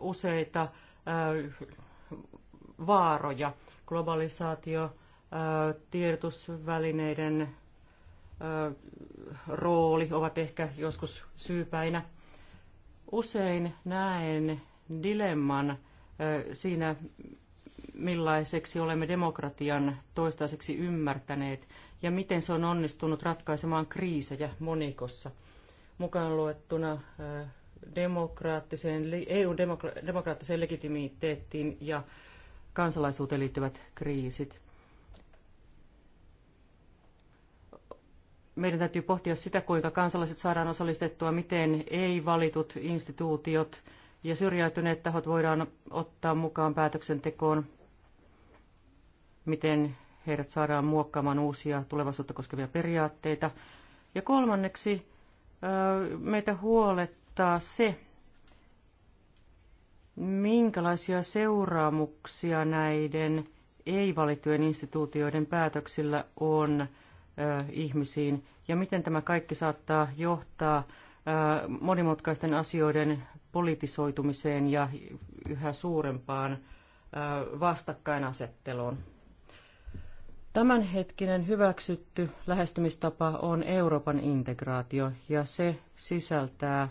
useita vaaroja. Globalisaatio, tiedotusvälineiden rooli ovat ehkä joskus syypäinä. Usein näen dilemman siinä, millaiseksi olemme demokratian toistaiseksi ymmärtäneet ja miten se on onnistunut ratkaisemaan kriisejä monikossa, mukaan luettuna demokraattiseen, EUn demokra- demokraattiseen legitimiteettiin ja kansalaisuuteen liittyvät kriisit. Meidän täytyy pohtia sitä, kuinka kansalaiset saadaan osallistettua, miten ei-valitut instituutiot ja syrjäytyneet tahot voidaan ottaa mukaan päätöksentekoon, miten heidät saadaan muokkaamaan uusia tulevaisuutta koskevia periaatteita. Ja kolmanneksi meitä huolet vaikuttaa se, minkälaisia seuraamuksia näiden ei-valittujen instituutioiden päätöksillä on ihmisiin ja miten tämä kaikki saattaa johtaa monimutkaisten asioiden politisoitumiseen ja yhä suurempaan vastakkainasetteluun. Tämänhetkinen hyväksytty lähestymistapa on Euroopan integraatio ja se sisältää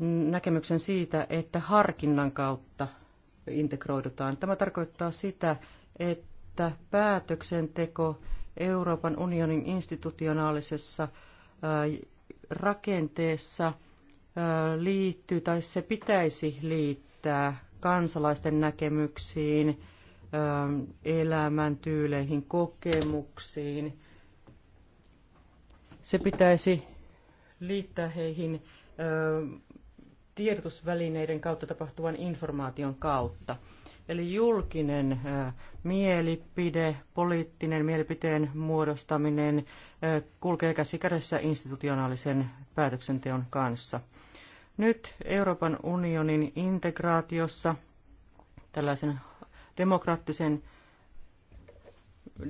näkemyksen siitä, että harkinnan kautta integroidutaan. Tämä tarkoittaa sitä, että päätöksenteko Euroopan unionin institutionaalisessa äh, rakenteessa äh, liittyy tai se pitäisi liittää kansalaisten näkemyksiin, äh, elämäntyyleihin, kokemuksiin. Se pitäisi liittää heihin tiedotusvälineiden kautta tapahtuvan informaation kautta. Eli julkinen mielipide, poliittinen mielipiteen muodostaminen kulkee käsi kädessä institutionaalisen päätöksenteon kanssa. Nyt Euroopan unionin integraatiossa tällaisen demokraattisen,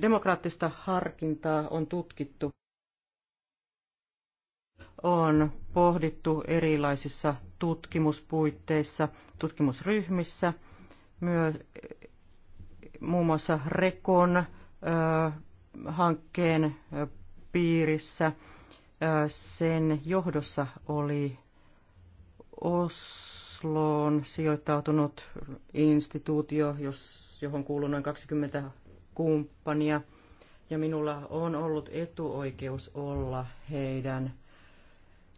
demokraattista harkintaa on tutkittu on pohdittu erilaisissa tutkimuspuitteissa, tutkimusryhmissä, myös muun muassa Rekon ö, hankkeen piirissä. sen johdossa oli Osloon sijoittautunut instituutio, jos, johon kuuluu noin 20 kumppania, ja minulla on ollut etuoikeus olla heidän –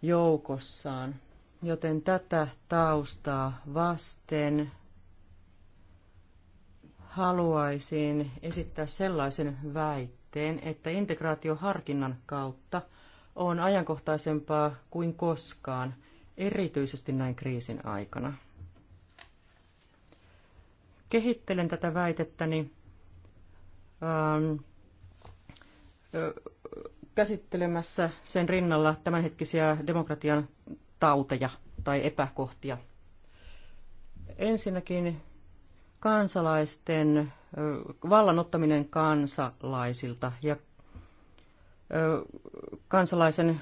joukossaan. Joten tätä taustaa vasten haluaisin esittää sellaisen väitteen, että integraatioharkinnan kautta on ajankohtaisempaa kuin koskaan, erityisesti näin kriisin aikana. Kehittelen tätä väitettäni ähm, käsittelemässä sen rinnalla tämänhetkisiä demokratian tauteja tai epäkohtia. Ensinnäkin kansalaisten vallan ottaminen kansalaisilta ja kansalaisen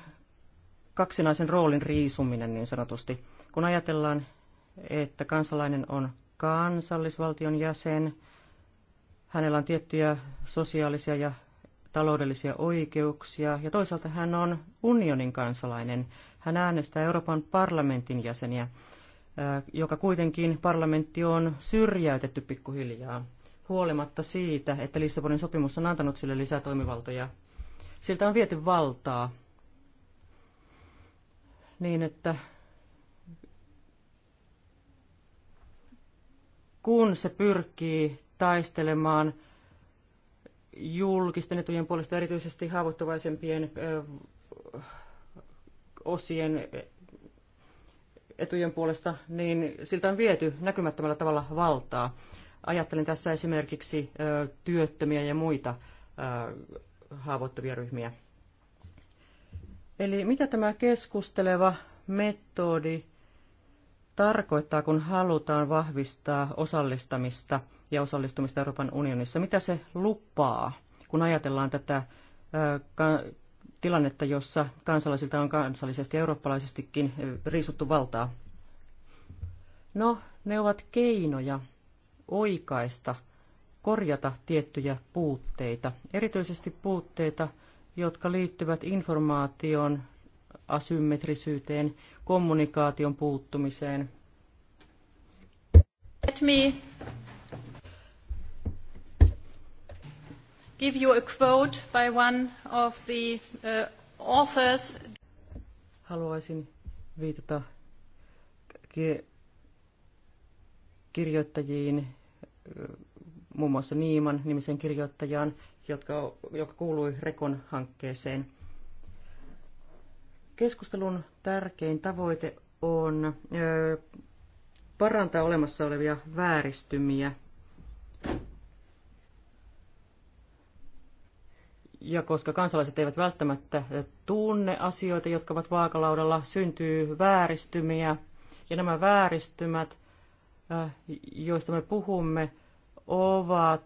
kaksinaisen roolin riisuminen niin sanotusti. Kun ajatellaan, että kansalainen on kansallisvaltion jäsen, hänellä on tiettyjä sosiaalisia ja taloudellisia oikeuksia ja toisaalta hän on unionin kansalainen. Hän äänestää Euroopan parlamentin jäseniä, äh, joka kuitenkin parlamentti on syrjäytetty pikkuhiljaa, huolimatta siitä, että Lissabonin sopimus on antanut sille lisää toimivaltoja. Siltä on viety valtaa niin, että kun se pyrkii taistelemaan – julkisten etujen puolesta erityisesti haavoittuvaisempien osien etujen puolesta, niin siltä on viety näkymättömällä tavalla valtaa. Ajattelen tässä esimerkiksi työttömiä ja muita haavoittuvia ryhmiä. Eli mitä tämä keskusteleva metodi tarkoittaa, kun halutaan vahvistaa osallistamista – ja osallistumista Euroopan unionissa. Mitä se lupaa, kun ajatellaan tätä tilannetta, jossa kansalaisilta on kansallisesti ja eurooppalaisestikin riisuttu valtaa? No, ne ovat keinoja oikaista, korjata tiettyjä puutteita, erityisesti puutteita, jotka liittyvät informaation asymmetrisyyteen, kommunikaation puuttumiseen. Let me give you a quote by one of the uh, authors. Haluaisin viitata kirjoittajiin, uh, muun muassa Niiman nimisen kirjoittajaan, jotka, joka kuului Rekon hankkeeseen. Keskustelun tärkein tavoite on ö, uh, parantaa olemassa olevia vääristymiä – ja koska kansalaiset eivät välttämättä tunne asioita, jotka ovat vaakalaudalla, syntyy vääristymiä. Ja nämä vääristymät, äh, joista me puhumme, ovat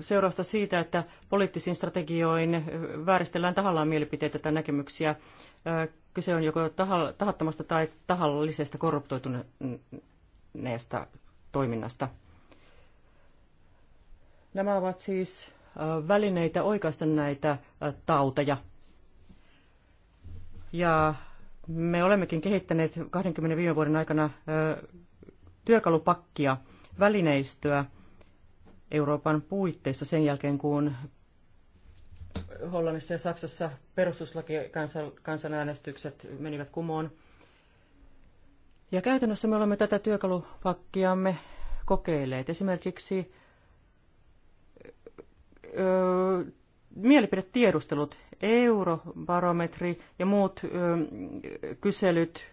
seurausta siitä, että poliittisiin strategioin vääristellään tahallaan mielipiteitä tai näkemyksiä. Äh, kyse on joko tahattomasta tai tahallisesta korruptoituneesta toiminnasta. Nämä ovat siis välineitä oikaista näitä tauteja. Ja me olemmekin kehittäneet 20 vuoden aikana työkalupakkia, välineistöä Euroopan puitteissa sen jälkeen, kun Hollannissa ja Saksassa kansanäänestykset menivät kumoon. Ja käytännössä me olemme tätä työkalupakkiamme kokeilleet. Esimerkiksi mielipidetiedustelut, eurobarometri ja muut ö, kyselyt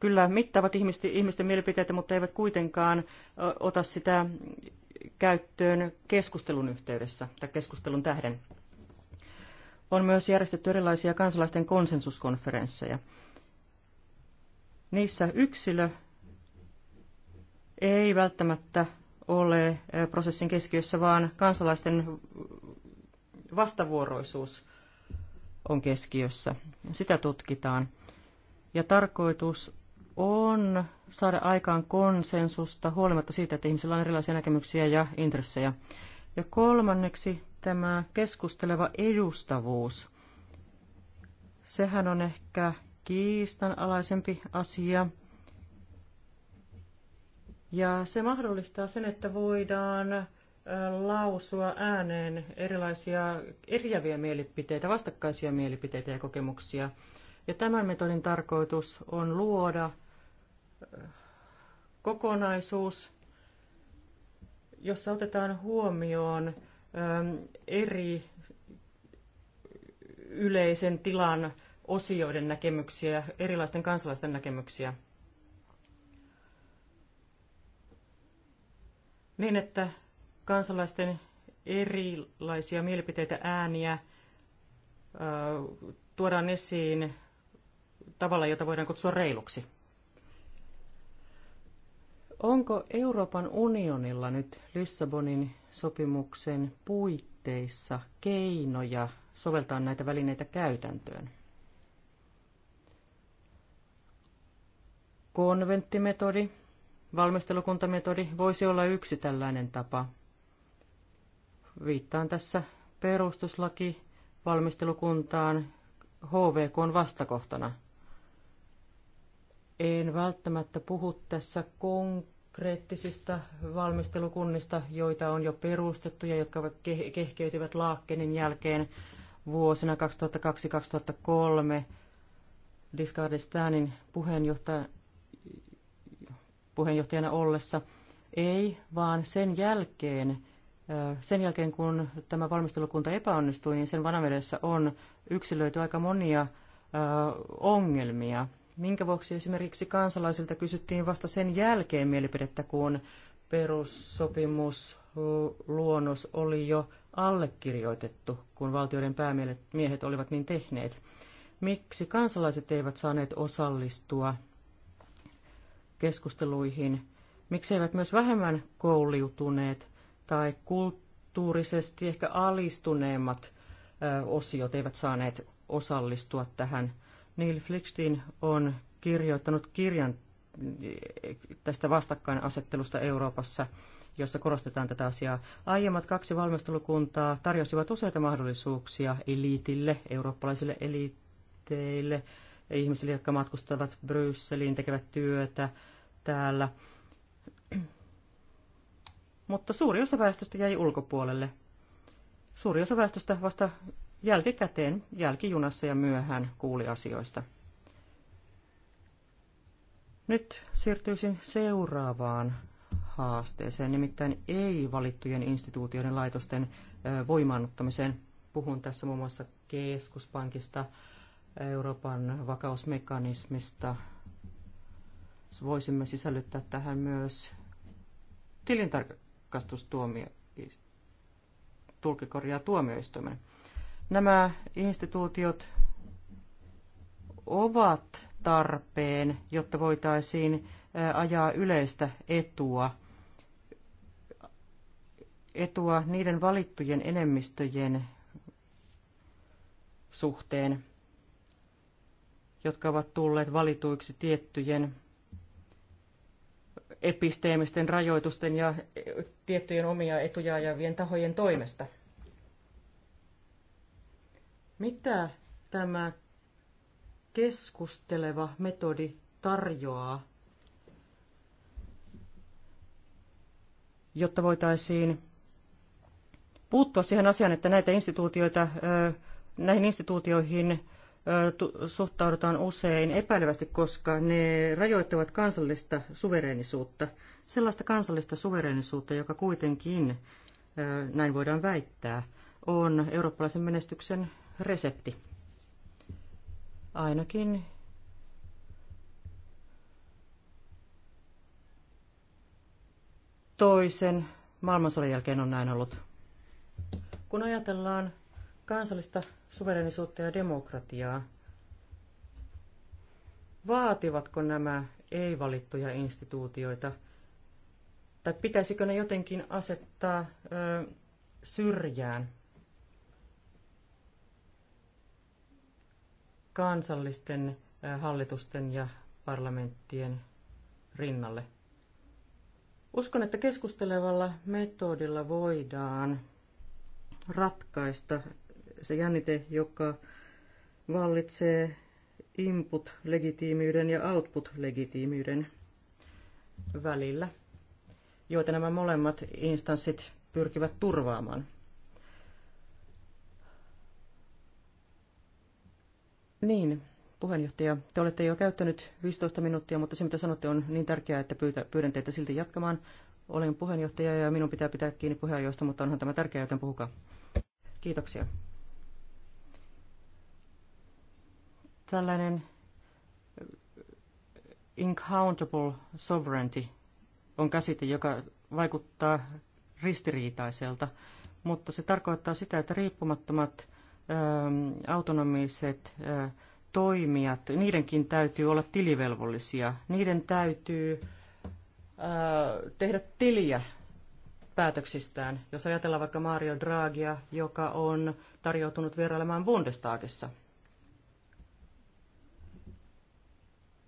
kyllä mittaavat ihmisten, ihmisten mielipiteitä, mutta eivät kuitenkaan ö, ota sitä käyttöön keskustelun yhteydessä tai keskustelun tähden. On myös järjestetty erilaisia kansalaisten konsensuskonferensseja. Niissä yksilö ei välttämättä ole prosessin keskiössä, vaan kansalaisten vastavuoroisuus on keskiössä. Sitä tutkitaan. Ja tarkoitus on saada aikaan konsensusta huolimatta siitä, että ihmisillä on erilaisia näkemyksiä ja intressejä. Ja kolmanneksi tämä keskusteleva edustavuus. Sehän on ehkä kiistanalaisempi asia. Ja se mahdollistaa sen, että voidaan lausua ääneen erilaisia eriäviä mielipiteitä, vastakkaisia mielipiteitä ja kokemuksia. Ja tämän metodin tarkoitus on luoda kokonaisuus, jossa otetaan huomioon eri yleisen tilan osioiden näkemyksiä, erilaisten kansalaisten näkemyksiä – niin että kansalaisten erilaisia mielipiteitä, ääniä tuodaan esiin tavalla, jota voidaan kutsua reiluksi. Onko Euroopan unionilla nyt Lissabonin sopimuksen puitteissa keinoja soveltaa näitä välineitä käytäntöön? Konventtimetodi, Valmistelukuntametodi voisi olla yksi tällainen tapa. Viittaan tässä perustuslaki valmistelukuntaan HVK on vastakohtana. En välttämättä puhu tässä konkreettisista valmistelukunnista, joita on jo perustettu ja jotka kehkeytyvät Laakkenin jälkeen vuosina 2002-2003 Discardistanin puheenjohtajan puheenjohtajana ollessa. Ei, vaan sen jälkeen, sen jälkeen kun tämä valmistelukunta epäonnistui, niin sen vanameressä on yksilöity aika monia ongelmia, minkä vuoksi esimerkiksi kansalaisilta kysyttiin vasta sen jälkeen mielipidettä, kun perussopimusluonnos oli jo allekirjoitettu, kun valtioiden päämiehet olivat niin tehneet. Miksi kansalaiset eivät saaneet osallistua keskusteluihin. Mikseivät myös vähemmän kouliutuneet tai kulttuurisesti ehkä alistuneemmat osiot eivät saaneet osallistua tähän. Neil Flickstein on kirjoittanut kirjan eh, tästä vastakkainasettelusta Euroopassa, jossa korostetaan tätä asiaa. Aiemmat kaksi valmistelukuntaa tarjosivat useita mahdollisuuksia eliitille, eurooppalaisille eliitteille, ihmisille, jotka matkustavat Brysseliin, tekevät työtä täällä. Mutta suuri osa väestöstä jäi ulkopuolelle. Suuri osa väestöstä vasta jälkikäteen, jälkijunassa ja myöhään kuuli asioista. Nyt siirtyisin seuraavaan haasteeseen, nimittäin ei-valittujen instituutioiden laitosten voimaannuttamiseen. Puhun tässä muun muassa keskuspankista, Euroopan vakausmekanismista. Voisimme sisällyttää tähän myös tilintarkastustuomio, tulkikorjaa tuomioistuimen. Nämä instituutiot ovat tarpeen, jotta voitaisiin ajaa yleistä etua, etua niiden valittujen enemmistöjen suhteen jotka ovat tulleet valituiksi tiettyjen episteemisten rajoitusten ja tiettyjen omia etuja ajavien tahojen toimesta. Mitä tämä keskusteleva metodi tarjoaa, jotta voitaisiin puuttua siihen asiaan, että näitä instituutioita, näihin instituutioihin suhtaudutaan usein epäilevästi, koska ne rajoittavat kansallista suvereenisuutta. Sellaista kansallista suvereenisuutta, joka kuitenkin, näin voidaan väittää, on eurooppalaisen menestyksen resepti. Ainakin toisen maailmansodan jälkeen on näin ollut. Kun ajatellaan kansallista suverenisuutta ja demokratiaa. Vaativatko nämä ei-valittuja instituutioita, tai pitäisikö ne jotenkin asettaa ö, syrjään kansallisten ö, hallitusten ja parlamenttien rinnalle? Uskon, että keskustelevalla metodilla voidaan ratkaista se jännite, joka vallitsee input-legitiimiyden ja output-legitiimiyden välillä, joita nämä molemmat instanssit pyrkivät turvaamaan. Niin, puheenjohtaja, te olette jo käyttänyt 15 minuuttia, mutta se mitä sanotte on niin tärkeää, että pyydän teitä silti jatkamaan. Olen puheenjohtaja ja minun pitää pitää kiinni puheenjohtajasta, mutta onhan tämä tärkeää, joten puhukaa. Kiitoksia. Tällainen incountable sovereignty on käsite, joka vaikuttaa ristiriitaiselta, mutta se tarkoittaa sitä, että riippumattomat ähm, autonomiset äh, toimijat, niidenkin täytyy olla tilivelvollisia. Niiden täytyy äh, tehdä tiliä päätöksistään. Jos ajatellaan vaikka Mario Draghia, joka on tarjoutunut vierailemaan Bundestagissa –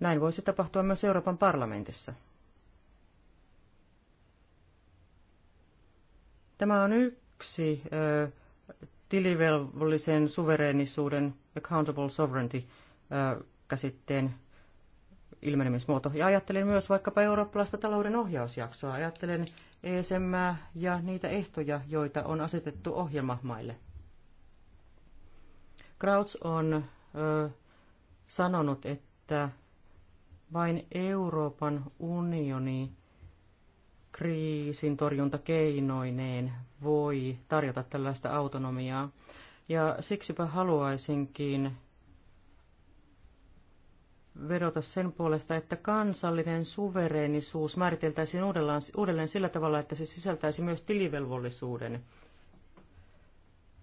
Näin voisi tapahtua myös Euroopan parlamentissa. Tämä on yksi ö, tilivelvollisen suvereenisuuden, accountable sovereignty, ö, käsitteen ilmenemismuoto. Ja ajattelen myös vaikkapa eurooppalaista talouden ohjausjaksoa. Ajattelen ESM ja niitä ehtoja, joita on asetettu ohjelmamaille. Krauts on ö, sanonut, että vain Euroopan unioni kriisin torjuntakeinoineen voi tarjota tällaista autonomiaa. Ja siksipä haluaisinkin vedota sen puolesta, että kansallinen suvereenisuus määriteltäisiin uudelleen, uudelleen sillä tavalla, että se sisältäisi myös tilivelvollisuuden.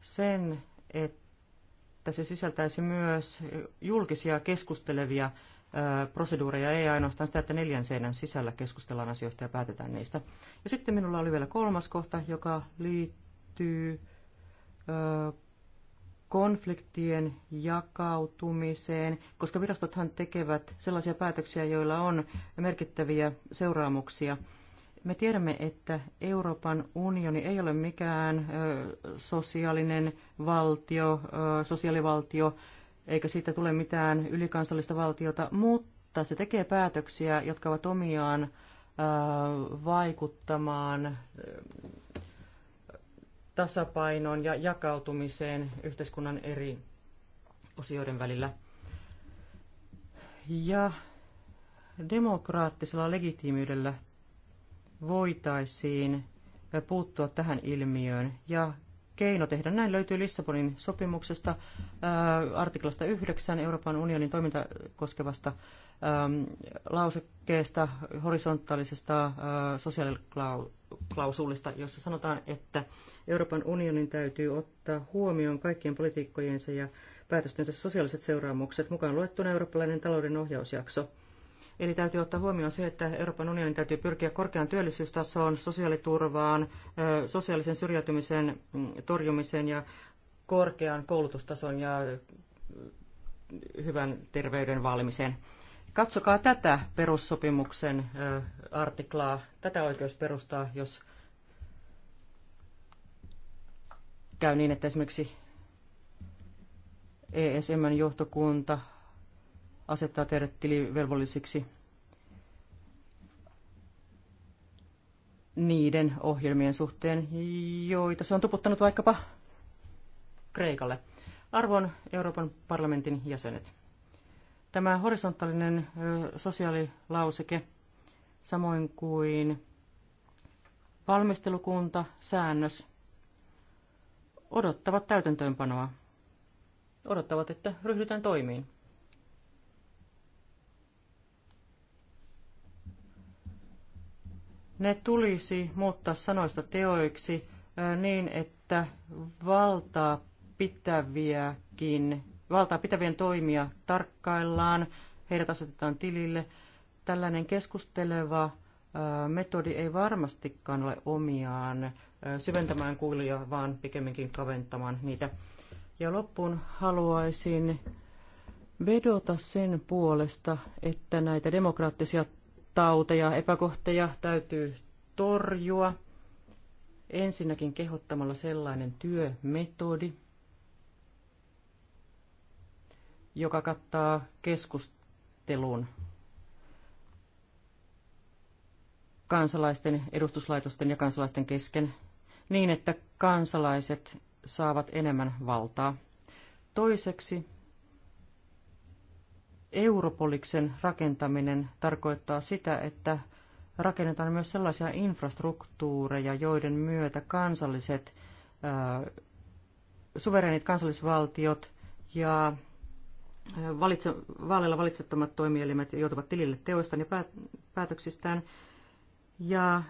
Sen, että se sisältäisi myös julkisia keskustelevia proseduureja, ei ainoastaan sitä, että neljän seinän sisällä keskustellaan asioista ja päätetään niistä. Ja sitten minulla oli vielä kolmas kohta, joka liittyy konfliktien jakautumiseen, koska virastothan tekevät sellaisia päätöksiä, joilla on merkittäviä seuraamuksia. Me tiedämme, että Euroopan unioni ei ole mikään sosiaalinen valtio, sosiaalivaltio, eikä siitä tule mitään ylikansallista valtiota, mutta se tekee päätöksiä, jotka ovat omiaan äh, vaikuttamaan äh, tasapainoon ja jakautumiseen yhteiskunnan eri osioiden välillä. Ja demokraattisella legitiimiydellä voitaisiin puuttua tähän ilmiöön ja Keino tehdä näin löytyy Lissabonin sopimuksesta, ää, äh, artiklasta 9 Euroopan unionin toiminta koskevasta ää, ähm, lausekkeesta, horisontaalisesta äh, sosiaaliklausulista, jossa sanotaan, että Euroopan unionin täytyy ottaa huomioon kaikkien politiikkojensa ja päätöstensä sosiaaliset seuraamukset, mukaan luettuna eurooppalainen talouden ohjausjakso – Eli täytyy ottaa huomioon se, että Euroopan unionin täytyy pyrkiä korkean työllisyystasoon, sosiaaliturvaan, sosiaalisen syrjäytymisen mm, torjumiseen ja korkean koulutustason ja mm, hyvän terveyden vaalimiseen. Katsokaa tätä perussopimuksen artiklaa, tätä oikeusperustaa, jos käy niin, että esimerkiksi ESMn johtokunta asettaa teidät tilivelvollisiksi niiden ohjelmien suhteen, joita se on tuputtanut vaikkapa Kreikalle. Arvon Euroopan parlamentin jäsenet. Tämä horisontaalinen sosiaalilauseke, samoin kuin valmistelukunta, säännös, odottavat täytäntöönpanoa. Odottavat, että ryhdytään toimiin. Ne tulisi muuttaa sanoista teoiksi niin, että valtaa pitäviäkin, valtaa pitävien toimia tarkkaillaan, heidät asetetaan tilille. Tällainen keskusteleva metodi ei varmastikaan ole omiaan syventämään kuulia, vaan pikemminkin kaventamaan niitä. Ja loppuun haluaisin vedota sen puolesta, että näitä demokraattisia tauteja, epäkohteja täytyy torjua. Ensinnäkin kehottamalla sellainen työmetodi, joka kattaa keskustelun kansalaisten, edustuslaitosten ja kansalaisten kesken niin, että kansalaiset saavat enemmän valtaa. Toiseksi Europoliksen rakentaminen tarkoittaa sitä, että rakennetaan myös sellaisia infrastruktuureja, joiden myötä kansalliset, suverenit kansallisvaltiot ja valitse, vaaleilla valitsettomat toimielimet joutuvat tilille teoistaan ja päätöksistään. Ja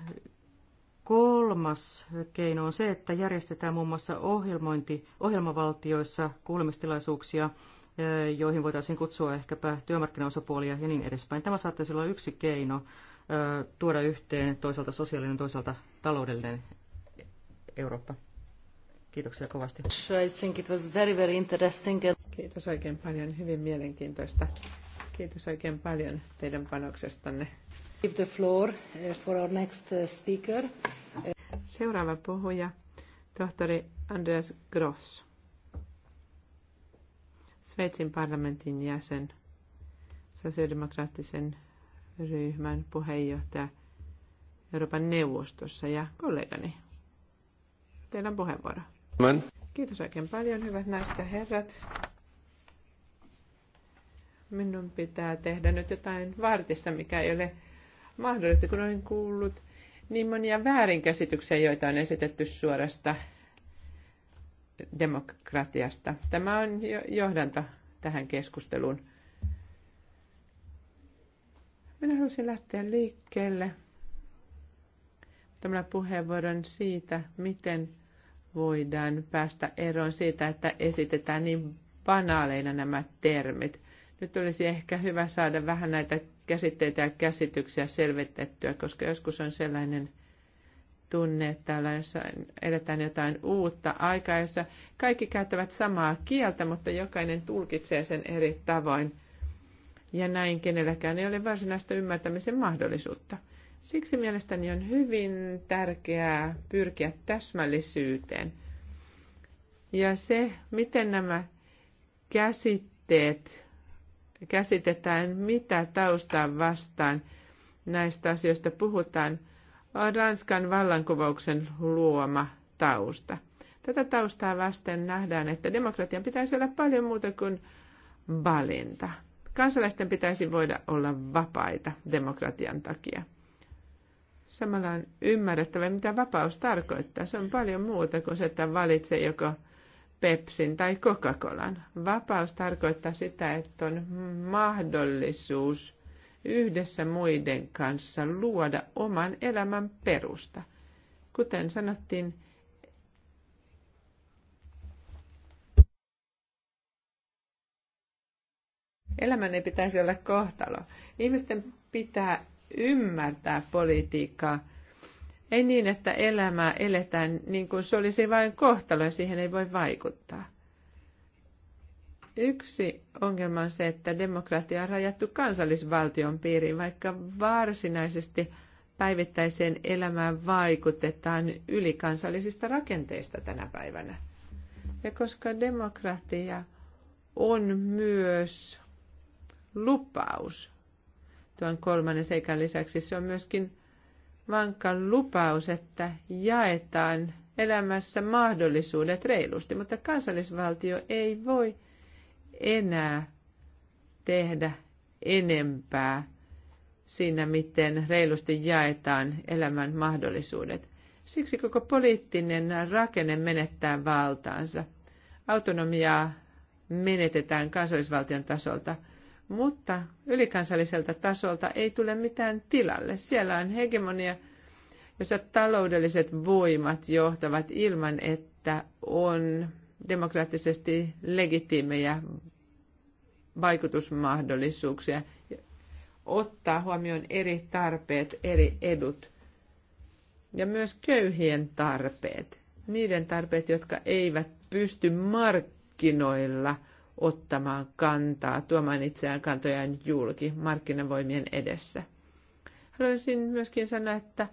kolmas keino on se, että järjestetään muun muassa ohjelmointi, ohjelmavaltioissa kuulemistilaisuuksia joihin voitaisiin kutsua ehkäpä työmarkkinaosapuolia ja niin edespäin. Tämä saattaisi olla yksi keino tuoda yhteen toisaalta sosiaalinen, toisaalta taloudellinen Eurooppa. Kiitoksia kovasti. I think it was very, very interesting. Kiitos oikein paljon. Hyvin mielenkiintoista. Kiitos oikein paljon teidän panoksestanne. Give the floor uh, for our next uh, speaker. Seuraava puhuja, tohtori Andreas Gross. Sveitsin parlamentin jäsen, sosiaalidemokraattisen ryhmän puheenjohtaja Euroopan neuvostossa ja kollegani. Teillä on puheenvuoro. Kiitos oikein paljon, hyvät naiset ja herrat. Minun pitää tehdä nyt jotain vartissa, mikä ei ole mahdollista, kun olen kuullut niin monia väärinkäsityksiä, joita on esitetty suorasta demokratiasta. Tämä on johdanto tähän keskusteluun. Minä halusin lähteä liikkeelle tämän puheenvuoron siitä, miten voidaan päästä eroon siitä, että esitetään niin banaaleina nämä termit. Nyt olisi ehkä hyvä saada vähän näitä käsitteitä ja käsityksiä selvitettyä, koska joskus on sellainen – tunne, että täällä jossa jotain uutta aikaa, jossa kaikki käyttävät samaa kieltä, mutta jokainen tulkitsee sen eri tavoin. Ja näin kenelläkään ei ole varsinaista ymmärtämisen mahdollisuutta. Siksi mielestäni on hyvin tärkeää pyrkiä täsmällisyyteen. Ja se, miten nämä käsitteet käsitetään, mitä taustaan vastaan näistä asioista puhutaan – on Ranskan vallankumouksen luoma tausta. Tätä taustaa vasten nähdään, että demokratian pitäisi olla paljon muuta kuin valinta. Kansalaisten pitäisi voida olla vapaita demokratian takia. Samalla on ymmärrettävä, mitä vapaus tarkoittaa. Se on paljon muuta kuin se, että valitse joko Pepsin tai Coca-Colan. Vapaus tarkoittaa sitä, että on mahdollisuus yhdessä muiden kanssa luoda oman elämän perusta. Kuten sanottiin, elämän ei pitäisi olla kohtalo. Ihmisten pitää ymmärtää politiikkaa. Ei niin, että elämää eletään niin kuin se olisi vain kohtalo ja siihen ei voi vaikuttaa. Yksi ongelma on se, että demokratia on rajattu kansallisvaltion piiriin, vaikka varsinaisesti päivittäiseen elämään vaikutetaan ylikansallisista rakenteista tänä päivänä. Ja koska demokratia on myös lupaus, tuon kolmannen seikan lisäksi se on myöskin vankka lupaus, että jaetaan elämässä mahdollisuudet reilusti, mutta kansallisvaltio ei voi enää tehdä enempää siinä, miten reilusti jaetaan elämän mahdollisuudet. Siksi koko poliittinen rakenne menettää valtaansa. Autonomiaa menetetään kansallisvaltion tasolta, mutta ylikansalliselta tasolta ei tule mitään tilalle. Siellä on hegemonia, jossa taloudelliset voimat johtavat ilman, että on demokraattisesti legitiimejä vaikutusmahdollisuuksia, ottaa huomioon eri tarpeet, eri edut ja myös köyhien tarpeet, niiden tarpeet, jotka eivät pysty markkinoilla ottamaan kantaa, tuomaan itseään kantojaan julki markkinavoimien edessä. Haluaisin myöskin sanoa, että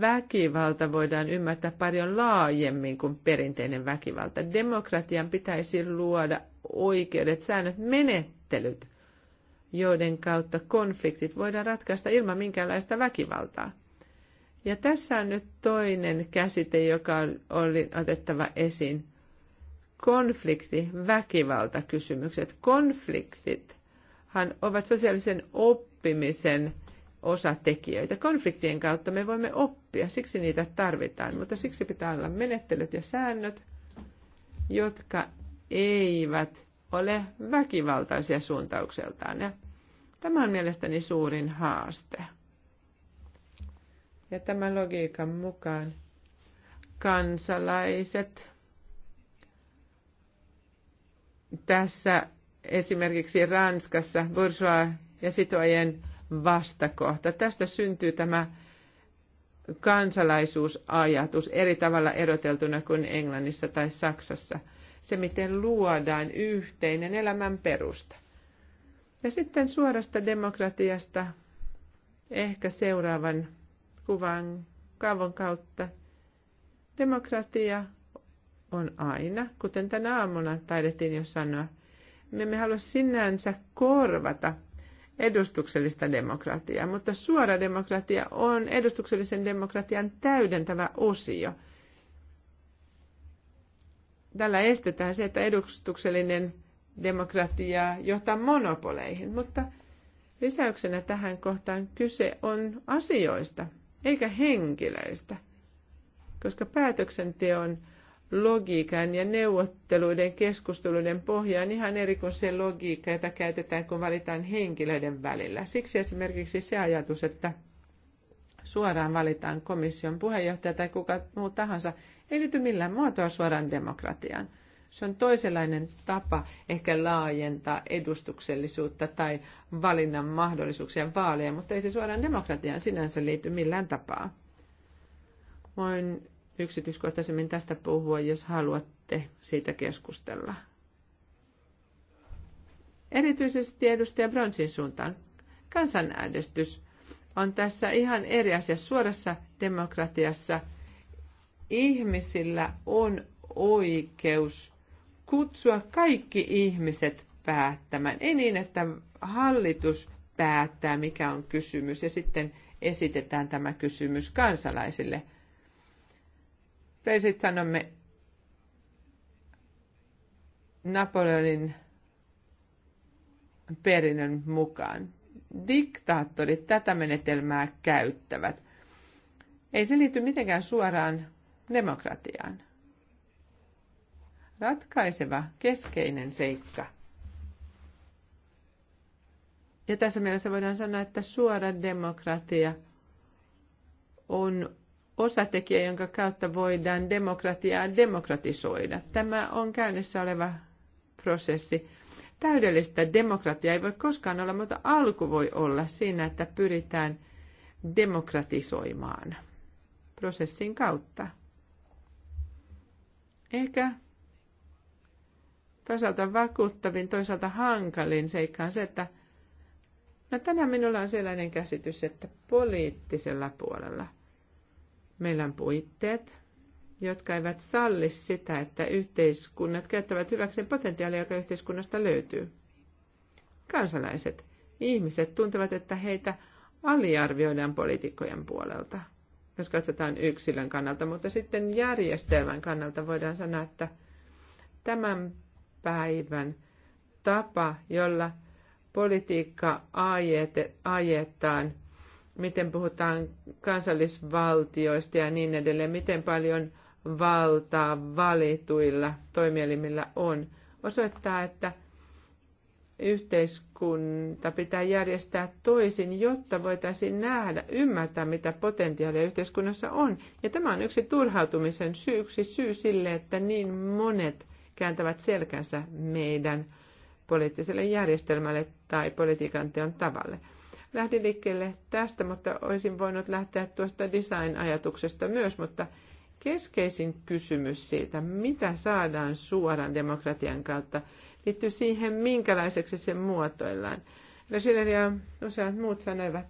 väkivalta voidaan ymmärtää paljon laajemmin kuin perinteinen väkivalta. Demokratian pitäisi luoda oikeudet, säännöt, menettelyt, joiden kautta konfliktit voidaan ratkaista ilman minkäänlaista väkivaltaa. Ja tässä on nyt toinen käsite, joka oli otettava esiin. Konflikti, väkivalta kysymykset. Konfliktithan ovat sosiaalisen oppimisen – osatekijöitä. Konfliktien kautta me voimme oppia, siksi niitä tarvitaan, mutta siksi pitää olla menettelyt ja säännöt, jotka eivät ole väkivaltaisia suuntaukseltaan. Ja tämä on mielestäni suurin haaste. Ja tämän logiikan mukaan kansalaiset tässä esimerkiksi Ranskassa bourgeois ja sitojen vastakohta. Tästä syntyy tämä kansalaisuusajatus eri tavalla eroteltuna kuin Englannissa tai Saksassa. Se, miten luodaan yhteinen elämän perusta. Ja sitten suorasta demokratiasta ehkä seuraavan kuvan kaavon kautta. Demokratia on aina, kuten tänä aamuna taidettiin jo sanoa. Me emme halua sinänsä korvata – edustuksellista demokratiaa, mutta suora demokratia on edustuksellisen demokratian täydentävä osio. Tällä estetään se, että edustuksellinen demokratia johtaa monopoleihin, mutta lisäyksenä tähän kohtaan kyse on asioista, eikä henkilöistä, koska päätöksenteon logiikan ja neuvotteluiden keskusteluiden pohja on ihan eri kuin se logiikka, jota käytetään, kun valitaan henkilöiden välillä. Siksi esimerkiksi se ajatus, että suoraan valitaan komission puheenjohtaja tai kuka muu tahansa, ei liity millään muotoa suoraan demokratiaan. Se on toisenlainen tapa ehkä laajentaa edustuksellisuutta tai valinnan mahdollisuuksia vaaleja, mutta ei se suoraan demokratiaan sinänsä liity millään tapaa. Voin yksityiskohtaisemmin tästä puhua, jos haluatte siitä keskustella. Erityisesti edustaja Bronsin suuntaan. Kansanäänestys on tässä ihan eri asia. Suorassa demokratiassa ihmisillä on oikeus kutsua kaikki ihmiset päättämään. Ei niin, että hallitus päättää, mikä on kysymys, ja sitten esitetään tämä kysymys kansalaisille – Pleisit sanomme Napoleonin perinnön mukaan. Diktaattorit tätä menetelmää käyttävät. Ei se liity mitenkään suoraan demokratiaan. Ratkaiseva, keskeinen seikka. Ja tässä mielessä voidaan sanoa, että suora demokratia on osatekijä, jonka kautta voidaan demokratiaa demokratisoida. Tämä on käynnissä oleva prosessi. Täydellistä demokratiaa ei voi koskaan olla, mutta alku voi olla siinä, että pyritään demokratisoimaan prosessin kautta. Ehkä toisaalta vakuuttavin, toisaalta hankalin seikka on se, että no tänään minulla on sellainen käsitys, että poliittisella puolella – Meillä on puitteet, jotka eivät salli sitä, että yhteiskunnat käyttävät hyväkseen potentiaalia, joka yhteiskunnasta löytyy. Kansalaiset, ihmiset tuntevat, että heitä aliarvioidaan poliitikkojen puolelta, jos katsotaan yksilön kannalta, mutta sitten järjestelmän kannalta voidaan sanoa, että tämän päivän tapa, jolla politiikka ajetaan miten puhutaan kansallisvaltioista ja niin edelleen, miten paljon valtaa valituilla toimielimillä on, osoittaa, että yhteiskunta pitää järjestää toisin, jotta voitaisiin nähdä, ymmärtää, mitä potentiaalia yhteiskunnassa on. Ja tämä on yksi turhautumisen yksi syy sille, että niin monet kääntävät selkänsä meidän poliittiselle järjestelmälle tai politiikan teon tavalle lähdin liikkeelle tästä, mutta olisin voinut lähteä tuosta design-ajatuksesta myös, mutta keskeisin kysymys siitä, mitä saadaan suoran demokratian kautta, liittyy siihen, minkälaiseksi se muotoillaan. Resiler ja useat muut sanoivat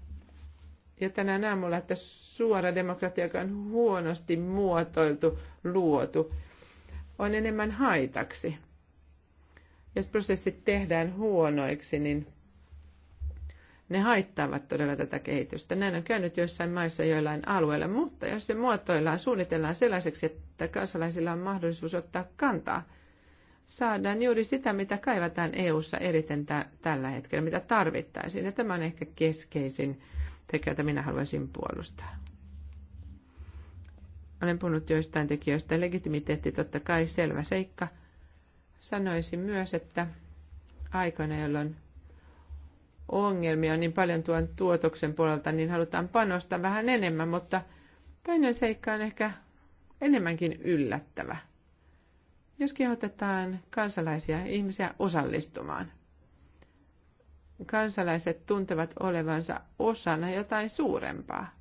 jo tänään aamulla, että suora demokratia, joka on huonosti muotoiltu, luotu, on enemmän haitaksi. Jos prosessit tehdään huonoiksi, niin ne haittaavat todella tätä kehitystä. Näin on käynyt joissain maissa joillain alueilla, mutta jos se muotoillaan, suunnitellaan sellaiseksi, että kansalaisilla on mahdollisuus ottaa kantaa, saadaan juuri sitä, mitä kaivataan EU-ssa eriten tällä hetkellä, mitä tarvittaisiin. Ja tämä on ehkä keskeisin tekijä, jota minä haluaisin puolustaa. Olen puhunut joistain tekijöistä. Legitimiteetti totta kai selvä seikka. Sanoisin myös, että aikoina, jolloin ongelmia on niin paljon tuon tuotoksen puolelta, niin halutaan panostaa vähän enemmän, mutta toinen seikka on ehkä enemmänkin yllättävä. Jos kehotetaan kansalaisia ihmisiä osallistumaan, kansalaiset tuntevat olevansa osana jotain suurempaa.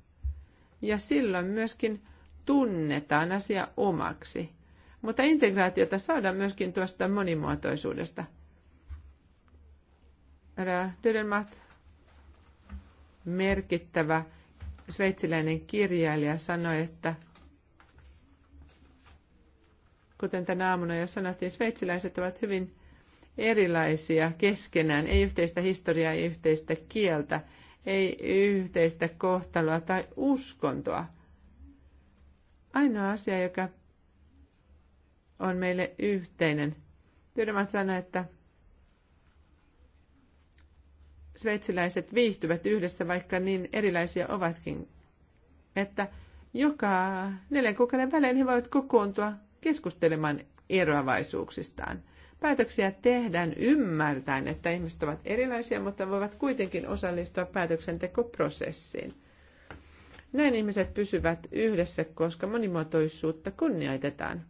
Ja silloin myöskin tunnetaan asia omaksi. Mutta integraatiota saadaan myöskin tuosta monimuotoisuudesta – Herra merkittävä sveitsiläinen kirjailija, sanoi, että kuten tänä aamuna jo sanottiin, sveitsiläiset ovat hyvin erilaisia keskenään. Ei yhteistä historiaa, ei yhteistä kieltä, ei yhteistä kohtaloa tai uskontoa. Ainoa asia, joka on meille yhteinen. Tyrmät sanoi, että sveitsiläiset viihtyvät yhdessä, vaikka niin erilaisia ovatkin, että joka neljän kuukauden välein he voivat kokoontua keskustelemaan eroavaisuuksistaan. Päätöksiä tehdään ymmärtäen, että ihmiset ovat erilaisia, mutta voivat kuitenkin osallistua päätöksentekoprosessiin. Näin ihmiset pysyvät yhdessä, koska monimuotoisuutta kunnioitetaan.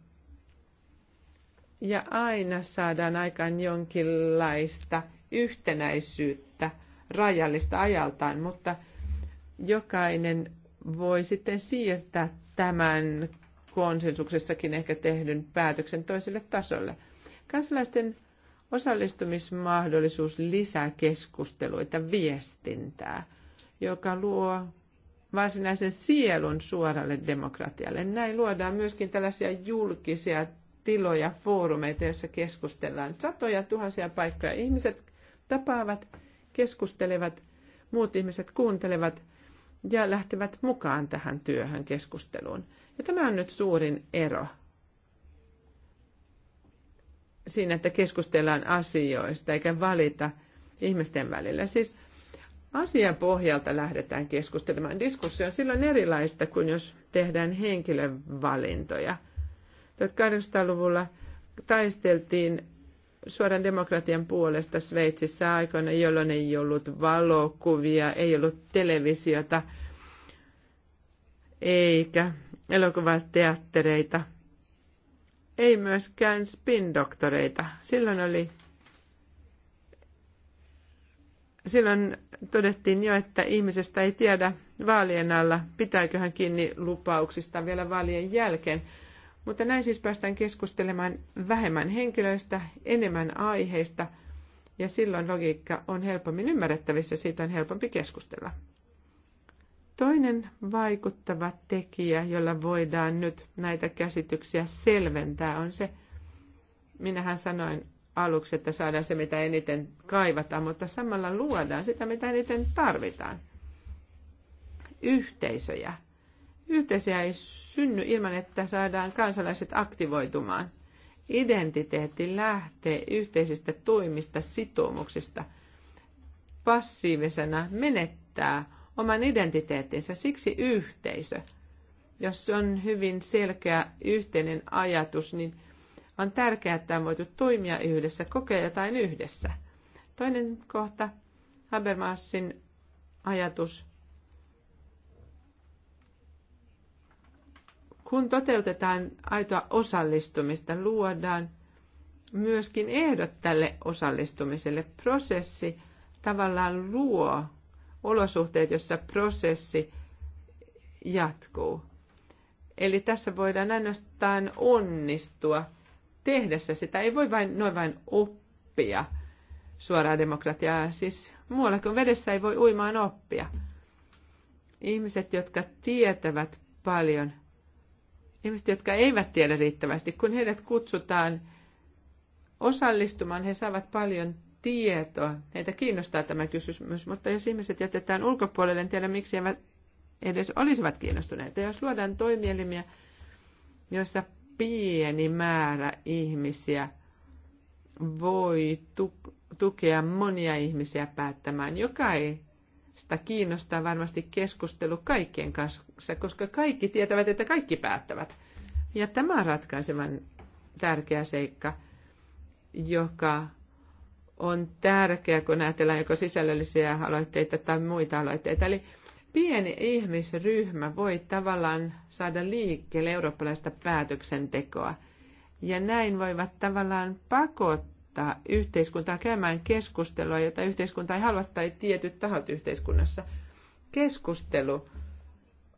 Ja aina saadaan aikaan jonkinlaista yhtenäisyyttä rajallista ajaltaan, mutta jokainen voi sitten siirtää tämän konsensuksessakin ehkä tehdyn päätöksen toiselle tasolle. Kansalaisten osallistumismahdollisuus lisää keskusteluita, viestintää, joka luo varsinaisen sielun suoralle demokratialle. Näin luodaan myöskin tällaisia julkisia tiloja, foorumeita, joissa keskustellaan. Satoja tuhansia paikkoja ihmiset tapaavat keskustelevat, muut ihmiset kuuntelevat ja lähtevät mukaan tähän työhön keskusteluun. Ja tämä on nyt suurin ero siinä, että keskustellaan asioista eikä valita ihmisten välillä. Siis asian pohjalta lähdetään keskustelemaan. Diskussio on silloin erilaista kuin jos tehdään henkilövalintoja. 1800-luvulla taisteltiin suoran demokratian puolesta Sveitsissä aikoina, jolloin ei ollut valokuvia, ei ollut televisiota eikä elokuvateattereita, ei myöskään spin-doktoreita. Silloin oli silloin todettiin jo, että ihmisestä ei tiedä vaalien alla, pitääkö hän kiinni lupauksista vielä vaalien jälkeen. Mutta näin siis päästään keskustelemaan vähemmän henkilöistä, enemmän aiheista, ja silloin logiikka on helpommin ymmärrettävissä, siitä on helpompi keskustella. Toinen vaikuttava tekijä, jolla voidaan nyt näitä käsityksiä selventää, on se, minähän sanoin aluksi, että saadaan se, mitä eniten kaivataan, mutta samalla luodaan sitä, mitä eniten tarvitaan. Yhteisöjä, Yhteisiä ei synny ilman, että saadaan kansalaiset aktivoitumaan. Identiteetti lähtee yhteisistä toimista, sitoumuksista. Passiivisena menettää oman identiteettinsä, siksi yhteisö. Jos on hyvin selkeä yhteinen ajatus, niin on tärkeää, että on voitu toimia yhdessä, kokea jotain yhdessä. Toinen kohta, Habermasin ajatus – kun toteutetaan aitoa osallistumista, luodaan myöskin ehdot tälle osallistumiselle. Prosessi tavallaan luo olosuhteet, jossa prosessi jatkuu. Eli tässä voidaan ainoastaan onnistua tehdessä sitä. Ei voi vain noin vain oppia suoraa demokratiaa. Siis muualla kuin vedessä ei voi uimaan oppia. Ihmiset, jotka tietävät paljon – ihmiset, jotka eivät tiedä riittävästi, kun heidät kutsutaan osallistumaan, he saavat paljon tietoa. Heitä kiinnostaa tämä kysymys, mutta jos ihmiset jätetään ulkopuolelle, en tiedä miksi eivät edes olisivat kiinnostuneita. Jos luodaan toimielimiä, joissa pieni määrä ihmisiä voi tukea monia ihmisiä päättämään, joka ei sitä kiinnostaa varmasti keskustelu kaikkien kanssa, koska kaikki tietävät, että kaikki päättävät. Ja tämä on ratkaisevan tärkeä seikka, joka on tärkeä, kun ajatellaan joko sisällöllisiä aloitteita tai muita aloitteita. Eli pieni ihmisryhmä voi tavallaan saada liikkeelle eurooppalaista päätöksentekoa. Ja näin voivat tavallaan pakottaa pakottaa yhteiskuntaa käymään keskustelua, jota yhteiskunta ei halua tai tietyt tahot yhteiskunnassa. Keskustelu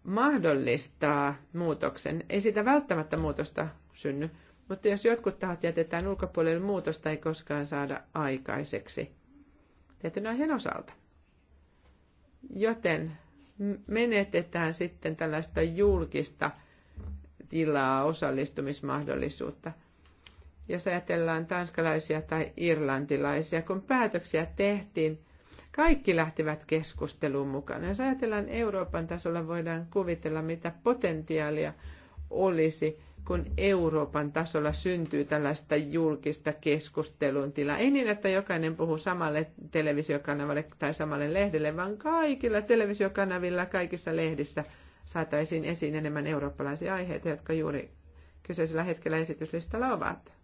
mahdollistaa muutoksen. Ei sitä välttämättä muutosta synny, mutta jos jotkut tahot jätetään ulkopuolelle, muutosta ei koskaan saada aikaiseksi tietyn aiheen osalta. Joten menetetään sitten tällaista julkista tilaa, osallistumismahdollisuutta – jos ajatellaan tanskalaisia tai irlantilaisia, kun päätöksiä tehtiin, kaikki lähtivät keskusteluun mukaan. Jos ajatellaan Euroopan tasolla, voidaan kuvitella, mitä potentiaalia olisi, kun Euroopan tasolla syntyy tällaista julkista keskustelun tilaa. Ei niin, että jokainen puhuu samalle televisiokanavalle tai samalle lehdelle, vaan kaikilla televisiokanavilla, kaikissa lehdissä saataisiin esiin enemmän eurooppalaisia aiheita, jotka juuri kyseisellä hetkellä esityslistalla ovat.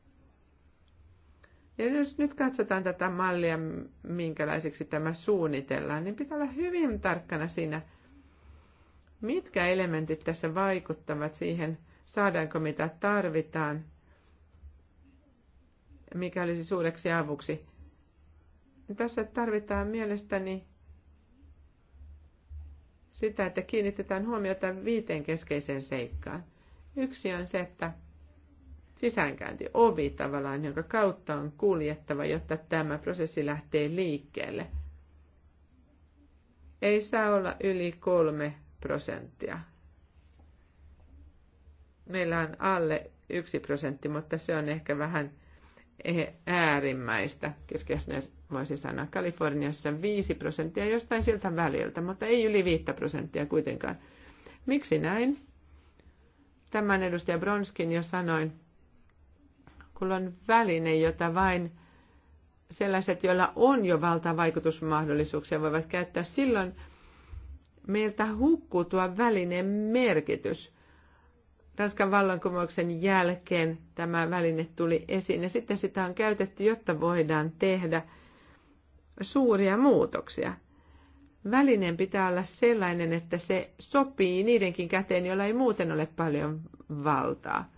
Ja jos nyt katsotaan tätä mallia, minkälaiseksi tämä suunnitellaan, niin pitää olla hyvin tarkkana siinä, mitkä elementit tässä vaikuttavat siihen, saadaanko mitä tarvitaan, mikä olisi suureksi avuksi. Tässä tarvitaan mielestäni sitä, että kiinnitetään huomiota viiteen keskeiseen seikkaan. Yksi on se, että sisäänkäynti, ovi tavallaan, jonka kautta on kuljettava, jotta tämä prosessi lähtee liikkeelle. Ei saa olla yli kolme prosenttia. Meillä on alle yksi prosentti, mutta se on ehkä vähän äärimmäistä, voisi sanoa. Kaliforniassa 5 prosenttia jostain siltä väliltä, mutta ei yli 5 prosenttia kuitenkaan. Miksi näin? Tämän edustaja Bronskin jo sanoin, kulon väline, jota vain sellaiset, joilla on jo valtavaikutusmahdollisuuksia, voivat käyttää. Silloin meiltä hukkuu tuo välineen merkitys. Ranskan vallankumouksen jälkeen tämä väline tuli esiin ja sitten sitä on käytetty, jotta voidaan tehdä suuria muutoksia. Välineen pitää olla sellainen, että se sopii niidenkin käteen, joilla ei muuten ole paljon valtaa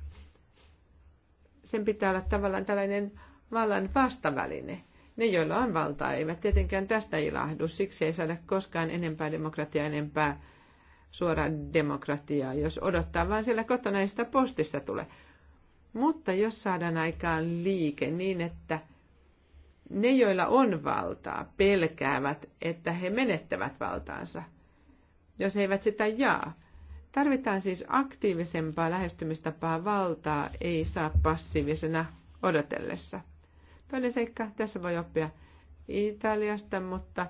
sen pitää olla tavallaan tällainen vallan vastaväline. Ne, joilla on valtaa, eivät tietenkään tästä ilahdu. Siksi ei saada koskaan enempää demokratiaa, enempää suoraa demokratiaa, jos odottaa vain siellä kotona ei sitä postissa tule. Mutta jos saadaan aikaan liike niin, että ne, joilla on valtaa, pelkäävät, että he menettävät valtaansa, jos he eivät sitä jaa. Tarvitaan siis aktiivisempaa lähestymistapaa valtaa, ei saa passiivisena odotellessa. Toinen seikka, tässä voi oppia Italiasta, mutta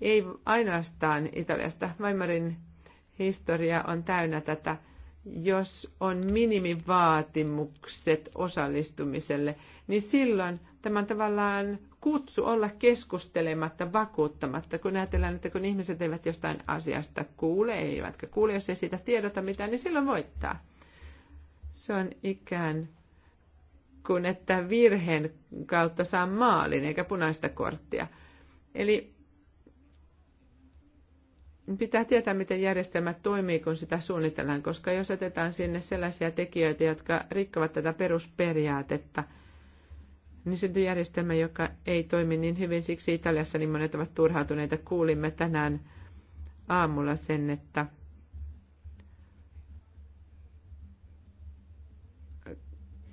ei ainoastaan Italiasta. Weimarin historia on täynnä tätä, jos on minimivaatimukset osallistumiselle, niin silloin tämä on tavallaan kutsu olla keskustelematta, vakuuttamatta, kun ajatellaan, että kun ihmiset eivät jostain asiasta kuule, eivätkä kuule, jos ei siitä tiedota mitään, niin silloin voittaa. Se on ikään kuin, että virheen kautta saa maalin eikä punaista korttia. Eli pitää tietää, miten järjestelmä toimii, kun sitä suunnitellaan, koska jos otetaan sinne sellaisia tekijöitä, jotka rikkovat tätä perusperiaatetta – niin syntyy järjestelmä, joka ei toimi niin hyvin. Siksi Italiassa niin monet ovat turhautuneita. Kuulimme tänään aamulla sen, että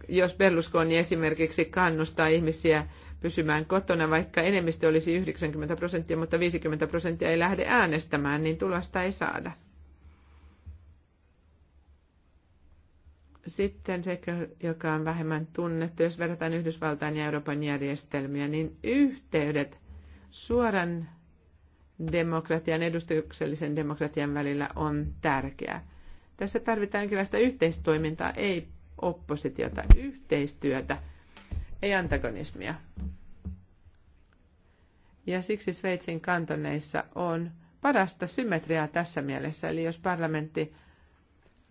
jos Berlusconi esimerkiksi kannustaa ihmisiä pysymään kotona, vaikka enemmistö olisi 90 prosenttia, mutta 50 prosenttia ei lähde äänestämään, niin tulosta ei saada. Sitten se, joka on vähemmän tunnettu, jos verrataan Yhdysvaltain ja Euroopan järjestelmiä, niin yhteydet suoran demokratian, edustuksellisen demokratian välillä on tärkeää. Tässä tarvitaan jonkinlaista yhteistoimintaa, ei oppositiota, yhteistyötä, ei antagonismia. Ja siksi Sveitsin kantoneissa on parasta symmetriaa tässä mielessä, eli jos parlamentti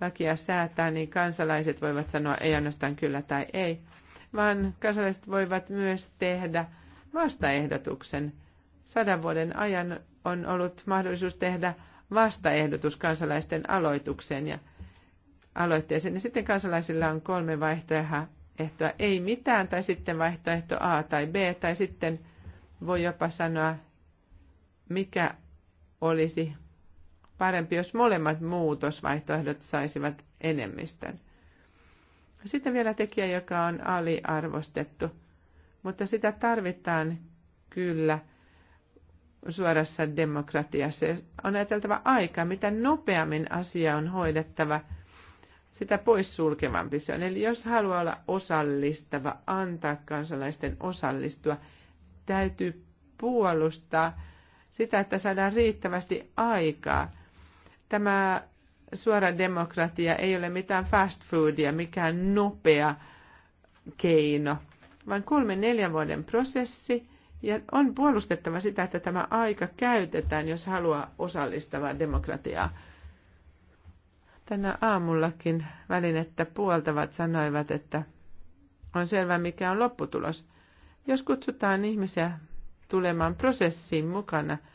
lakia säätää, niin kansalaiset voivat sanoa ei ainoastaan kyllä tai ei, vaan kansalaiset voivat myös tehdä vastaehdotuksen. Sadan vuoden ajan on ollut mahdollisuus tehdä vastaehdotus kansalaisten aloitukseen ja aloitteeseen. Ja sitten kansalaisilla on kolme vaihtoehtoa, ei mitään, tai sitten vaihtoehto A tai B, tai sitten voi jopa sanoa, mikä olisi parempi, jos molemmat muutosvaihtoehdot saisivat enemmistön. Sitten vielä tekijä, joka on aliarvostettu, mutta sitä tarvitaan kyllä suorassa demokratiassa. On ajateltava aikaa, mitä nopeammin asia on hoidettava, sitä poissulkevampi se on. Eli jos haluaa olla osallistava, antaa kansalaisten osallistua, täytyy puolustaa sitä, että saadaan riittävästi aikaa Tämä suora demokratia ei ole mitään fast foodia, mikään nopea keino, vaan kolmen neljän vuoden prosessi. Ja on puolustettava sitä, että tämä aika käytetään, jos haluaa osallistavaa demokratiaa. Tänä aamullakin välinettä puoltavat sanoivat, että on selvä, mikä on lopputulos. Jos kutsutaan ihmisiä tulemaan prosessiin mukana –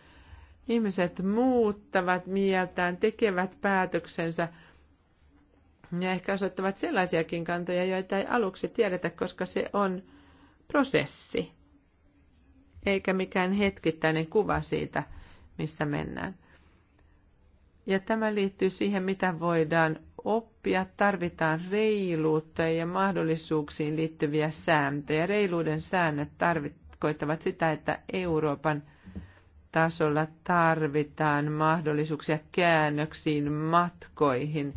Ihmiset muuttavat mieltään, tekevät päätöksensä ja ehkä osoittavat sellaisiakin kantoja, joita ei aluksi tiedetä, koska se on prosessi, eikä mikään hetkittäinen kuva siitä, missä mennään. Ja tämä liittyy siihen, mitä voidaan oppia. Tarvitaan reiluutta ja mahdollisuuksiin liittyviä sääntöjä. Reiluuden säännöt tarkoittavat sitä, että Euroopan – tasolla tarvitaan mahdollisuuksia käännöksiin, matkoihin,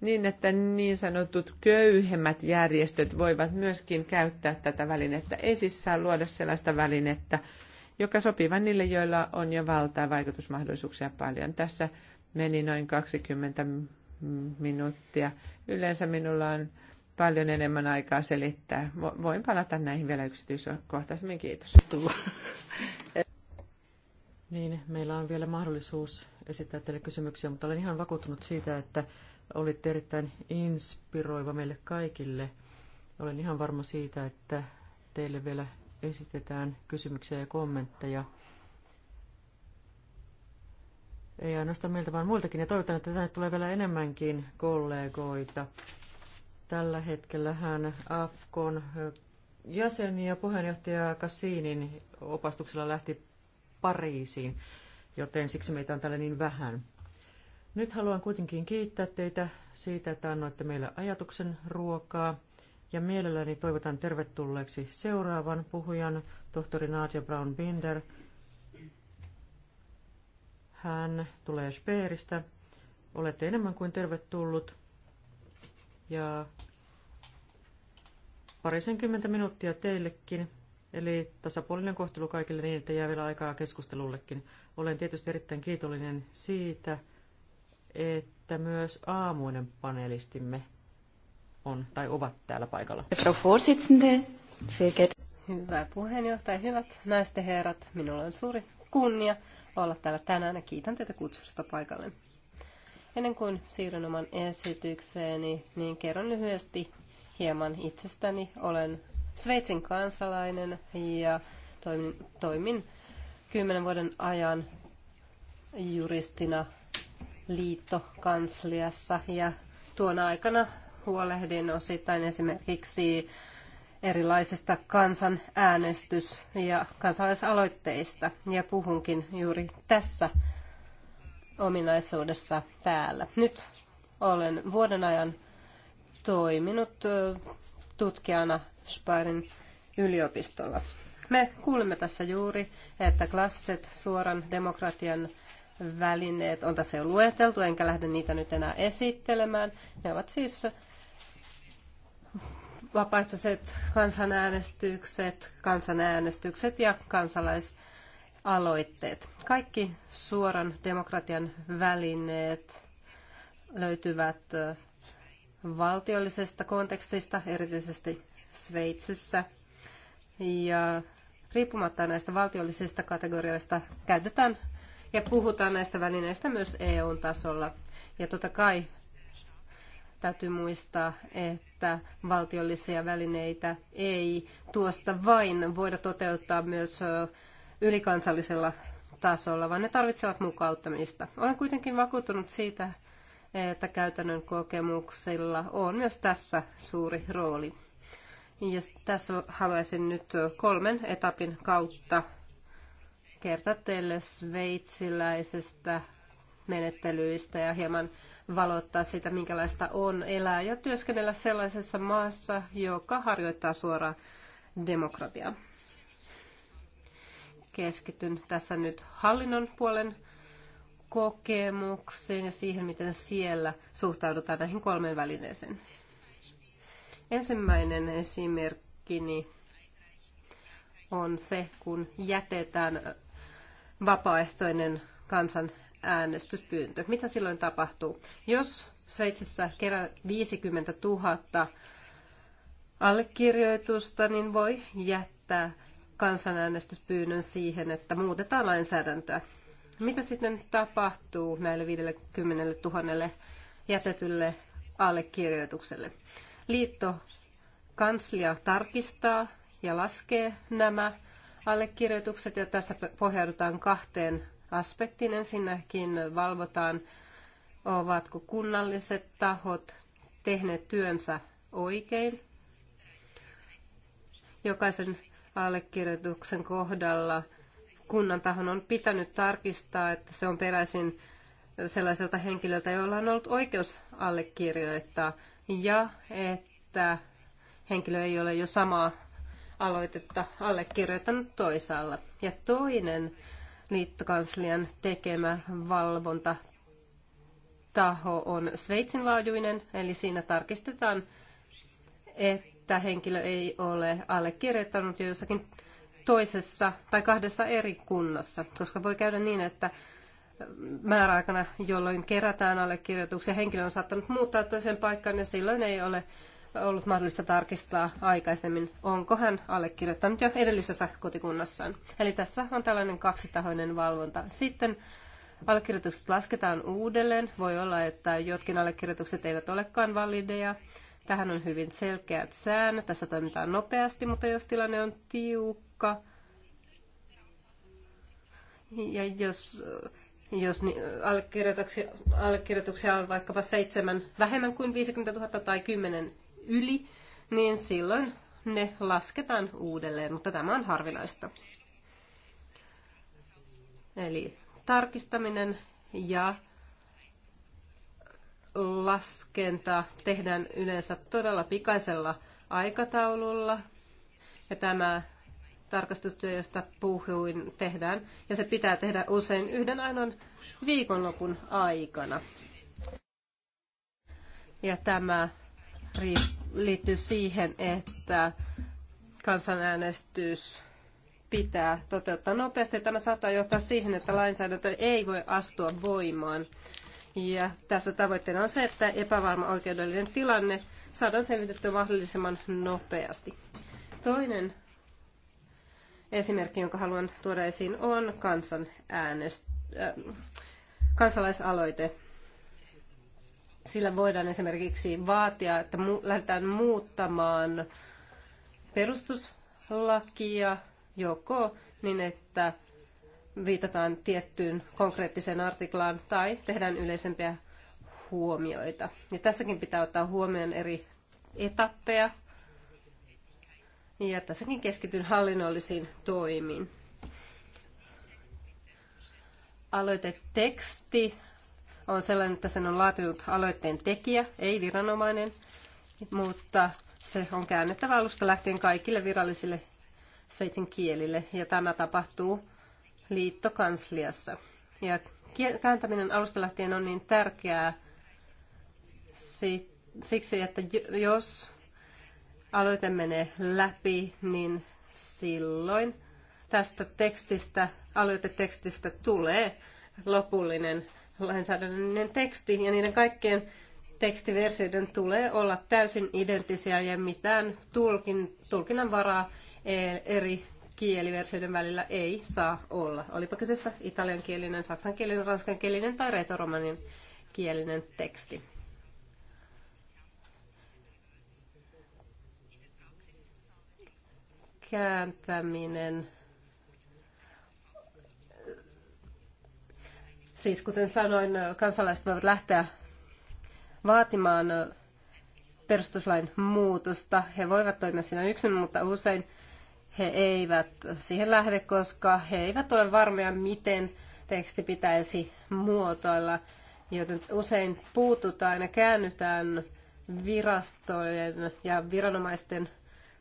niin että niin sanotut köyhemmät järjestöt voivat myöskin käyttää tätä välinettä. Ei siis saa luoda sellaista välinettä, joka sopii vain niille, joilla on jo valtaa vaikutusmahdollisuuksia paljon. Tässä meni noin 20 minuuttia. Yleensä minulla on paljon enemmän aikaa selittää. Voin palata näihin vielä yksityiskohtaisemmin. Kiitos. Niin, meillä on vielä mahdollisuus esittää teille kysymyksiä, mutta olen ihan vakuuttunut siitä, että olitte erittäin inspiroiva meille kaikille. Olen ihan varma siitä, että teille vielä esitetään kysymyksiä ja kommentteja. Ei ainoastaan meiltä, vaan muiltakin. Ja toivotan, että tänne tulee vielä enemmänkin kollegoita. Tällä hetkellä hän AFKon äh, ja puheenjohtaja Kassiinin opastuksella lähti Pariisiin, joten siksi meitä on täällä niin vähän. Nyt haluan kuitenkin kiittää teitä siitä, että annoitte meille ajatuksen ruokaa. Ja mielelläni toivotan tervetulleeksi seuraavan puhujan, tohtori Nadia Brown-Binder. Hän tulee Speeristä. Olette enemmän kuin tervetullut. Ja parisenkymmentä minuuttia teillekin. Eli tasapuolinen kohtelu kaikille niin, että jää vielä aikaa keskustelullekin. Olen tietysti erittäin kiitollinen siitä, että myös aamuinen panelistimme on tai ovat täällä paikalla. Frau Hyvä puheenjohtaja, hyvät naiset ja herrat. Minulla on suuri kunnia olla täällä tänään ja kiitän teitä kutsusta paikalle. Ennen kuin siirryn oman esitykseeni, niin kerron lyhyesti hieman itsestäni. Olen Sveitsin kansalainen ja toimin, toimin kymmenen vuoden ajan juristina liittokansliassa ja tuona aikana huolehdin osittain esimerkiksi erilaisista kansanäänestys- ja kansalaisaloitteista ja puhunkin juuri tässä ominaisuudessa täällä. Nyt olen vuoden ajan toiminut tutkijana Sparin yliopistolla. Me kuulemme tässä juuri, että klassiset suoran demokratian välineet on tässä jo lueteltu, enkä lähde niitä nyt enää esittelemään. Ne ovat siis vapaaehtoiset kansanäänestykset, kansanäänestykset ja kansalaisaloitteet. Kaikki suoran demokratian välineet löytyvät valtiollisesta kontekstista, erityisesti Sveitsissä. Ja riippumatta näistä valtiollisista kategorioista käytetään ja puhutaan näistä välineistä myös EU-tasolla. Ja totta kai täytyy muistaa, että valtiollisia välineitä ei tuosta vain voida toteuttaa myös ylikansallisella tasolla, vaan ne tarvitsevat mukauttamista. Olen kuitenkin vakuuttunut siitä, että käytännön kokemuksilla on myös tässä suuri rooli. Ja tässä haluaisin nyt kolmen etapin kautta kertoa teille sveitsiläisestä menettelyistä ja hieman valottaa sitä, minkälaista on elää ja työskennellä sellaisessa maassa, joka harjoittaa suoraa demokratiaa. Keskityn tässä nyt hallinnon puolen kokemukseen ja siihen, miten siellä suhtaudutaan näihin kolmeen välineeseen. Ensimmäinen esimerkkini on se, kun jätetään vapaaehtoinen kansan äänestyspyyntö. Mitä silloin tapahtuu? Jos Sveitsissä kerää 50 000 allekirjoitusta, niin voi jättää kansanäänestyspyynnön siihen, että muutetaan lainsäädäntöä. Mitä sitten tapahtuu näille 50 000 jätetylle allekirjoitukselle? Liitto kanslia tarkistaa ja laskee nämä allekirjoitukset ja tässä pohjaudutaan kahteen aspektiin. Ensinnäkin valvotaan, ovatko kunnalliset tahot tehneet työnsä oikein. Jokaisen allekirjoituksen kohdalla kunnan tahon on pitänyt tarkistaa, että se on peräisin sellaiselta henkilöltä, jolla on ollut oikeus allekirjoittaa, ja että henkilö ei ole jo samaa aloitetta allekirjoittanut toisaalla. Ja toinen liittokanslian tekemä valvonta taho on Sveitsin laajuinen, eli siinä tarkistetaan, että henkilö ei ole allekirjoittanut jo jossakin toisessa tai kahdessa eri kunnassa, koska voi käydä niin, että määräaikana, jolloin kerätään allekirjoituksia, henkilö on saattanut muuttaa toiseen paikkaan ja silloin ei ole ollut mahdollista tarkistaa aikaisemmin, onko hän allekirjoittanut jo edellisessä kotikunnassaan. Eli tässä on tällainen kaksitahoinen valvonta. Sitten allekirjoitukset lasketaan uudelleen. Voi olla, että jotkin allekirjoitukset eivät olekaan valideja. Tähän on hyvin selkeät säännöt. Tässä toimitaan nopeasti, mutta jos tilanne on tiukka, uhka. Ja jos, jos allekirjoituksia, allekirjoituksia on vaikkapa seitsemän vähemmän kuin 50 000 tai 10 yli, niin silloin ne lasketaan uudelleen, mutta tämä on harvinaista. Eli tarkistaminen ja laskenta tehdään yleensä todella pikaisella aikataululla. Ja tämä tarkastustyö, josta puhuin, tehdään. Ja se pitää tehdä usein yhden ainoan viikonlopun aikana. Ja tämä liittyy siihen, että kansanäänestys pitää toteuttaa nopeasti. Tämä saattaa johtaa siihen, että lainsäädäntö ei voi astua voimaan. Ja tässä tavoitteena on se, että epävarma oikeudellinen tilanne saadaan selvitettyä mahdollisimman nopeasti. Toinen Esimerkki, jonka haluan tuoda esiin, on kansan äänest, äh, kansalaisaloite. Sillä voidaan esimerkiksi vaatia, että mu- lähdetään muuttamaan perustuslakia joko niin, että viitataan tiettyyn konkreettiseen artiklaan tai tehdään yleisempiä huomioita. Ja tässäkin pitää ottaa huomioon eri etappeja niin, ja tässäkin keskityn hallinnollisiin toimiin. Aloiteteksti on sellainen, että sen on laatinut aloitteen tekijä, ei viranomainen, mutta se on käännettävä alusta lähtien kaikille virallisille sveitsin kielille, ja tämä tapahtuu liittokansliassa. Ja kääntäminen alusta lähtien on niin tärkeää siksi, että jos aloite menee läpi, niin silloin tästä tekstistä, aloitetekstistä tulee lopullinen lainsäädännöllinen teksti ja niiden kaikkien tekstiversioiden tulee olla täysin identtisiä ja mitään tulkin, tulkinnan varaa e, eri kieliversioiden välillä ei saa olla. Olipa kyseessä italiankielinen, saksankielinen, ranskankielinen tai retoromanin kielinen teksti. kääntäminen. Siis kuten sanoin, kansalaiset voivat lähteä vaatimaan perustuslain muutosta. He voivat toimia siinä yksin, mutta usein he eivät siihen lähde, koska he eivät ole varmoja, miten teksti pitäisi muotoilla. Joten usein puututaan ja käännytään virastojen ja viranomaisten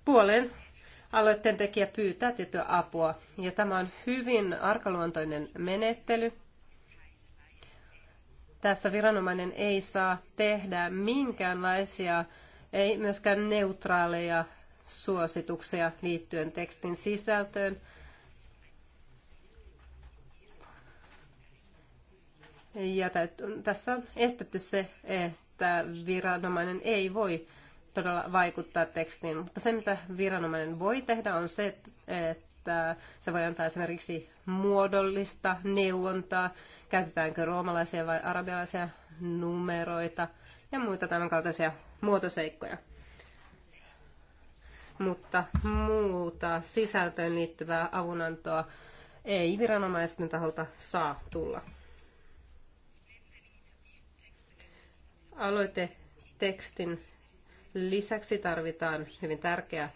puoleen aloitteen tekijä pyytää tiettyä apua. Ja tämä on hyvin arkaluontoinen menettely. Tässä viranomainen ei saa tehdä minkäänlaisia, ei myöskään neutraaleja suosituksia liittyen tekstin sisältöön. Ja tässä on estetty se, että viranomainen ei voi todella vaikuttaa tekstiin. Mutta se, mitä viranomainen voi tehdä, on se, että se voi antaa esimerkiksi muodollista neuvontaa, käytetäänkö roomalaisia vai arabialaisia numeroita ja muita tämänkaltaisia muotoseikkoja. Mutta muuta sisältöön liittyvää avunantoa ei viranomaisten taholta saa tulla. Aloite tekstin lisäksi tarvitaan hyvin tärkeä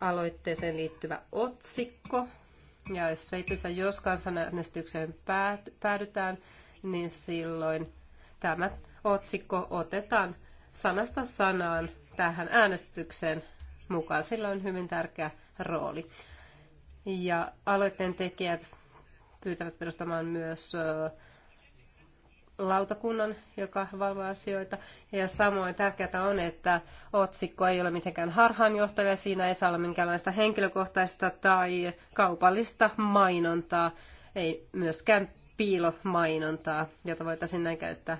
aloitteeseen liittyvä otsikko. Ja jos Sveitsissä jos kansanäänestykseen päädytään, niin silloin tämä otsikko otetaan sanasta sanaan tähän äänestykseen mukaan. Sillä on hyvin tärkeä rooli. Ja aloitteen tekijät pyytävät perustamaan myös lautakunnan, joka valvoo asioita. Ja samoin tärkeää on, että otsikko ei ole mitenkään harhaanjohtava ja siinä ei saa olla minkäänlaista henkilökohtaista tai kaupallista mainontaa, ei myöskään piilomainontaa, jota voitaisiin näin käyttää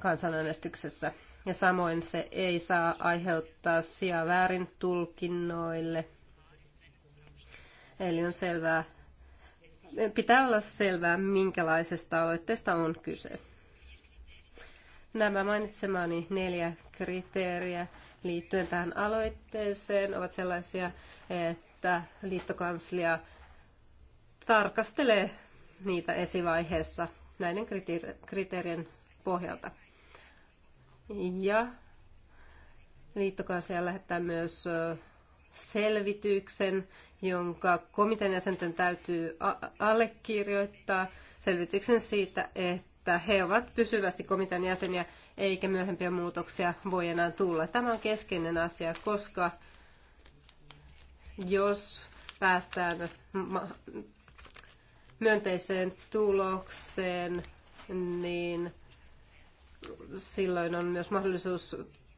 kansanäänestyksessä. Ja samoin se ei saa aiheuttaa sijaa väärin tulkinnoille. Eli on selvää, pitää olla selvää, minkälaisesta aloitteesta on kyse. Nämä mainitsemani neljä kriteeriä liittyen tähän aloitteeseen ovat sellaisia, että liittokanslia tarkastelee niitä esivaiheessa näiden kriteerien pohjalta. Ja liittokanslia lähettää myös selvityksen, jonka komitean jäsenten täytyy allekirjoittaa. Selvityksen siitä, että he ovat pysyvästi komitean jäseniä, eikä myöhempiä muutoksia voi enää tulla. Tämä on keskeinen asia, koska jos päästään myönteiseen tulokseen, niin silloin on myös mahdollisuus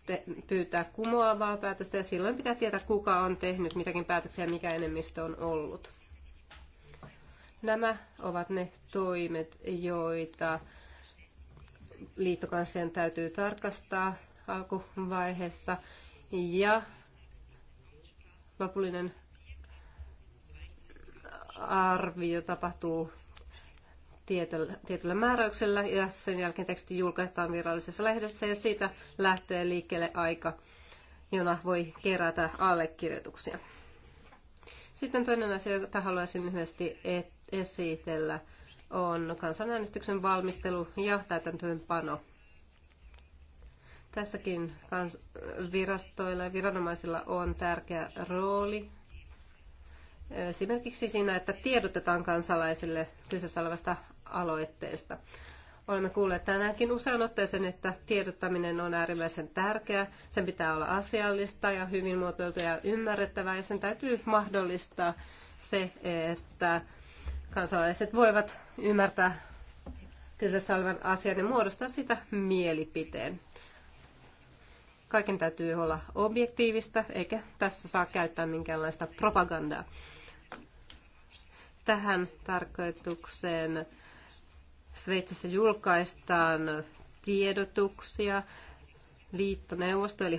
te- pyytää kumoavaa päätöstä ja silloin pitää tietää, kuka on tehnyt mitäkin päätöksiä ja mikä enemmistö on ollut. Nämä ovat ne toimet, joita liittokanslian täytyy tarkastaa alkuvaiheessa ja lopullinen arvio tapahtuu tietyllä määräyksellä ja sen jälkeen teksti julkaistaan virallisessa lehdessä ja siitä lähtee liikkeelle aika, jona voi kerätä allekirjoituksia. Sitten toinen asia, jota haluaisin lyhyesti esitellä, on kansanäänestyksen valmistelu ja täytäntöönpano. Tässäkin kans- virastoilla ja viranomaisilla on tärkeä rooli esimerkiksi siinä, että tiedotetaan kansalaisille kyseessä olevasta aloitteesta. Olemme kuulleet tänäänkin usean otteeseen, että tiedottaminen on äärimmäisen tärkeää. Sen pitää olla asiallista ja hyvin muotoiltu ja ymmärrettävää ja sen täytyy mahdollistaa se, että kansalaiset voivat ymmärtää kyseessä olevan asian ja muodostaa sitä mielipiteen. Kaiken täytyy olla objektiivista, eikä tässä saa käyttää minkäänlaista propagandaa. Tähän tarkoitukseen Sveitsissä julkaistaan tiedotuksia, liittoneuvosto eli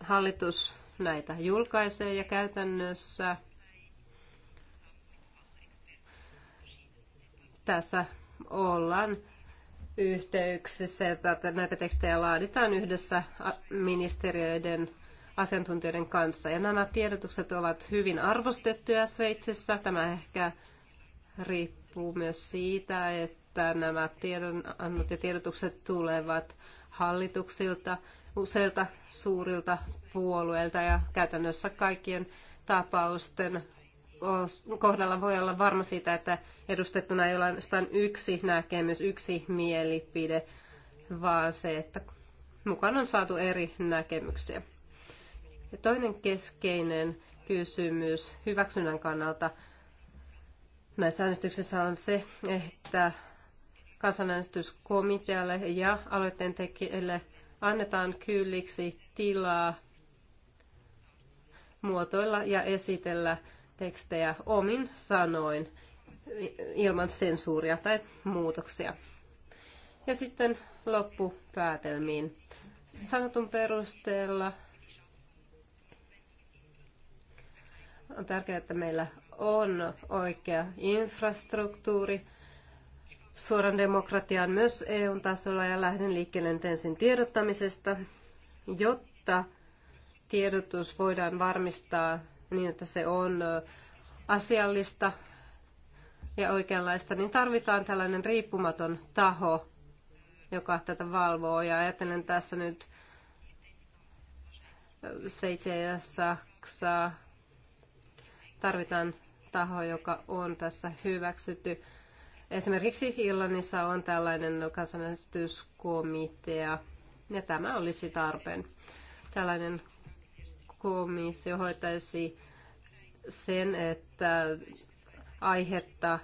hallitus näitä julkaisee ja käytännössä tässä ollaan yhteyksissä, että näitä tekstejä laaditaan yhdessä ministeriöiden asiantuntijoiden kanssa. Ja nämä tiedotukset ovat hyvin arvostettuja Sveitsissä. Tämä ehkä riippuu myös siitä, että että nämä tiedonannot ja tiedotukset tulevat hallituksilta, useilta suurilta puolueilta ja käytännössä kaikkien tapausten kohdalla voi olla varma siitä, että edustettuna ei ole ainoastaan yksi näkemys, yksi mielipide, vaan se, että mukaan on saatu eri näkemyksiä. Ja toinen keskeinen kysymys hyväksynnän kannalta näissä äänestyksissä on se, että kansanäänestyskomitealle ja aloitteen tekijöille annetaan kylliksi tilaa muotoilla ja esitellä tekstejä omin sanoin ilman sensuuria tai muutoksia. Ja sitten loppupäätelmiin. Sanotun perusteella on tärkeää, että meillä on oikea infrastruktuuri, suoran demokratian myös EUn tasolla ja lähden liikkeelle nyt ensin tiedottamisesta, jotta tiedotus voidaan varmistaa niin, että se on asiallista ja oikeanlaista, niin tarvitaan tällainen riippumaton taho, joka tätä valvoo. Ja ajattelen tässä nyt Sveitsiä ja Saksaa. Tarvitaan taho, joka on tässä hyväksytty Esimerkiksi Irlannissa on tällainen kansanäänestyskomitea, ja tämä olisi tarpeen. Tällainen komissio hoitaisi sen, että aihetta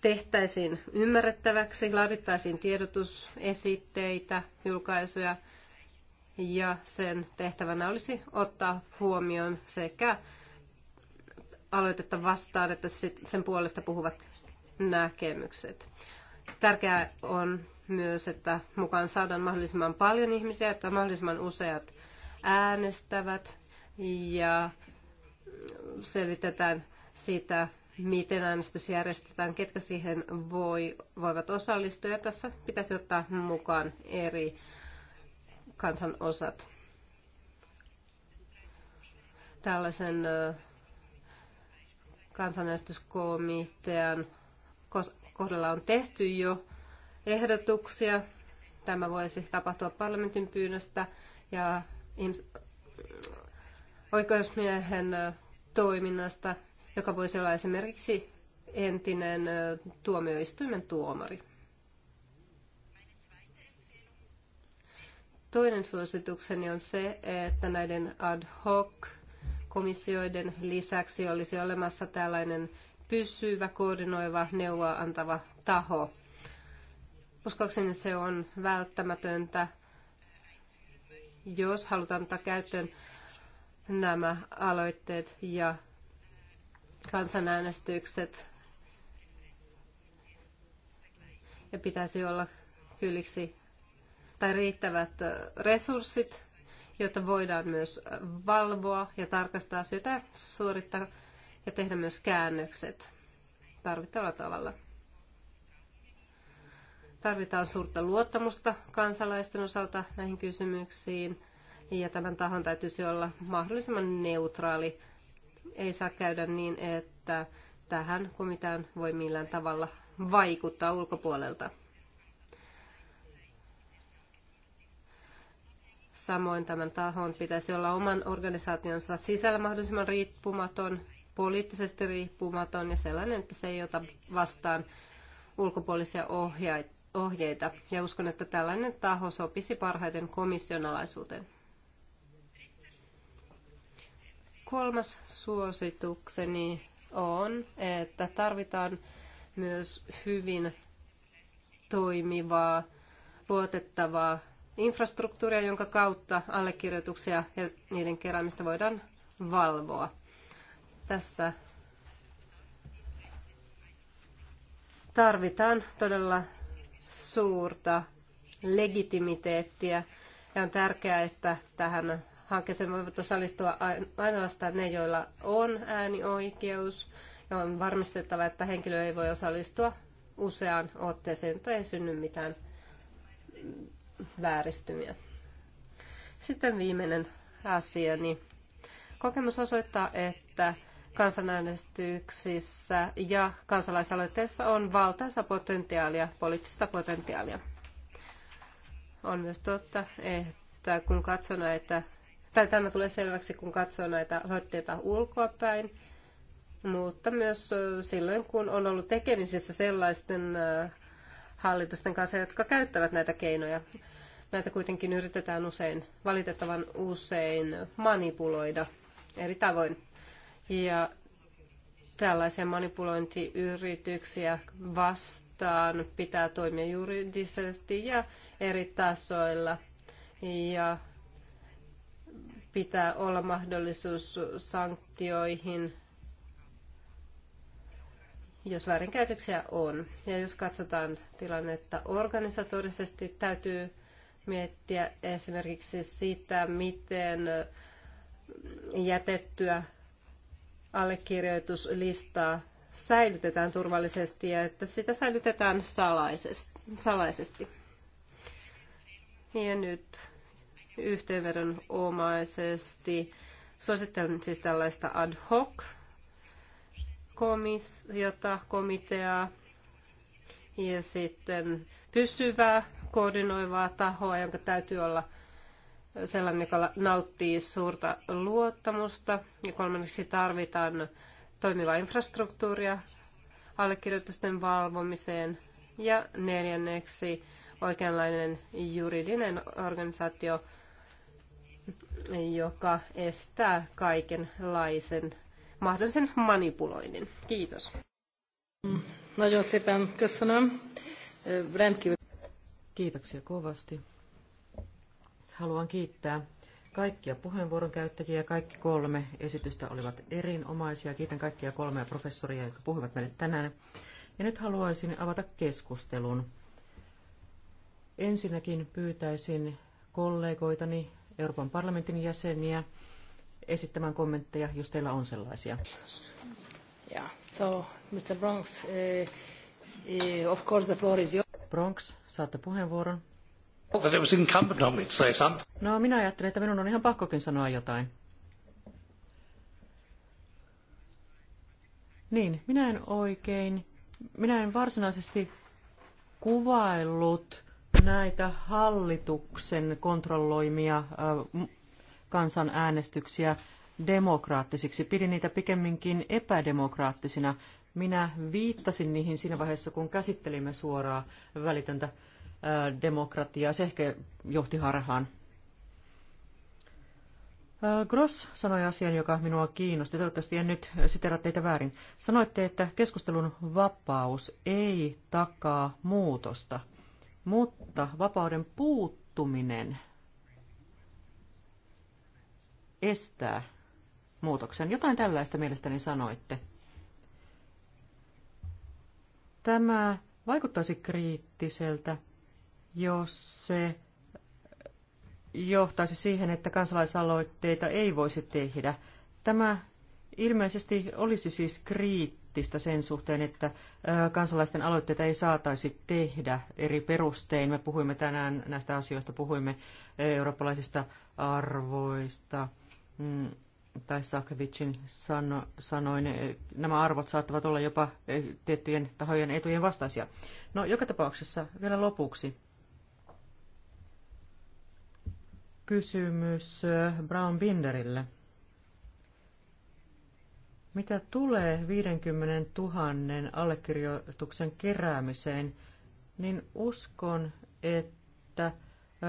tehtäisiin ymmärrettäväksi, laadittaisiin tiedotusesitteitä, julkaisuja ja sen tehtävänä olisi ottaa huomioon sekä aloitetta vastaan että sen puolesta puhuvat näkemykset. Tärkeää on myös, että mukaan saadaan mahdollisimman paljon ihmisiä, että mahdollisimman useat äänestävät ja selvitetään sitä, miten äänestys järjestetään, ketkä siihen voi, voivat osallistua. Ja tässä pitäisi ottaa mukaan eri kansanosat. Tällaisen kansanäänestyskomitean kohdalla on tehty jo ehdotuksia. Tämä voisi tapahtua parlamentin pyynnöstä ja oikeusmiehen toiminnasta, joka voisi olla esimerkiksi entinen tuomioistuimen tuomari. Toinen suositukseni on se, että näiden ad hoc komissioiden lisäksi olisi olemassa tällainen pysyvä, koordinoiva, neuvoa antava taho. Uskoakseni se on välttämätöntä, jos halutaan ottaa käyttöön nämä aloitteet ja kansanäänestykset. Ja pitäisi olla kylliksi tai riittävät resurssit, jotta voidaan myös valvoa ja tarkastaa sitä suorittaa ja tehdä myös käännökset tarvittavalla tavalla. Tarvitaan suurta luottamusta kansalaisten osalta näihin kysymyksiin ja tämän tahon täytyisi olla mahdollisimman neutraali. Ei saa käydä niin, että tähän komitean voi millään tavalla vaikuttaa ulkopuolelta. Samoin tämän tahon pitäisi olla oman organisaationsa sisällä mahdollisimman riippumaton poliittisesti riippumaton ja sellainen, että se ei ota vastaan ulkopuolisia ohjeita. Ja uskon, että tällainen taho sopisi parhaiten komission alaisuuteen. Kolmas suositukseni on, että tarvitaan myös hyvin toimivaa, luotettavaa infrastruktuuria, jonka kautta allekirjoituksia ja niiden keräämistä voidaan valvoa. Tässä tarvitaan todella suurta legitimiteettiä ja on tärkeää, että tähän hankkeeseen voivat osallistua ainoastaan ne, joilla on äänioikeus ja on varmistettava, että henkilö ei voi osallistua useaan otteeseen tai ei synny mitään vääristymiä. Sitten viimeinen asia, niin kokemus osoittaa, että kansanäänestyksissä ja kansalaisaloitteessa on valtaisa potentiaalia, poliittista potentiaalia. On myös totta, että kun katsoo näitä, tai tämä tulee selväksi, kun katsoo näitä hoitteita ulkoapäin, mutta myös silloin, kun on ollut tekemisissä sellaisten hallitusten kanssa, jotka käyttävät näitä keinoja. Näitä kuitenkin yritetään usein, valitettavan usein manipuloida eri tavoin. Ja tällaisia manipulointiyrityksiä vastaan pitää toimia juridisesti ja eri tasoilla. Ja pitää olla mahdollisuus sanktioihin, jos väärinkäytöksiä on. Ja jos katsotaan tilannetta organisatorisesti, täytyy miettiä esimerkiksi sitä, miten jätettyä allekirjoituslistaa säilytetään turvallisesti ja että sitä säilytetään salaisesti. Ja nyt omaisesti, suosittelen siis tällaista ad hoc komissiota, komiteaa ja sitten pysyvää koordinoivaa tahoa, jonka täytyy olla – sellainen, joka nauttii suurta luottamusta. Ja kolmanneksi tarvitaan toimivaa infrastruktuuria allekirjoitusten valvomiseen. Ja neljänneksi oikeanlainen juridinen organisaatio, joka estää kaikenlaisen mahdollisen manipuloinnin. Kiitos. Nagyon szépen köszönöm. Rendkívül. Kiitoksia kovasti. Haluan kiittää kaikkia puheenvuoron käyttäjiä. Kaikki kolme esitystä olivat erinomaisia. Kiitän kaikkia kolmea professoria, jotka puhuivat meille tänään. Ja nyt haluaisin avata keskustelun. Ensinnäkin pyytäisin kollegoitani, Euroopan parlamentin jäseniä, esittämään kommentteja, jos teillä on sellaisia. Yeah, so, Mr. Bronx, eh, eh, of course the floor is your... Bronx, saatte puheenvuoron. No minä ajattelin, että minun on ihan pakkokin sanoa jotain. Niin, minä en oikein, minä en varsinaisesti kuvaillut näitä hallituksen kontrolloimia kansanäänestyksiä demokraattisiksi. Pidin niitä pikemminkin epädemokraattisina. Minä viittasin niihin siinä vaiheessa, kun käsittelimme suoraa välitöntä demokratiaa. Se ehkä johti harhaan. Gross sanoi asian, joka minua kiinnosti. Toivottavasti en nyt sitera teitä väärin. Sanoitte, että keskustelun vapaus ei takaa muutosta, mutta vapauden puuttuminen estää muutoksen. Jotain tällaista mielestäni sanoitte. Tämä vaikuttaisi kriittiseltä jos se johtaisi siihen, että kansalaisaloitteita ei voisi tehdä. Tämä ilmeisesti olisi siis kriittistä sen suhteen, että kansalaisten aloitteita ei saataisi tehdä eri perustein. Me puhuimme tänään näistä asioista, puhuimme eurooppalaisista arvoista. Mm, tai Sakevicin sano, sanoin, nämä arvot saattavat olla jopa tiettyjen tahojen etujen vastaisia. No, joka tapauksessa vielä lopuksi kysymys eh, Brown Binderille. Mitä tulee 50 000 allekirjoituksen keräämiseen, niin uskon, että eh,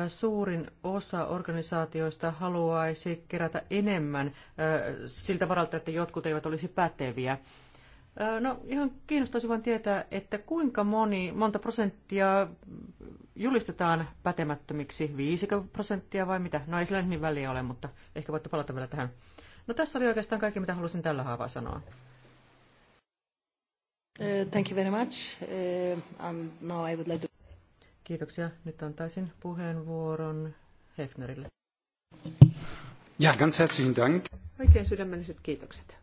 suurin osa organisaatioista haluaisi kerätä enemmän eh, siltä varalta, että jotkut eivät olisi päteviä. No ihan kiinnostaisi vain tietää, että kuinka moni, monta prosenttia julistetaan pätemättömiksi, 5 prosenttia vai mitä? No ei sillä niin väliä ole, mutta ehkä voitte palata vielä tähän. No tässä oli oikeastaan kaikki, mitä halusin tällä haavaa sanoa. thank you very much. Um, now I would like to... Kiitoksia. Nyt antaisin puheenvuoron Hefnerille. Ja, ganz herzlichen Dank. Oikein sydämelliset kiitokset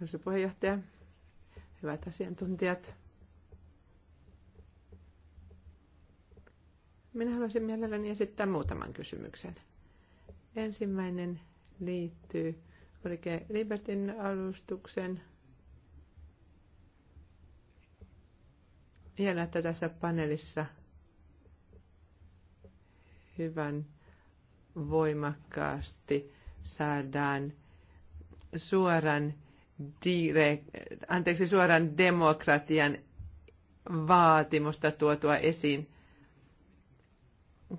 arvoisa puheenjohtaja, hyvät asiantuntijat. Minä haluaisin mielelläni esittää muutaman kysymyksen. Ensimmäinen liittyy oikein Libertin alustuksen. Hienoa, että tässä paneelissa hyvän voimakkaasti saadaan suoran direk- anteeksi, suoran demokratian vaatimusta tuotua esiin.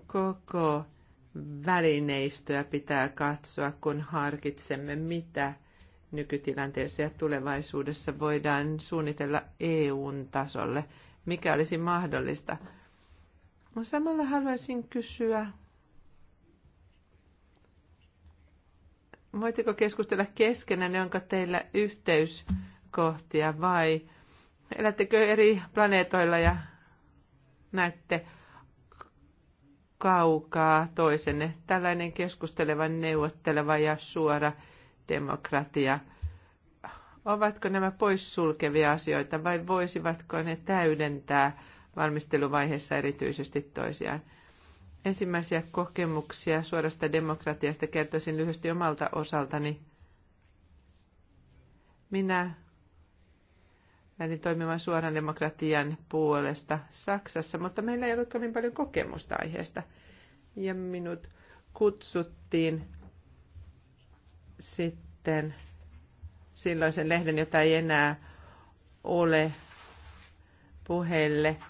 Koko välineistöä pitää katsoa, kun harkitsemme, mitä nykytilanteessa ja tulevaisuudessa voidaan suunnitella EUn tasolle, mikä olisi mahdollista. Samalla haluaisin kysyä voitteko keskustella keskenään, onko teillä yhteyskohtia vai elättekö eri planeetoilla ja näette kaukaa toisenne. Tällainen keskusteleva, neuvotteleva ja suora demokratia. Ovatko nämä poissulkevia asioita vai voisivatko ne täydentää valmisteluvaiheessa erityisesti toisiaan? ensimmäisiä kokemuksia suorasta demokratiasta kertoisin lyhyesti omalta osaltani. Minä lähdin toimimaan suoran demokratian puolesta Saksassa, mutta meillä ei ollut kovin paljon kokemusta aiheesta. Ja minut kutsuttiin sitten silloisen lehden, jota ei enää ole puheille –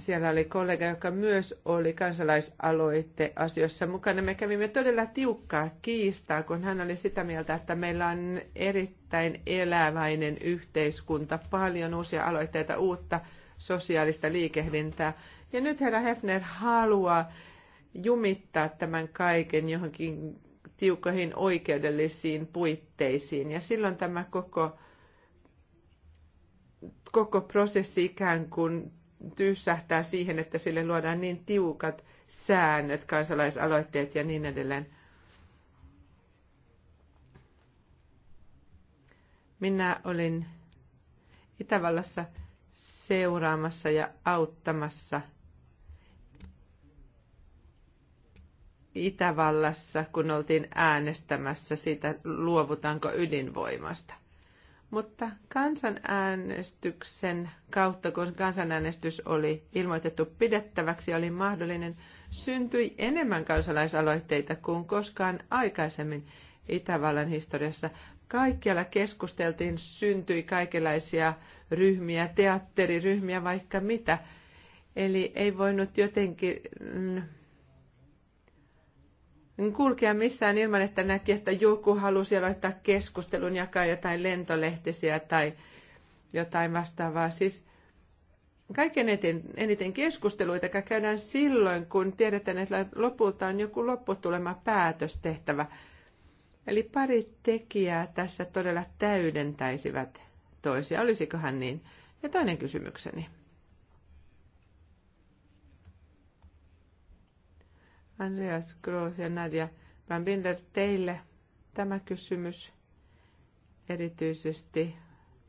siellä oli kollega, joka myös oli kansalaisaloitte asioissa mukana. Me kävimme todella tiukkaa kiistaa, kun hän oli sitä mieltä, että meillä on erittäin eläväinen yhteiskunta, paljon uusia aloitteita, uutta sosiaalista liikehdintää. Ja nyt herra Hefner haluaa jumittaa tämän kaiken johonkin tiukkoihin oikeudellisiin puitteisiin. Ja silloin tämä koko, koko prosessi ikään kuin tyyssähtää siihen, että sille luodaan niin tiukat säännöt, kansalaisaloitteet ja niin edelleen. Minä olin Itävallassa seuraamassa ja auttamassa Itävallassa, kun oltiin äänestämässä siitä, luovutaanko ydinvoimasta – mutta kansanäänestyksen kautta, kun kansanäänestys oli ilmoitettu pidettäväksi, oli mahdollinen, syntyi enemmän kansalaisaloitteita kuin koskaan aikaisemmin Itävallan historiassa. Kaikkialla keskusteltiin, syntyi kaikenlaisia ryhmiä, teatteriryhmiä, vaikka mitä. Eli ei voinut jotenkin mm, kulkea missään ilman, että näki, että joku halusi aloittaa keskustelun, jakaa jotain lentolehtisiä tai jotain vastaavaa. Siis kaiken eten, eniten keskusteluita käydään silloin, kun tiedetään, että lopulta on joku lopputulema päätös tehtävä. Eli pari tekijää tässä todella täydentäisivät toisia. Olisikohan niin? Ja toinen kysymykseni. Andreas Gross ja Nadia Brambinder, teille tämä kysymys erityisesti.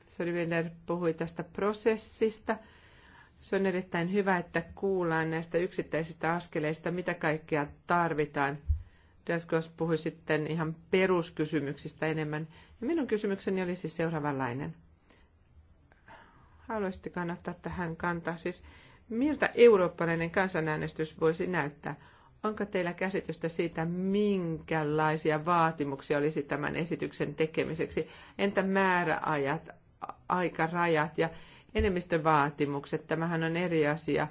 Sörvinder puhui tästä prosessista. Se on erittäin hyvä, että kuullaan näistä yksittäisistä askeleista, mitä kaikkea tarvitaan. Daskos puhui sitten ihan peruskysymyksistä enemmän. Ja minun kysymykseni oli siis seuraavanlainen. Haluaisitte kannattaa tähän kantaa. Siis miltä eurooppalainen kansanäänestys voisi näyttää? Onko teillä käsitystä siitä, minkälaisia vaatimuksia olisi tämän esityksen tekemiseksi? Entä määräajat, aikarajat ja enemmistövaatimukset? Tämähän on eri asia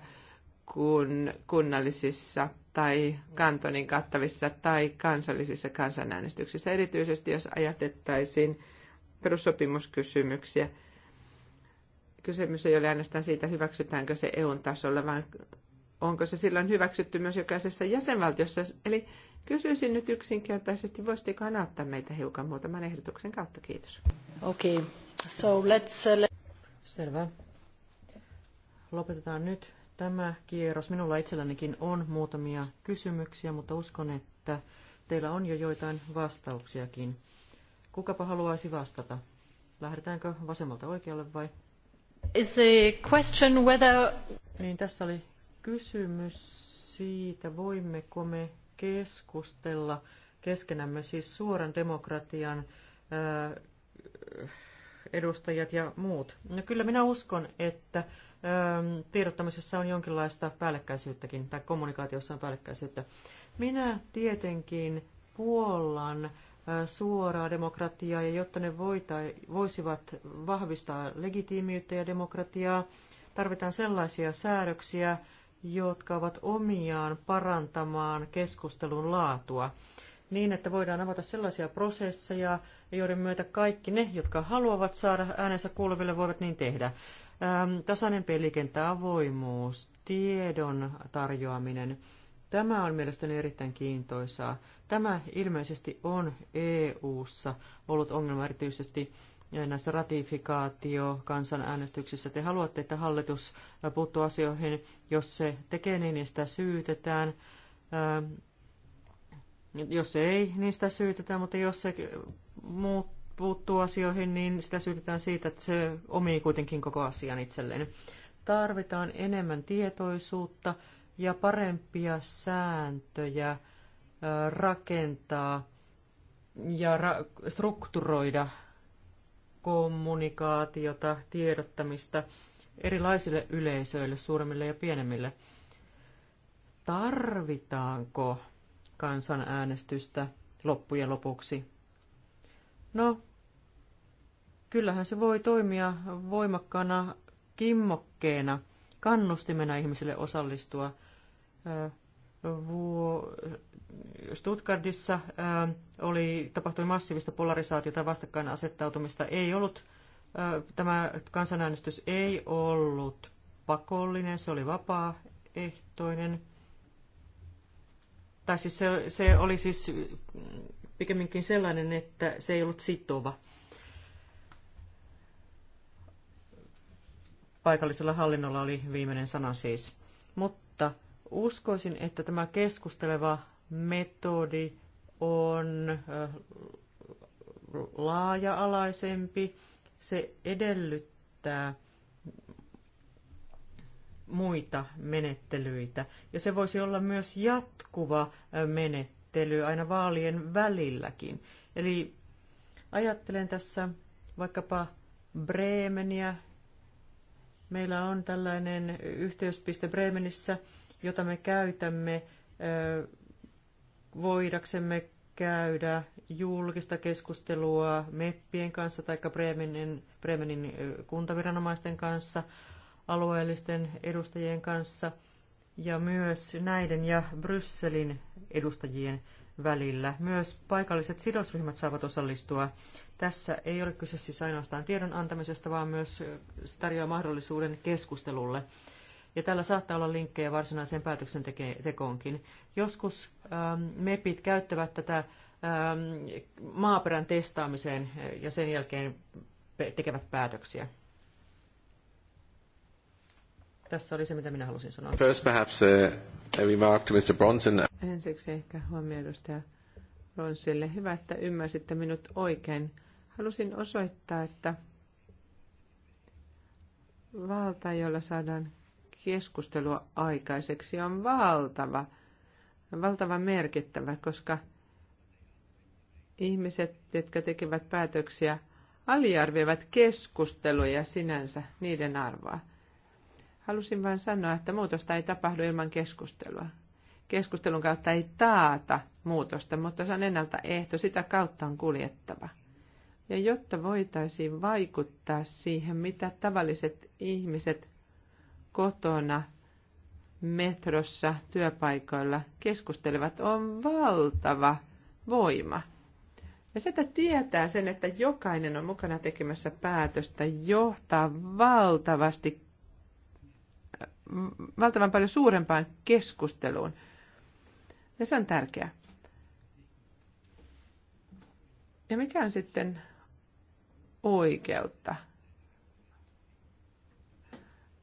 kuin kunnallisissa tai kantonin kattavissa tai kansallisissa kansanäänestyksissä, erityisesti jos ajatettaisiin perussopimuskysymyksiä. Kysymys ei ole ainoastaan siitä, hyväksytäänkö se EUn tasolla, vaan onko se silloin hyväksytty myös jokaisessa jäsenvaltiossa. Eli kysyisin nyt yksinkertaisesti, voisitteko hän auttaa meitä hiukan muutaman ehdotuksen kautta? Kiitos. Okei, okay. so let's... Uh, Selvä. Lopetetaan nyt tämä kierros. Minulla itsellänikin on muutamia kysymyksiä, mutta uskon, että teillä on jo joitain vastauksiakin. Kukapa haluaisi vastata? Lähdetäänkö vasemmalta oikealle vai? Is the question whether... Niin, tässä oli kysymys siitä, voimmeko me keskustella keskenämme, siis suoran demokratian edustajat ja muut. No kyllä minä uskon, että tiedottamisessa on jonkinlaista päällekkäisyyttäkin, tai kommunikaatiossa on päällekkäisyyttä. Minä tietenkin puollan suoraa demokratiaa, ja jotta ne voisivat vahvistaa legitiimiyttä ja demokratiaa, tarvitaan sellaisia säädöksiä, jotka ovat omiaan parantamaan keskustelun laatua niin, että voidaan avata sellaisia prosesseja, joiden myötä kaikki ne, jotka haluavat saada äänensä kuuluville, voivat niin tehdä. Ähm, tasainen pelikenttä, avoimuus, tiedon tarjoaminen. Tämä on mielestäni erittäin kiintoisaa. Tämä ilmeisesti on EU-ssa ollut ongelma erityisesti näissä ratifikaatio-kansanäänestyksissä. Te haluatte, että hallitus puuttuu asioihin. Jos se tekee niin, niin sitä syytetään. Ähm, jos se ei, niin sitä syytetään, mutta jos se muut puuttuu asioihin, niin sitä syytetään siitä, että se omii kuitenkin koko asian itselleen. Tarvitaan enemmän tietoisuutta ja parempia sääntöjä äh, rakentaa ja strukturoida kommunikaatiota, tiedottamista erilaisille yleisöille, suuremmille ja pienemmille. Tarvitaanko kansanäänestystä loppujen lopuksi? No, kyllähän se voi toimia voimakkaana kimmokkeena, kannustimena ihmisille osallistua Stuttgardissa äh, oli, tapahtui massiivista polarisaatiota vastakkainasettautumista. Ei ollut, äh, tämä kansanäänestys ei ollut pakollinen, se oli vapaaehtoinen. Tai siis se, se oli siis pikemminkin sellainen, että se ei ollut sitova. Paikallisella hallinnolla oli viimeinen sana siis. Mutta uskoisin, että tämä keskusteleva metodi on laaja-alaisempi. Se edellyttää muita menettelyitä. Ja se voisi olla myös jatkuva menettely aina vaalien välilläkin. Eli ajattelen tässä vaikkapa Bremenia, Meillä on tällainen yhteyspiste Bremenissä, jota me käytämme voidaksemme käydä julkista keskustelua meppien kanssa tai Bremenin, Bremenin kuntaviranomaisten kanssa, alueellisten edustajien kanssa ja myös näiden ja Brysselin edustajien välillä. Myös paikalliset sidosryhmät saavat osallistua. Tässä ei ole kyse siis ainoastaan tiedon antamisesta, vaan myös tarjoaa mahdollisuuden keskustelulle ja tällä saattaa olla linkkejä varsinaiseen päätöksentekoonkin. Joskus ähm, MEPit käyttävät tätä ähm, maaperän testaamiseen äh, ja sen jälkeen tekevät päätöksiä. Tässä oli se, mitä minä halusin sanoa. First perhaps uh, a remark to Mr. Bronson. Ensiksi ehkä huomio edustaja Bronsille. Hyvä, että ymmärsitte minut oikein. Halusin osoittaa, että valta, jolla saadaan keskustelua aikaiseksi on valtava, valtava merkittävä, koska ihmiset, jotka tekevät päätöksiä, aliarvioivat keskusteluja sinänsä niiden arvoa. Halusin vain sanoa, että muutosta ei tapahdu ilman keskustelua. Keskustelun kautta ei taata muutosta, mutta se on ennaltaehto, sitä kautta on kuljettava. Ja jotta voitaisiin vaikuttaa siihen, mitä tavalliset ihmiset kotona, metrossa, työpaikoilla keskustelevat on valtava voima. Ja sitä tietää sen, että jokainen on mukana tekemässä päätöstä, johtaa valtavasti, valtavan paljon suurempaan keskusteluun. Ja se on tärkeää. Ja mikä on sitten oikeutta?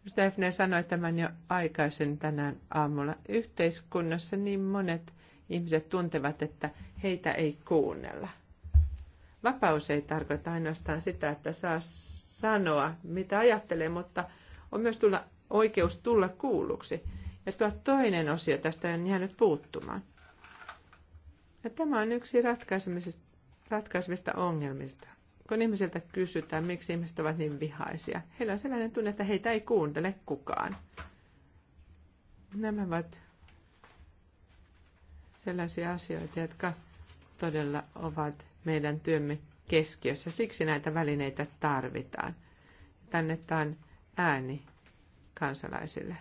Stefne sanoi tämän jo aikaisen tänään aamulla. Yhteiskunnassa niin monet ihmiset tuntevat, että heitä ei kuunnella. Vapaus ei tarkoita ainoastaan sitä, että saa sanoa, mitä ajattelee, mutta on myös tulla, oikeus tulla kuulluksi. Ja tuo toinen osio tästä on jäänyt puuttumaan. Ja tämä on yksi ratkaisemista ongelmista kun ihmisiltä kysytään, miksi ihmiset ovat niin vihaisia, heillä on sellainen tunne, että heitä ei kuuntele kukaan. Nämä ovat sellaisia asioita, jotka todella ovat meidän työmme keskiössä. Siksi näitä välineitä tarvitaan. Tännetaan ääni kansalaisille.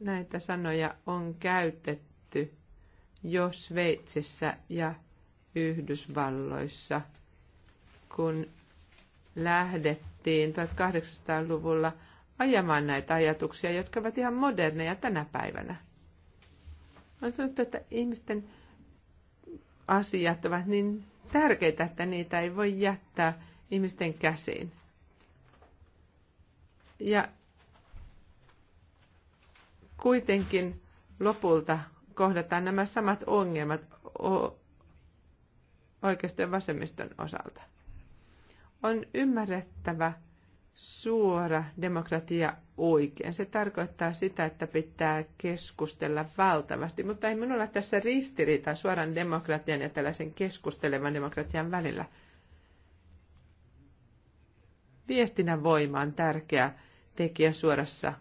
Näitä sanoja on käytetty jo Sveitsissä ja Yhdysvalloissa, kun lähdettiin 1800-luvulla ajamaan näitä ajatuksia, jotka ovat ihan moderneja tänä päivänä. On sanottu, että ihmisten asiat ovat niin tärkeitä, että niitä ei voi jättää ihmisten käsiin. Ja kuitenkin lopulta kohdataan nämä samat ongelmat oikeiston ja vasemmiston osalta. On ymmärrettävä suora demokratia oikein. Se tarkoittaa sitä, että pitää keskustella valtavasti, mutta ei minulla tässä ristiriita suoran demokratian ja tällaisen keskustelevan demokratian välillä. Viestinnän voima on tärkeä tekijä suorassa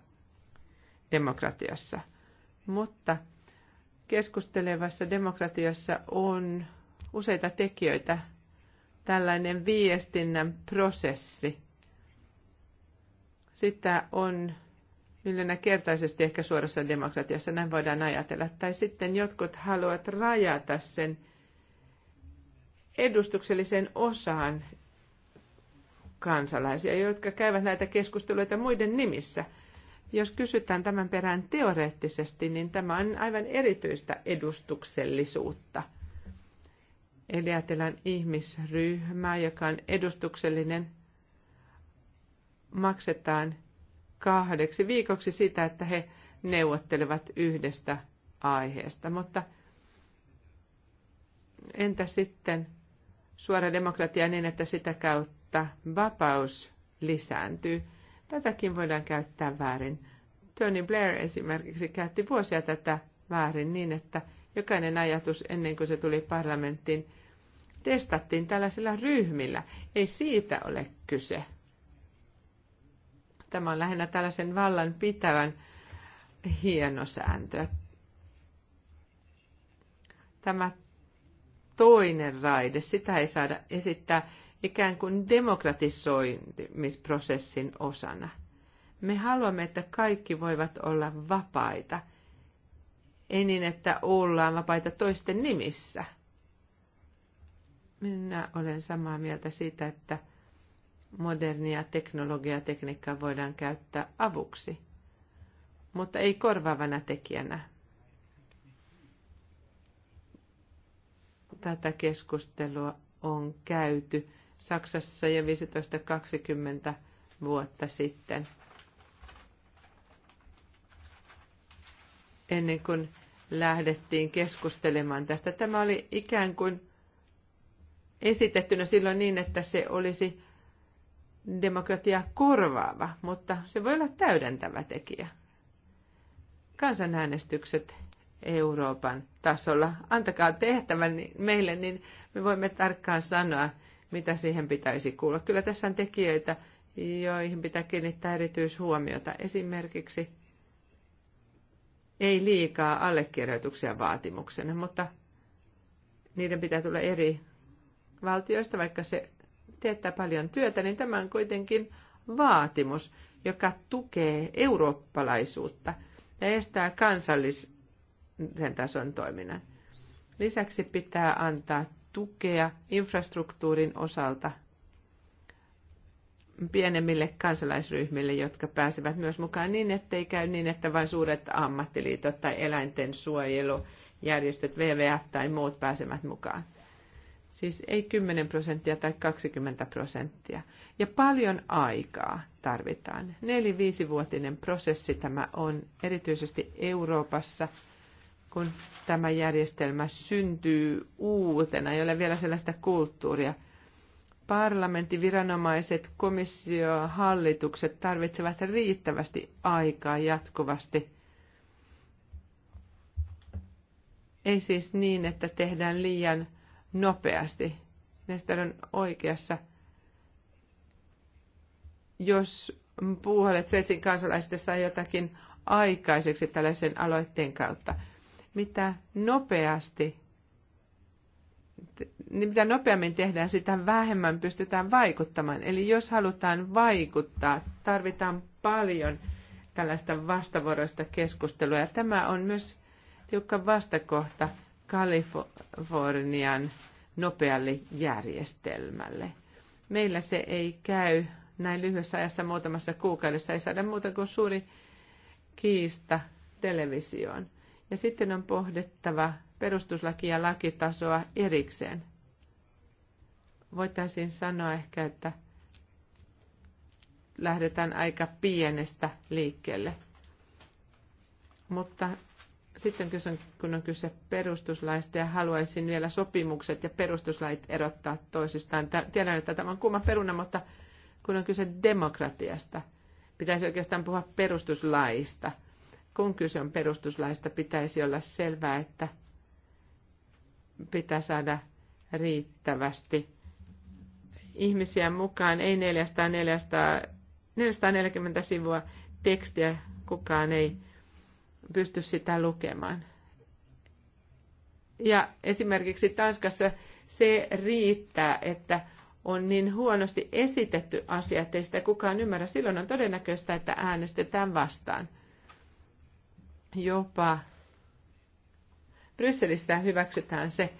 demokratiassa, mutta keskustelevassa demokratiassa on useita tekijöitä. Tällainen viestinnän prosessi, sitä on kertaisesti ehkä suorassa demokratiassa, näin voidaan ajatella. Tai sitten jotkut haluavat rajata sen edustuksellisen osaan kansalaisia, jotka käyvät näitä keskusteluita muiden nimissä. Jos kysytään tämän perään teoreettisesti, niin tämä on aivan erityistä edustuksellisuutta – Eli ajatellaan ihmisryhmää, joka on edustuksellinen, maksetaan kahdeksi viikoksi sitä, että he neuvottelevat yhdestä aiheesta. Mutta entä sitten suora demokratia niin, että sitä kautta vapaus lisääntyy? Tätäkin voidaan käyttää väärin. Tony Blair esimerkiksi käytti vuosia tätä väärin niin, että jokainen ajatus ennen kuin se tuli parlamenttiin, testattiin tällaisilla ryhmillä. Ei siitä ole kyse. Tämä on lähinnä tällaisen vallan pitävän hienosääntöä. Tämä toinen raide, sitä ei saada esittää ikään kuin demokratisoimisprosessin osana. Me haluamme, että kaikki voivat olla vapaita – ei niin, että ollaan vapaita toisten nimissä. Minä olen samaa mieltä siitä, että modernia teknologiaa ja tekniikkaa voidaan käyttää avuksi, mutta ei korvaavana tekijänä. Tätä keskustelua on käyty Saksassa jo 1520 vuotta sitten. Ennen kuin lähdettiin keskustelemaan tästä. Tämä oli ikään kuin esitettynä silloin niin, että se olisi demokratia korvaava, mutta se voi olla täydentävä tekijä. Kansanäänestykset Euroopan tasolla. Antakaa tehtävän meille, niin me voimme tarkkaan sanoa, mitä siihen pitäisi kuulla. Kyllä tässä on tekijöitä, joihin pitää kiinnittää erityishuomiota. Esimerkiksi ei liikaa allekirjoituksia vaatimuksena, mutta niiden pitää tulla eri valtioista, vaikka se teettää paljon työtä, niin tämä on kuitenkin vaatimus, joka tukee eurooppalaisuutta ja estää kansallisen tason toiminnan. Lisäksi pitää antaa tukea infrastruktuurin osalta – pienemmille kansalaisryhmille, jotka pääsevät myös mukaan niin, ettei käy niin, että vain suuret ammattiliitot tai eläinten suojelujärjestöt, WWF tai muut pääsevät mukaan. Siis ei 10 prosenttia tai 20 prosenttia. Ja paljon aikaa tarvitaan. Neli-viisivuotinen prosessi tämä on, erityisesti Euroopassa, kun tämä järjestelmä syntyy uutena, ei ole vielä sellaista kulttuuria – parlamentti, viranomaiset, komissio, hallitukset tarvitsevat riittävästi aikaa jatkuvasti. Ei siis niin, että tehdään liian nopeasti. Nestor on oikeassa. Jos puolet Sveitsin kansalaisista saa jotakin aikaiseksi tällaisen aloitteen kautta, mitä nopeasti niin mitä nopeammin tehdään, sitä vähemmän pystytään vaikuttamaan. Eli jos halutaan vaikuttaa, tarvitaan paljon tällaista vastavuoroista keskustelua. Ja tämä on myös tiukka vastakohta Kalifornian nopealle järjestelmälle. Meillä se ei käy näin lyhyessä ajassa, muutamassa kuukaudessa, ei saada muuta kuin suuri kiista televisioon. Ja sitten on pohdittava perustuslaki- ja lakitasoa erikseen. Voitaisiin sanoa ehkä, että lähdetään aika pienestä liikkeelle. Mutta sitten kun on kyse perustuslaista ja haluaisin vielä sopimukset ja perustuslait erottaa toisistaan. Tiedän, että tämä on kuuma peruna, mutta kun on kyse demokratiasta, pitäisi oikeastaan puhua perustuslaista. Kun kyse on perustuslaista, pitäisi olla selvää, että – pitää saada riittävästi ihmisiä mukaan. Ei 400, 400, 440 sivua tekstiä, kukaan ei pysty sitä lukemaan. Ja esimerkiksi Tanskassa se riittää, että on niin huonosti esitetty asia, ei sitä kukaan ymmärrä. Silloin on todennäköistä, että äänestetään vastaan. Jopa Brysselissä hyväksytään se,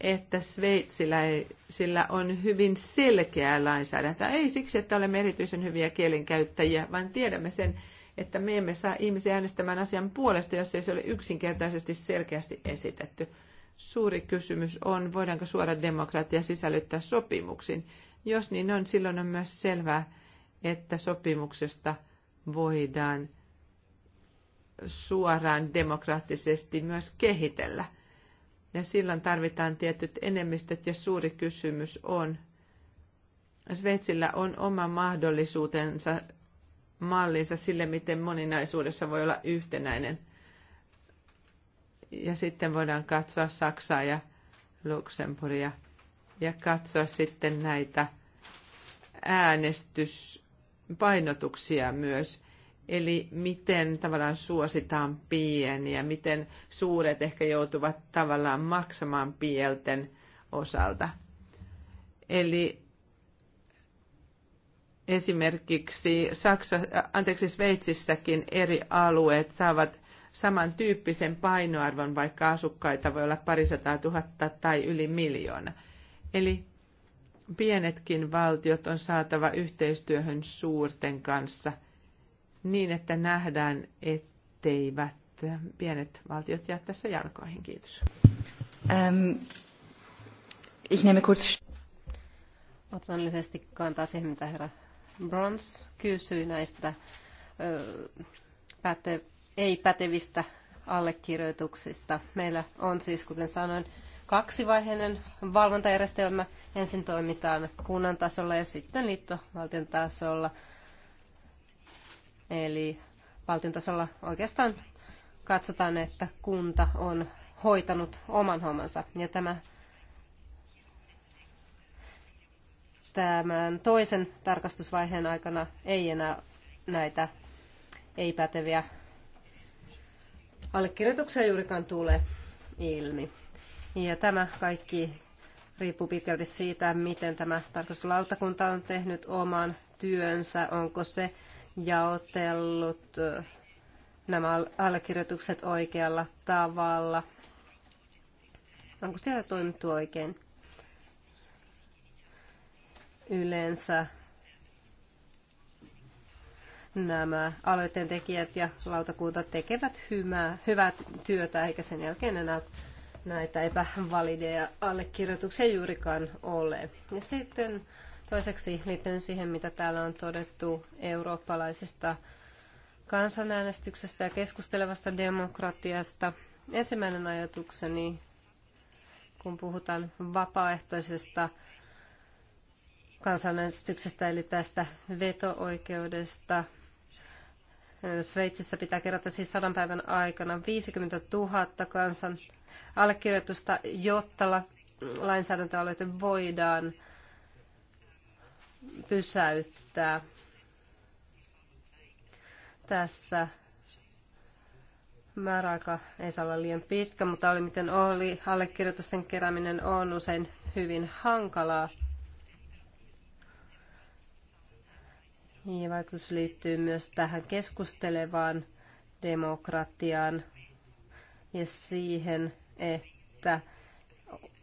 että Sveitsillä sillä on hyvin selkeää lainsäädäntöä. Ei siksi, että olemme erityisen hyviä kielenkäyttäjiä, vaan tiedämme sen, että me emme saa ihmisiä äänestämään asian puolesta, jos ei se ole yksinkertaisesti selkeästi esitetty. Suuri kysymys on, voidaanko suora demokratia sisällyttää sopimuksiin. Jos niin on, silloin on myös selvää, että sopimuksesta voidaan – suoraan demokraattisesti myös kehitellä. Ja silloin tarvitaan tietyt enemmistöt ja suuri kysymys on, Sveitsillä on oma mahdollisuutensa, mallinsa sille, miten moninaisuudessa voi olla yhtenäinen. Ja sitten voidaan katsoa Saksaa ja Luxemburgia ja katsoa sitten näitä äänestyspainotuksia myös – Eli miten tavallaan suositaan pieniä, miten suuret ehkä joutuvat tavallaan maksamaan pielten osalta. Eli esimerkiksi Saksa, äh, anteeksi Sveitsissäkin eri alueet saavat samantyyppisen painoarvon, vaikka asukkaita voi olla parisataa tuhatta tai yli miljoona. Eli pienetkin valtiot on saatava yhteistyöhön suurten kanssa – niin, että nähdään, etteivät pienet valtiot jää tässä jalkoihin. Kiitos. Ähm, ich nehme kurz... Otan lyhyesti kantaa siihen, mitä herra Brons kysyi näistä ö, päte, ei-pätevistä allekirjoituksista. Meillä on siis, kuten sanoin, kaksivaiheinen valvontajärjestelmä. Ensin toimitaan kunnan tasolla ja sitten liittovaltion tasolla – Eli valtion tasolla oikeastaan katsotaan, että kunta on hoitanut oman hommansa. Ja tämä, tämän toisen tarkastusvaiheen aikana ei enää näitä ei-päteviä allekirjoituksia juurikaan tule ilmi. Ja tämä kaikki riippuu pitkälti siitä, miten tämä tarkastuslautakunta on tehnyt oman työnsä, onko se jaotellut äh, nämä allekirjoitukset oikealla tavalla. Onko siellä toimittu oikein? Yleensä nämä aloitteen tekijät ja lautakunta tekevät hyvää, hyvää työtä, eikä sen jälkeen enää näitä epävalideja allekirjoituksia juurikaan ole. Ja sitten Toiseksi liittyen siihen, mitä täällä on todettu eurooppalaisesta kansanäänestyksestä ja keskustelevasta demokratiasta. Ensimmäinen ajatukseni, kun puhutaan vapaaehtoisesta kansanäänestyksestä, eli tästä veto-oikeudesta. Sveitsissä pitää kerätä siis sadan päivän aikana 50 000 kansan allekirjoitusta, jotta lainsäädäntöaloite voidaan pysäyttää. Tässä määräaika ei saa olla liian pitkä, mutta oli miten oli. Allekirjoitusten kerääminen on usein hyvin hankalaa. Ja vaikutus liittyy myös tähän keskustelevaan demokratiaan ja siihen, että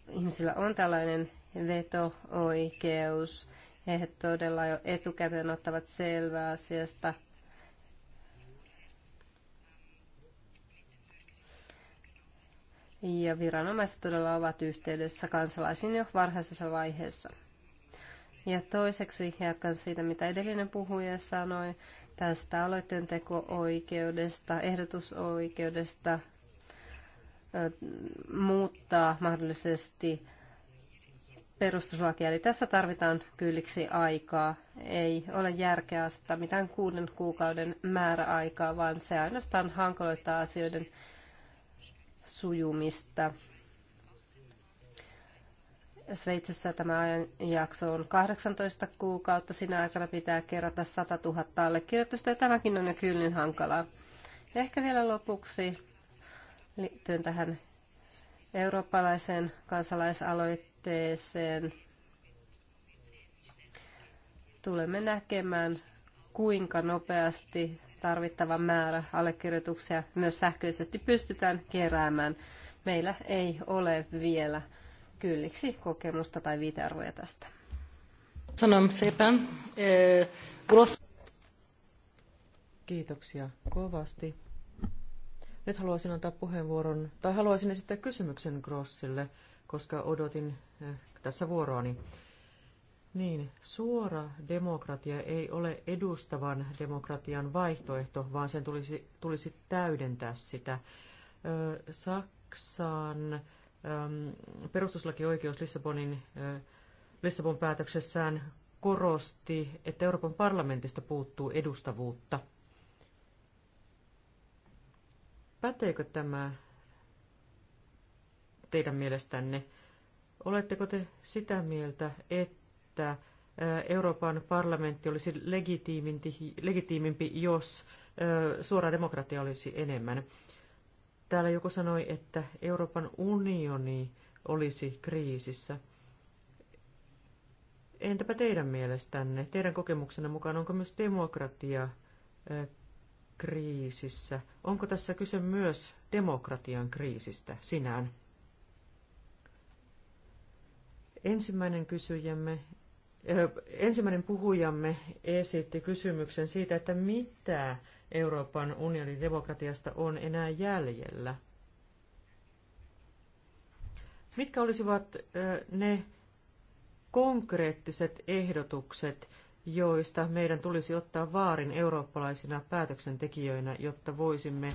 ihmisillä on tällainen veto-oikeus he todella jo etukäteen ottavat selvää asiasta. Ja viranomaiset todella ovat yhteydessä kansalaisiin jo varhaisessa vaiheessa. Ja toiseksi jatkan siitä, mitä edellinen puhuja sanoi tästä aloitteen teko-oikeudesta, ehdotusoikeudesta, muuttaa mahdollisesti perustuslakia. Eli tässä tarvitaan kylliksi aikaa. Ei ole järkeä asettaa mitään kuuden kuukauden määräaikaa, vaan se ainoastaan hankaloittaa asioiden sujumista. Sveitsissä tämä ajanjakso on 18 kuukautta. Sinä aikana pitää kerätä 100 000 allekirjoitusta ja tämäkin on jo kyllin hankalaa. Ja ehkä vielä lopuksi liittyen tähän eurooppalaiseen kansalaisaloitteeseen otteeseen tulemme näkemään, kuinka nopeasti tarvittava määrä allekirjoituksia myös sähköisesti pystytään keräämään. Meillä ei ole vielä kylliksi kokemusta tai viitearvoja tästä. Sanon sepän. Kiitoksia kovasti. Nyt haluaisin antaa puheenvuoron, tai haluaisin esittää kysymyksen Grossille koska odotin eh, tässä vuoroani. Niin, suora demokratia ei ole edustavan demokratian vaihtoehto, vaan sen tulisi, tulisi täydentää sitä. Eh, Saksan ehm, perustuslakioikeus Lissabonin, eh, Lissabon päätöksessään korosti, että Euroopan parlamentista puuttuu edustavuutta. Päteekö tämä teidän mielestänne? Oletteko te sitä mieltä, että Euroopan parlamentti olisi legitiimimpi, jos suora demokratia olisi enemmän? Täällä joku sanoi, että Euroopan unioni olisi kriisissä. Entäpä teidän mielestänne, teidän kokemuksenne mukaan, onko myös demokratia kriisissä? Onko tässä kyse myös demokratian kriisistä sinään? Ensimmäinen kysyjämme ensimmäinen puhujamme esitti kysymyksen siitä, että mitä Euroopan unionin demokratiasta on enää jäljellä. Mitkä olisivat ne konkreettiset ehdotukset, joista meidän tulisi ottaa vaarin eurooppalaisina päätöksentekijöinä, jotta voisimme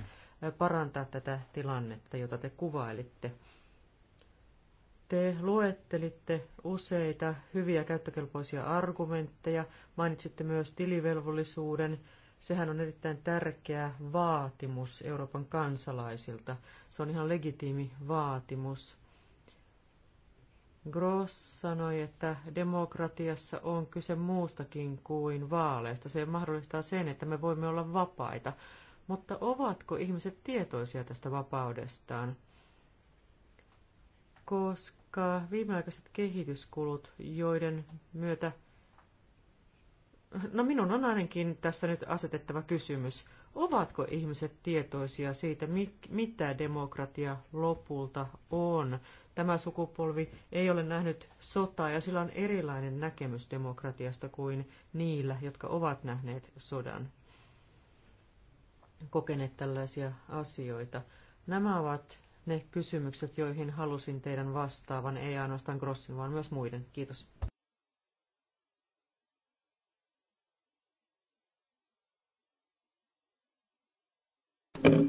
parantaa tätä tilannetta, jota te kuvailitte? Te luettelitte useita hyviä käyttökelpoisia argumentteja, mainitsitte myös tilivelvollisuuden. Sehän on erittäin tärkeä vaatimus Euroopan kansalaisilta. Se on ihan legitiimi vaatimus. Gross sanoi, että demokratiassa on kyse muustakin kuin vaaleista. Se mahdollistaa sen, että me voimme olla vapaita. Mutta ovatko ihmiset tietoisia tästä vapaudestaan? koska viimeaikaiset kehityskulut, joiden myötä... No minun on ainakin tässä nyt asetettava kysymys. Ovatko ihmiset tietoisia siitä, mitä demokratia lopulta on? Tämä sukupolvi ei ole nähnyt sotaa ja sillä on erilainen näkemys demokratiasta kuin niillä, jotka ovat nähneet sodan, kokeneet tällaisia asioita. Nämä ovat ne kysymykset, joihin halusin teidän vastaavan, ei ainoastaan Grossin, vaan myös muiden. Kiitos.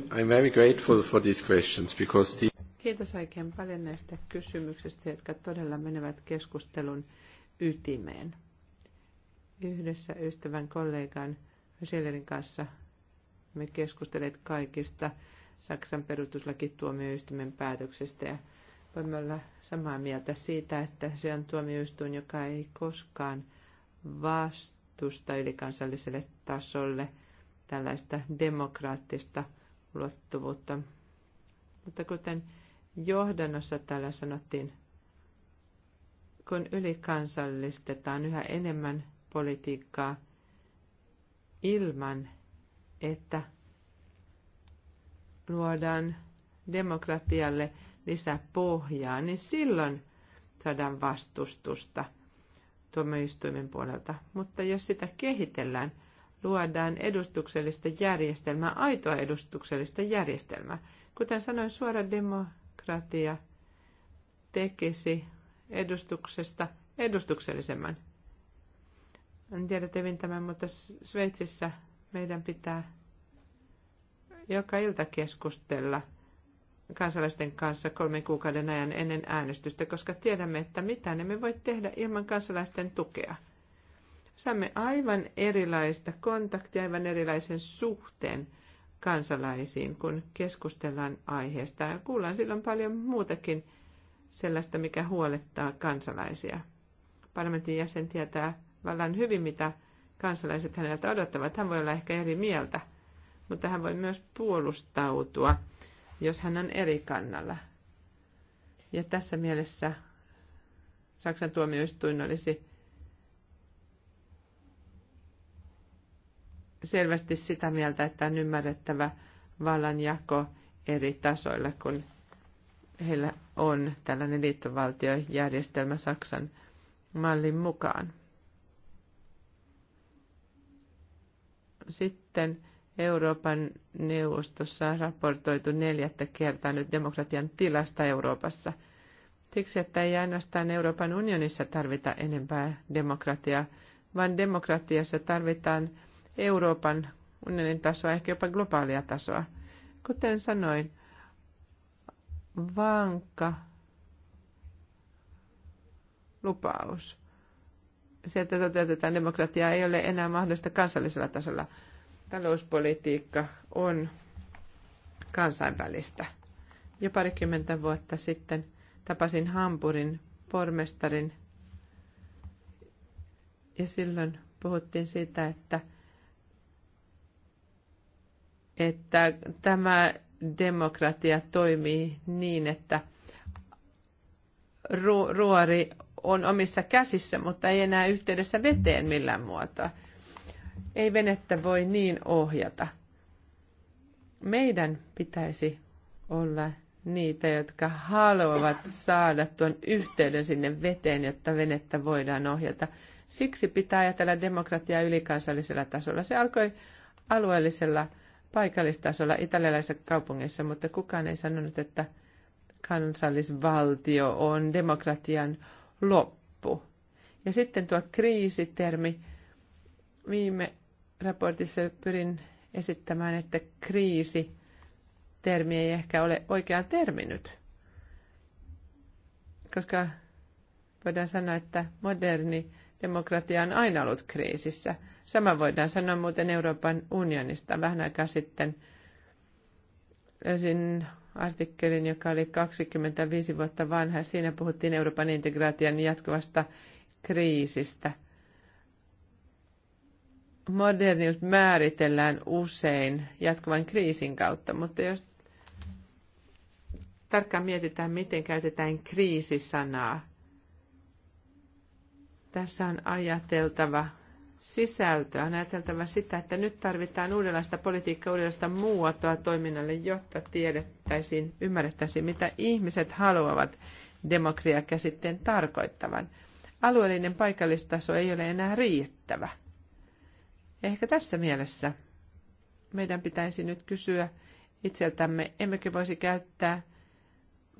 I'm very grateful for these questions because the... Kiitos oikein paljon näistä kysymyksistä, jotka todella menevät keskustelun ytimeen. Yhdessä ystävän kollegan Schillerin kanssa me keskustelet kaikista Saksan perustuslakituomioistuimen päätöksestä ja voimme olla samaa mieltä siitä, että se on tuomioistuin, joka ei koskaan vastusta ylikansalliselle tasolle tällaista demokraattista ulottuvuutta. Mutta kuten johdannossa täällä sanottiin, kun ylikansallistetaan yhä enemmän politiikkaa ilman, että luodaan demokratialle lisäpohjaa, niin silloin saadaan vastustusta tuomioistuimen puolelta. Mutta jos sitä kehitellään, luodaan edustuksellista järjestelmää, aitoa edustuksellista järjestelmää. Kuten sanoin, suora demokratia tekisi edustuksesta edustuksellisemman. En tiedä tevin tämän, mutta Sveitsissä meidän pitää joka ilta keskustella kansalaisten kanssa kolmen kuukauden ajan ennen äänestystä, koska tiedämme, että ne emme voi tehdä ilman kansalaisten tukea. Saamme aivan erilaista kontaktia, aivan erilaisen suhteen kansalaisiin, kun keskustellaan aiheesta. Ja kuullaan silloin paljon muutakin sellaista, mikä huolettaa kansalaisia. Parlamentin jäsen tietää vallan hyvin, mitä kansalaiset häneltä odottavat. Hän voi olla ehkä eri mieltä – mutta hän voi myös puolustautua, jos hän on eri kannalla. Ja tässä mielessä Saksan tuomioistuin olisi selvästi sitä mieltä, että on ymmärrettävä vallanjako eri tasoilla, kun heillä on tällainen liittovaltiojärjestelmä Saksan mallin mukaan. Sitten Euroopan neuvostossa on raportoitu neljättä kertaa nyt demokratian tilasta Euroopassa. Siksi, että ei ainoastaan Euroopan unionissa tarvita enempää demokratiaa, vaan demokratiassa tarvitaan Euroopan unionin tasoa, ehkä jopa globaalia tasoa. Kuten sanoin, vankka lupaus. Se, että toteutetaan demokratiaa, ei ole enää mahdollista kansallisella tasolla talouspolitiikka on kansainvälistä. Jo parikymmentä vuotta sitten tapasin Hampurin pormestarin ja silloin puhuttiin siitä, että, että tämä demokratia toimii niin, että ruori on omissa käsissä, mutta ei enää yhteydessä veteen millään muotoa. Ei venettä voi niin ohjata. Meidän pitäisi olla niitä, jotka haluavat saada tuon yhteyden sinne veteen, jotta venettä voidaan ohjata. Siksi pitää ajatella demokratiaa ylikansallisella tasolla. Se alkoi alueellisella paikallistasolla italialaisissa kaupungeissa, mutta kukaan ei sanonut, että kansallisvaltio on demokratian loppu. Ja sitten tuo kriisitermi, Viime raportissa pyrin esittämään, että kriisi termi ei ehkä ole oikea termi nyt, koska voidaan sanoa, että moderni demokratia on aina ollut kriisissä. Sama voidaan sanoa muuten Euroopan unionista. Vähän aikaa sitten löysin artikkelin, joka oli 25 vuotta vanha. Siinä puhuttiin Euroopan integraation jatkuvasta kriisistä – modernius määritellään usein jatkuvan kriisin kautta, mutta jos tarkkaan mietitään, miten käytetään kriisisanaa, tässä on ajateltava sisältöä, on ajateltava sitä, että nyt tarvitaan uudenlaista politiikkaa, uudenlaista muotoa toiminnalle, jotta tiedettäisiin, ymmärrettäisiin, mitä ihmiset haluavat demokratiakäsitteen tarkoittavan. Alueellinen paikallistaso ei ole enää riittävä – Ehkä tässä mielessä meidän pitäisi nyt kysyä itseltämme, emmekö voisi käyttää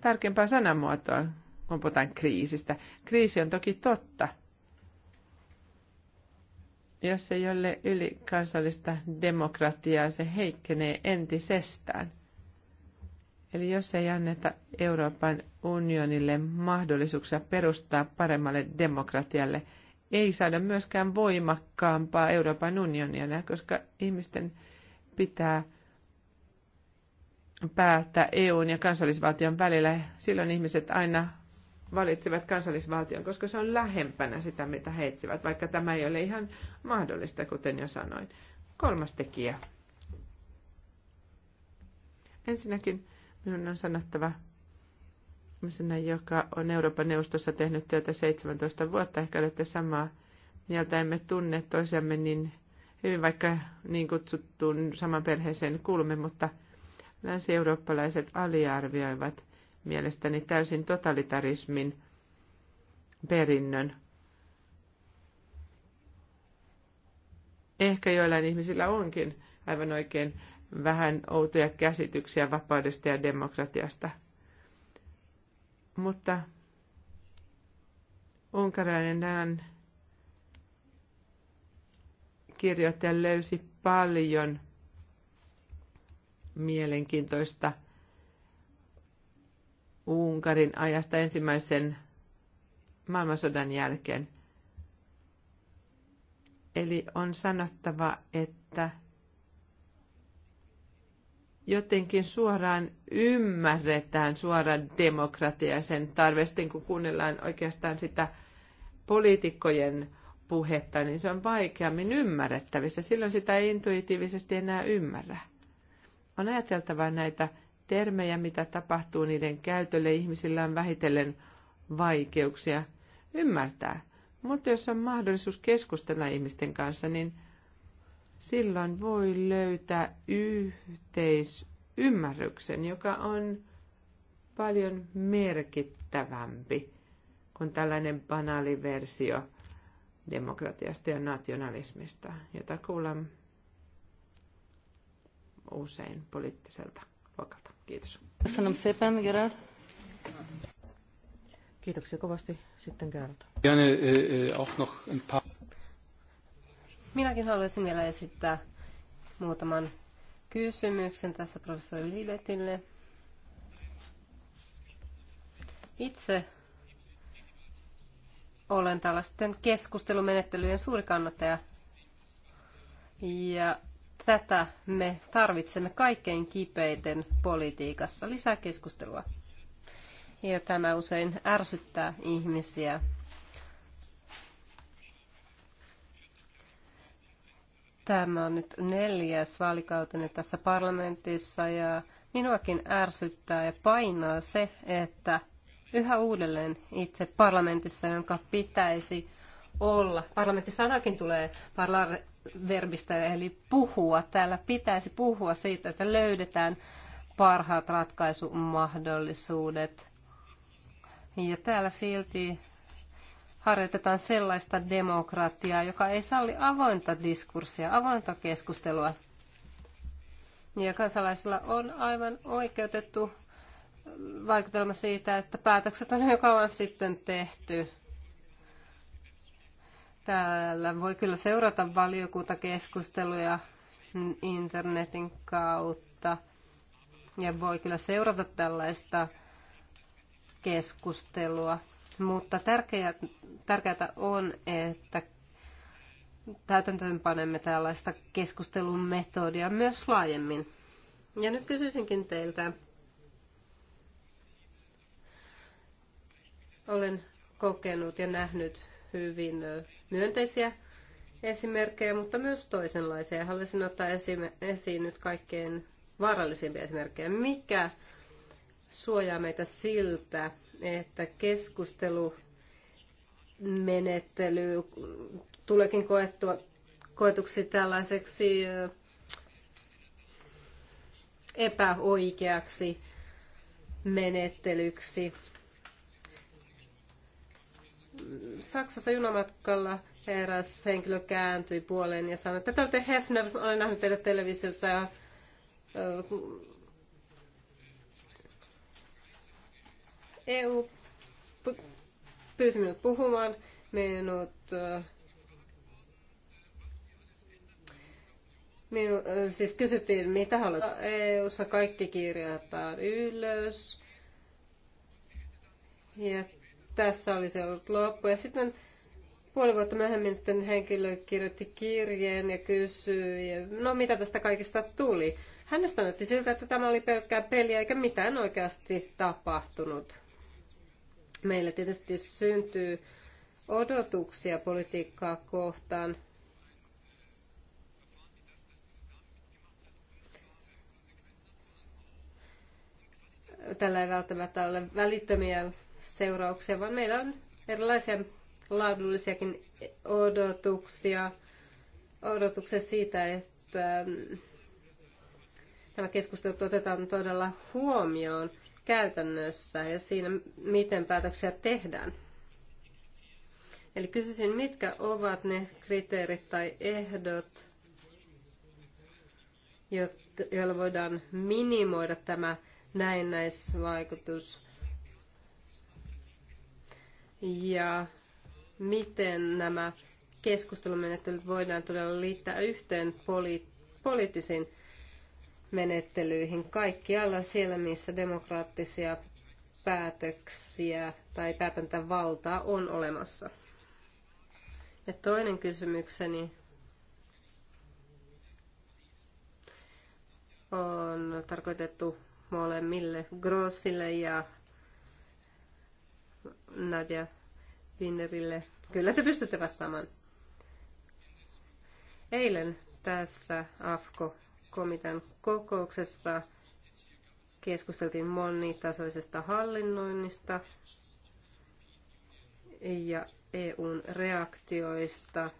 tarkempaa sanamuotoa, kun puhutaan kriisistä. Kriisi on toki totta, jos ei ole ylikansallista demokratiaa, se heikkenee entisestään. Eli jos ei anneta Euroopan unionille mahdollisuuksia perustaa paremmalle demokratialle – ei saada myöskään voimakkaampaa Euroopan unionia, koska ihmisten pitää päättää EUn ja kansallisvaltion välillä. Silloin ihmiset aina valitsevat kansallisvaltion, koska se on lähempänä sitä, mitä he etsivät, vaikka tämä ei ole ihan mahdollista, kuten jo sanoin. Kolmas tekijä. Ensinnäkin minun on sanottava, ihmisenä, joka on Euroopan neuvostossa tehnyt työtä 17 vuotta, ehkä olette samaa mieltä, emme tunne toisiamme niin hyvin, vaikka niin kutsuttuun saman perheeseen kuulumme, mutta länsi-eurooppalaiset aliarvioivat mielestäni täysin totalitarismin perinnön. Ehkä joillain ihmisillä onkin aivan oikein vähän outoja käsityksiä vapaudesta ja demokratiasta – mutta unkarilainen kirjoittaja löysi paljon mielenkiintoista Unkarin ajasta ensimmäisen maailmansodan jälkeen. Eli on sanottava, että jotenkin suoraan ymmärretään suoraan demokratia sen tarve. Sitten kun kuunnellaan oikeastaan sitä poliitikkojen puhetta, niin se on vaikeammin ymmärrettävissä. Silloin sitä ei intuitiivisesti enää ymmärrä. On ajateltava näitä termejä, mitä tapahtuu niiden käytölle. Ihmisillä on vähitellen vaikeuksia ymmärtää. Mutta jos on mahdollisuus keskustella ihmisten kanssa, niin – silloin voi löytää yhteisymmärryksen, joka on paljon merkittävämpi kuin tällainen banaali versio demokratiasta ja nationalismista, jota kuullaan usein poliittiselta luokalta. Kiitos. Kiitoksia kovasti. Sitten Gerard. Gerne, äh, äh, auch noch ein paar... Minäkin haluaisin vielä esittää muutaman kysymyksen tässä professori Libetille. Itse olen tällaisten keskustelumenettelyjen suuri kannattaja. Ja tätä me tarvitsemme kaikkein kipeiten politiikassa. Lisää keskustelua. Ja tämä usein ärsyttää ihmisiä. Tämä on nyt neljäs vaalikauteni tässä parlamentissa ja minuakin ärsyttää ja painaa se, että yhä uudelleen itse parlamentissa, jonka pitäisi olla. Parlamenttisanakin tulee parlaverbistä eli puhua. Täällä pitäisi puhua siitä, että löydetään parhaat ratkaisumahdollisuudet. Ja täällä silti harjoitetaan sellaista demokratiaa, joka ei salli avointa diskurssia, avointa keskustelua. Ja kansalaisilla on aivan oikeutettu vaikutelma siitä, että päätökset on jo kauan sitten tehty. Täällä voi kyllä seurata valiokuntakeskusteluja internetin kautta ja voi kyllä seurata tällaista keskustelua. Mutta tärkeää, tärkeää on, että täytäntöönpanemme tällaista keskustelun metodia myös laajemmin. Ja nyt kysyisinkin teiltä. Olen kokenut ja nähnyt hyvin myönteisiä esimerkkejä, mutta myös toisenlaisia. Haluaisin ottaa esiin nyt kaikkein vaarallisimpia esimerkkejä. Mikä suojaa meitä siltä, että keskustelumenettely tuleekin koettua, koetuksi tällaiseksi epäoikeaksi menettelyksi. Saksassa junamatkalla eräs henkilö kääntyi puoleen ja sanoi, että te olette Hefner, olen nähnyt teidät televisiossa ja EU pyysi minut puhumaan, minut, minu, siis kysyttiin, mitä haluat EU-ssa, kaikki kirjataan ylös. Ja tässä oli se ollut loppu. Ja sitten puoli vuotta myöhemmin sitten henkilö kirjoitti kirjeen ja kysyi, no mitä tästä kaikesta tuli. Hänestä näytti siltä, että tämä oli pelkkää peliä eikä mitään oikeasti tapahtunut. Meillä tietysti syntyy odotuksia politiikkaa kohtaan. Tällä ei välttämättä ole välittömiä seurauksia, vaan meillä on erilaisia laadullisiakin odotuksia, odotuksia siitä, että mm, tämä keskustelu otetaan todella huomioon – käytännössä ja siinä, miten päätöksiä tehdään. Eli kysyisin, mitkä ovat ne kriteerit tai ehdot, joilla voidaan minimoida tämä näennäisvaikutus ja miten nämä keskustelumenettelyt voidaan todella liittää yhteen poli- poliittisiin menettelyihin kaikkialla siellä, missä demokraattisia päätöksiä tai päätäntävaltaa on olemassa. Ja toinen kysymykseni on tarkoitettu molemmille Grossille ja Nadja Winnerille. Kyllä te pystytte vastaamaan. Eilen tässä AFKO komitean kokouksessa keskusteltiin monitasoisesta hallinnoinnista ja EUn reaktioista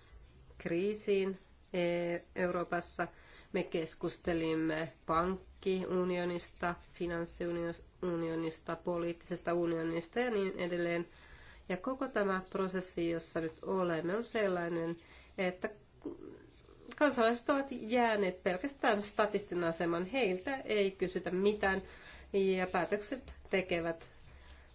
kriisiin e- Euroopassa. Me keskustelimme pankkiunionista, finanssiunionista, poliittisesta unionista ja niin edelleen. Ja koko tämä prosessi, jossa nyt olemme, on sellainen, että kansalaiset ovat jääneet pelkästään statistin aseman. Heiltä ei kysytä mitään ja päätökset tekevät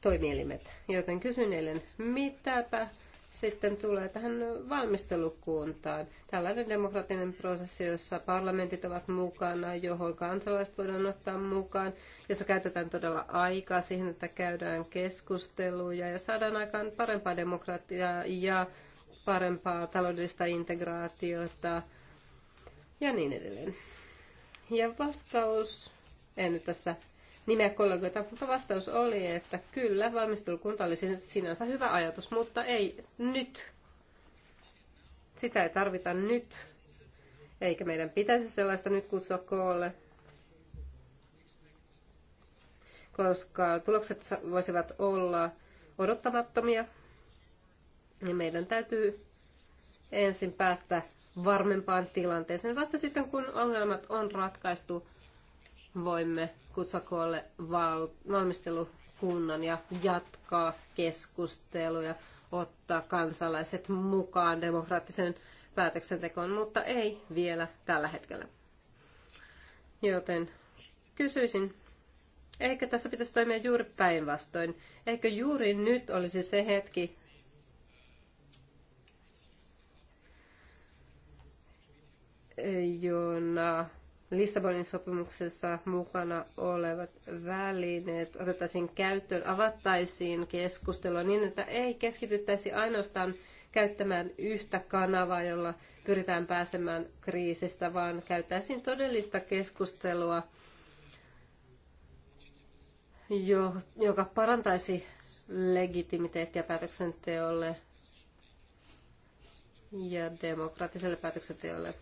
toimielimet. Joten kysyn eilen, mitäpä sitten tulee tähän valmistelukuntaan. Tällainen demokraattinen prosessi, jossa parlamentit ovat mukana, johon kansalaiset voidaan ottaa mukaan, jossa käytetään todella aikaa siihen, että käydään keskusteluja ja saadaan aikaan parempaa demokratiaa ja parempaa taloudellista integraatiota ja niin edelleen. Ja vastaus, en nyt tässä nimeä kollegoita, mutta vastaus oli, että kyllä, valmistelukunta oli sinänsä hyvä ajatus, mutta ei nyt. Sitä ei tarvita nyt, eikä meidän pitäisi sellaista nyt kutsua koolle, koska tulokset voisivat olla odottamattomia. Ja meidän täytyy ensin päästä varmempaan tilanteeseen. Vasta sitten, kun ongelmat on ratkaistu, voimme kutsua koolle val- valmistelukunnan ja jatkaa keskusteluja, ottaa kansalaiset mukaan demokraattiseen päätöksentekoon, mutta ei vielä tällä hetkellä. Joten kysyisin, eikö tässä pitäisi toimia juuri päinvastoin? Eikö juuri nyt olisi se hetki, jona Lissabonin sopimuksessa mukana olevat välineet otettaisiin käyttöön, avattaisiin keskustelua niin, että ei keskityttäisi ainoastaan käyttämään yhtä kanavaa, jolla pyritään pääsemään kriisistä, vaan käytäisiin todellista keskustelua, joka parantaisi legitimiteettiä päätöksenteolle ja demokraattiselle päätöksenteolle.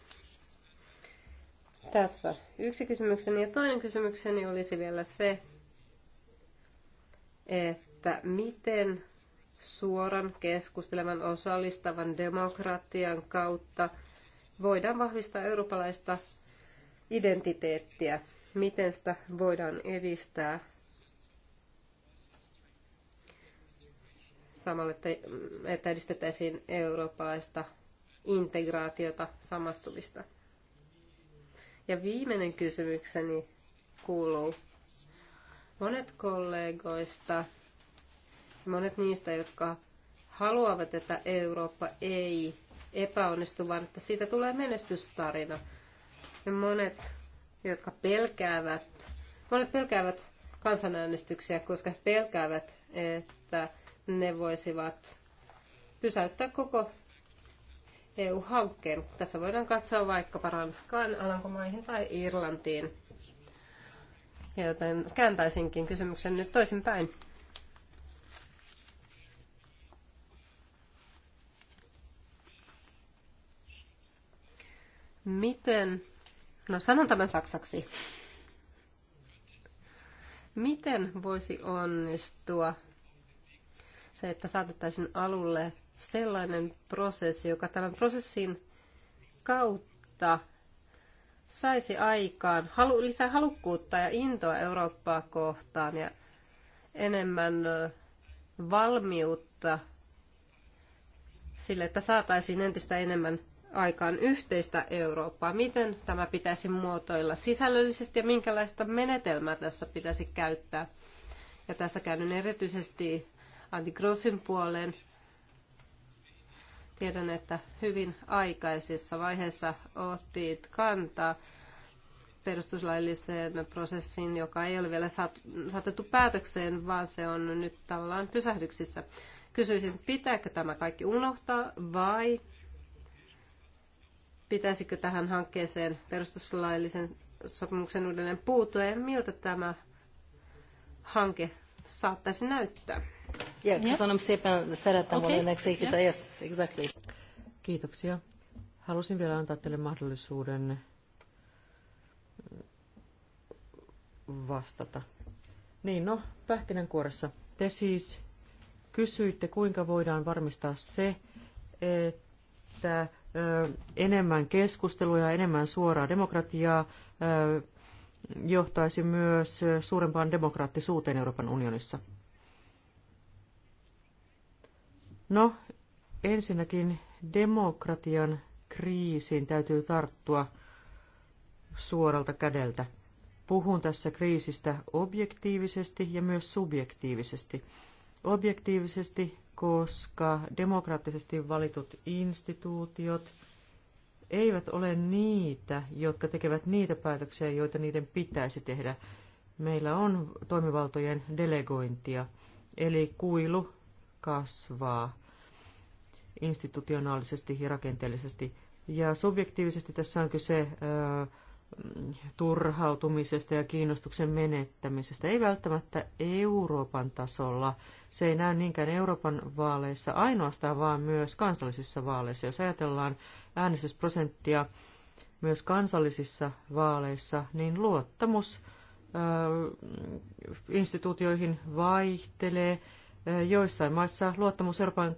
Tässä yksi kysymykseni. Ja toinen kysymykseni olisi vielä se, että miten suoran, keskustelevan, osallistavan demokratian kautta voidaan vahvistaa eurooppalaista identiteettiä, miten sitä voidaan edistää samalla, että edistettäisiin eurooppalaista integraatiota samastumista. Ja viimeinen kysymykseni kuuluu, monet kollegoista, monet niistä, jotka haluavat, että Eurooppa ei epäonnistu, vaan että siitä tulee menestystarina. Ja monet, jotka pelkäävät, monet pelkäävät kansanäänestyksiä, koska he pelkäävät, että ne voisivat pysäyttää koko EU-hankkeen. Tässä voidaan katsoa vaikkapa Ranskaan, Alankomaihin tai Irlantiin. Joten kääntäisinkin kysymyksen nyt toisinpäin. Miten, no sanon tämän saksaksi. Miten voisi onnistua se, että saatettaisiin alulle sellainen prosessi, joka tämän prosessin kautta saisi aikaan halu, lisää halukkuutta ja intoa Eurooppaa kohtaan ja enemmän valmiutta sille, että saataisiin entistä enemmän aikaan yhteistä Eurooppaa. Miten tämä pitäisi muotoilla sisällöllisesti ja minkälaista menetelmää tässä pitäisi käyttää? Ja tässä käyn erityisesti Andy Grossin puoleen. Tiedän, että hyvin aikaisessa vaiheessa otit kantaa perustuslailliseen prosessiin, joka ei ole vielä saatettu päätökseen, vaan se on nyt tavallaan pysähdyksissä. Kysyisin, pitääkö tämä kaikki unohtaa vai pitäisikö tähän hankkeeseen perustuslaillisen sopimuksen uudelleen puuttua ja miltä tämä hanke saattaisi näyttää? Yeah, yeah. Szépen, szerettem okay. volna yeah. yes, exactly. Kiitoksia. Halusin vielä antaa teille mahdollisuuden mm, vastata. Niin, no, pähkinänkuoressa. Te siis kysyitte, kuinka voidaan varmistaa se, että enemmän keskustelua ja enemmän suoraa demokratiaa johtaisi myös suurempaan demokraattisuuteen Euroopan unionissa. No, ensinnäkin demokratian kriisiin täytyy tarttua suoralta kädeltä. Puhun tässä kriisistä objektiivisesti ja myös subjektiivisesti. Objektiivisesti, koska demokraattisesti valitut instituutiot eivät ole niitä, jotka tekevät niitä päätöksiä, joita niiden pitäisi tehdä. Meillä on toimivaltojen delegointia, eli kuilu kasvaa institutionaalisesti ja rakenteellisesti. Ja subjektiivisesti tässä on kyse ö, turhautumisesta ja kiinnostuksen menettämisestä. Ei välttämättä Euroopan tasolla. Se ei näy niinkään Euroopan vaaleissa ainoastaan, vaan myös kansallisissa vaaleissa. Jos ajatellaan äänestysprosenttia myös kansallisissa vaaleissa, niin luottamus ö, instituutioihin vaihtelee Joissain maissa luottamus Euroopan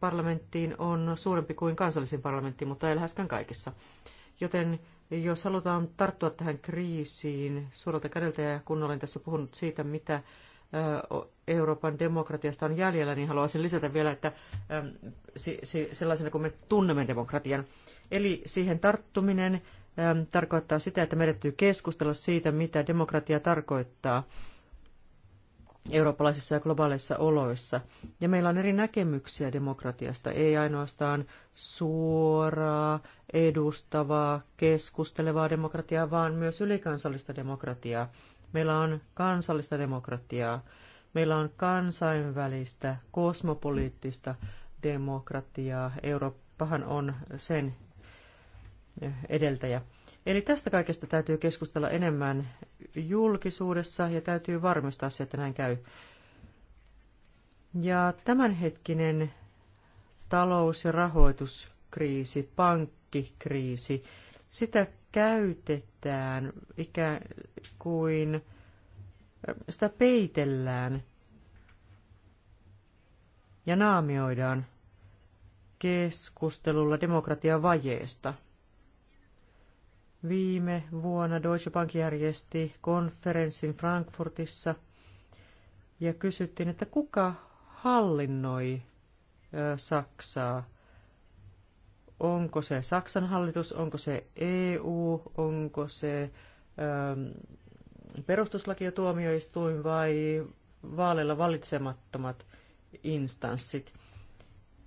parlamenttiin on suurempi kuin kansallisiin parlamentti, mutta ei läheskään kaikissa. Joten jos halutaan tarttua tähän kriisiin suoralta kädeltä, ja kun olen tässä puhunut siitä, mitä Euroopan demokratiasta on jäljellä, niin haluaisin lisätä vielä, että sellaisena kuin me tunnemme demokratian. Eli siihen tarttuminen tarkoittaa sitä, että meidän täytyy keskustella siitä, mitä demokratia tarkoittaa – eurooppalaisissa ja globaaleissa oloissa. Ja meillä on eri näkemyksiä demokratiasta, ei ainoastaan suoraa, edustavaa, keskustelevaa demokratiaa, vaan myös ylikansallista demokratiaa. Meillä on kansallista demokratiaa, meillä on kansainvälistä, kosmopoliittista demokratiaa. Eurooppahan on sen edeltäjä. Eli tästä kaikesta täytyy keskustella enemmän julkisuudessa ja täytyy varmistaa se, että näin käy. Ja tämänhetkinen talous- ja rahoituskriisi, pankkikriisi, sitä käytetään ikään kuin, sitä peitellään ja naamioidaan keskustelulla vajeesta – Viime vuonna Deutsche Bank järjesti konferenssin Frankfurtissa ja kysyttiin, että kuka hallinnoi Saksaa? Onko se Saksan hallitus, onko se EU, onko se perustuslaki ja tuomioistuin vai vaaleilla valitsemattomat instanssit?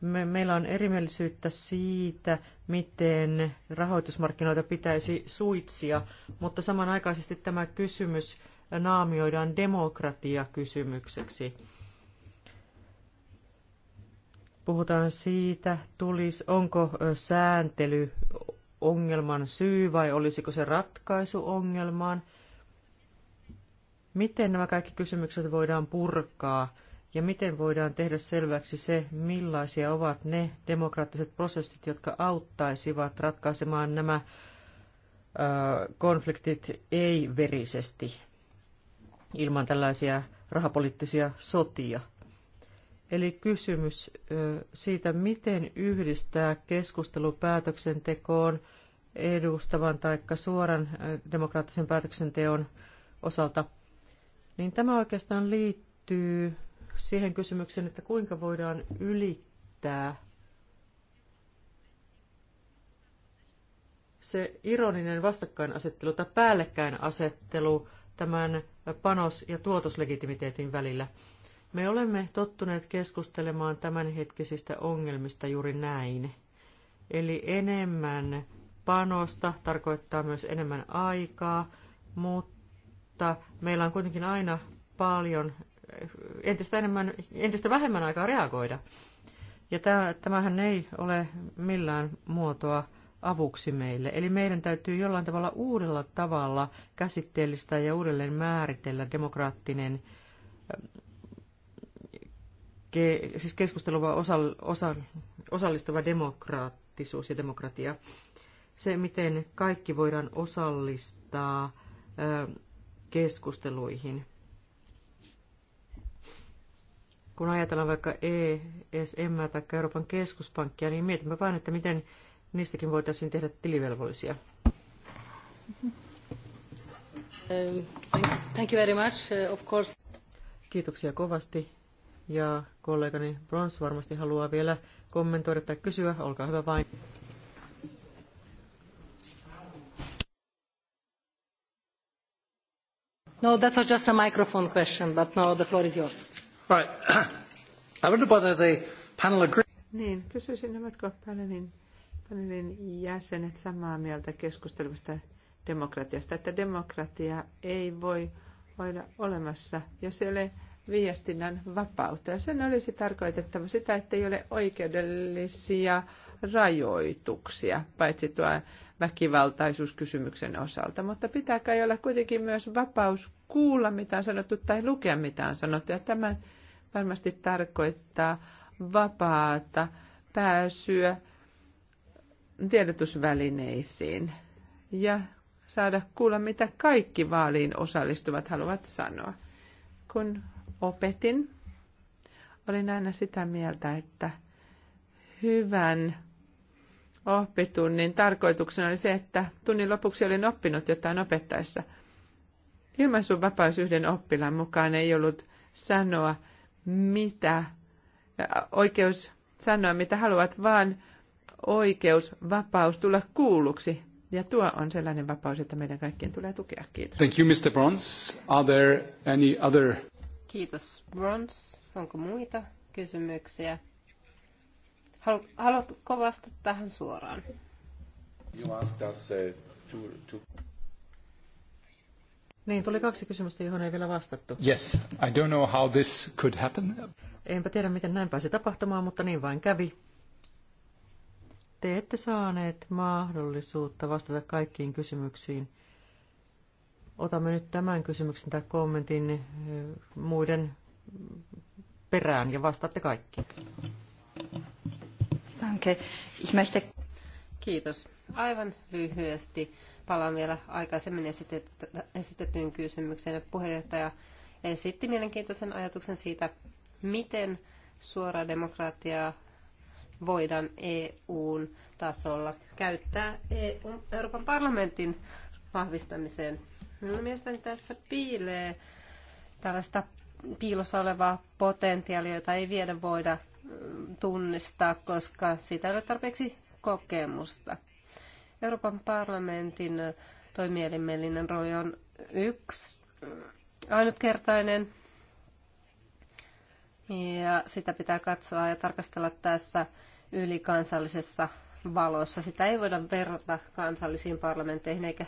Me, meillä on erimielisyyttä siitä, miten rahoitusmarkkinoita pitäisi suitsia, mutta samanaikaisesti tämä kysymys naamioidaan demokratiakysymykseksi. Puhutaan siitä, tulis, onko sääntely ongelman syy vai olisiko se ratkaisu ongelmaan. Miten nämä kaikki kysymykset voidaan purkaa ja miten voidaan tehdä selväksi se, millaisia ovat ne demokraattiset prosessit, jotka auttaisivat ratkaisemaan nämä konfliktit ei-verisesti ilman tällaisia rahapoliittisia sotia. Eli kysymys siitä, miten yhdistää keskustelu päätöksentekoon edustavan tai suoran demokraattisen päätöksenteon osalta, niin tämä oikeastaan liittyy siihen kysymykseen, että kuinka voidaan ylittää se ironinen vastakkainasettelu tai asettelu tämän panos- ja tuotoslegitimiteetin välillä. Me olemme tottuneet keskustelemaan tämänhetkisistä ongelmista juuri näin. Eli enemmän panosta tarkoittaa myös enemmän aikaa, mutta meillä on kuitenkin aina paljon entistä, enemmän, entistä vähemmän aikaa reagoida. Ja tämähän ei ole millään muotoa avuksi meille. Eli meidän täytyy jollain tavalla uudella tavalla käsitteellistä ja uudelleen määritellä demokraattinen ähm, siis keskustelua osa, osa, osallistava demokraattisuus ja demokratia. Se, miten kaikki voidaan osallistaa ähm, keskusteluihin kun ajatellaan vaikka ESM tai Euroopan keskuspankkia, niin mietimme vain, että miten niistäkin voitaisiin tehdä tilivelvollisia. Um, thank you very much, uh, of course. Kiitoksia kovasti. Ja kollegani Brons varmasti haluaa vielä kommentoida tai kysyä. Olkaa hyvä vain. No, that was just a microphone question, but now the floor is yours. Right. I wonder whether the panel agree. Niin, kysyisin, ovatko panelin, panelin jäsenet samaa mieltä keskustelusta demokratiasta, että demokratia ei voi olla olemassa, jos ei ole viestinnän vapautta. Ja sen olisi tarkoitettava sitä, että ei ole oikeudellisia rajoituksia, paitsi tuo väkivaltaisuuskysymyksen osalta, mutta pitää kai olla kuitenkin myös vapaus kuulla, mitä on sanottu, tai lukea, mitä on sanottu, ja tämä varmasti tarkoittaa vapaata pääsyä tiedotusvälineisiin ja saada kuulla, mitä kaikki vaaliin osallistuvat haluavat sanoa. Kun opetin, olin aina sitä mieltä, että hyvän oppitunnin tarkoituksena oli se, että tunnin lopuksi olin oppinut jotain opettaessa. vapaus yhden oppilaan mukaan ei ollut sanoa, mitä, oikeus sanoa, mitä haluat, vaan oikeus, vapaus tulla kuulluksi. Ja tuo on sellainen vapaus, että meidän kaikkien tulee tukea. Kiitos. Thank you, Mr. Brons. Are there any other... Kiitos, Brons. Onko muita kysymyksiä? Haluatko vastata tähän suoraan? You ask us, uh, to, to... Niin, tuli kaksi kysymystä, johon ei vielä vastattu. Yes, I don't know how this could happen. Enpä tiedä, miten näin pääsi tapahtumaan, mutta niin vain kävi. Te ette saaneet mahdollisuutta vastata kaikkiin kysymyksiin. Otamme nyt tämän kysymyksen tai kommentin eh, muiden perään ja vastaatte kaikki. Danke. Ich möchte... Kiitos. Aivan lyhyesti palaan vielä aikaisemmin esitettyyn kysymykseen. Puheenjohtaja esitti mielenkiintoisen ajatuksen siitä, miten suoraa demokratiaa voidaan EUn tasolla käyttää Euroopan parlamentin vahvistamiseen. No, mielestäni tässä piilee tällaista piilossa olevaa potentiaalia, jota ei vielä voida tunnistaa, koska siitä ei ole tarpeeksi kokemusta. Euroopan parlamentin toimielimellinen rooli on yksi ainutkertainen ja sitä pitää katsoa ja tarkastella tässä ylikansallisessa valossa. Sitä ei voida verrata kansallisiin parlamentteihin eikä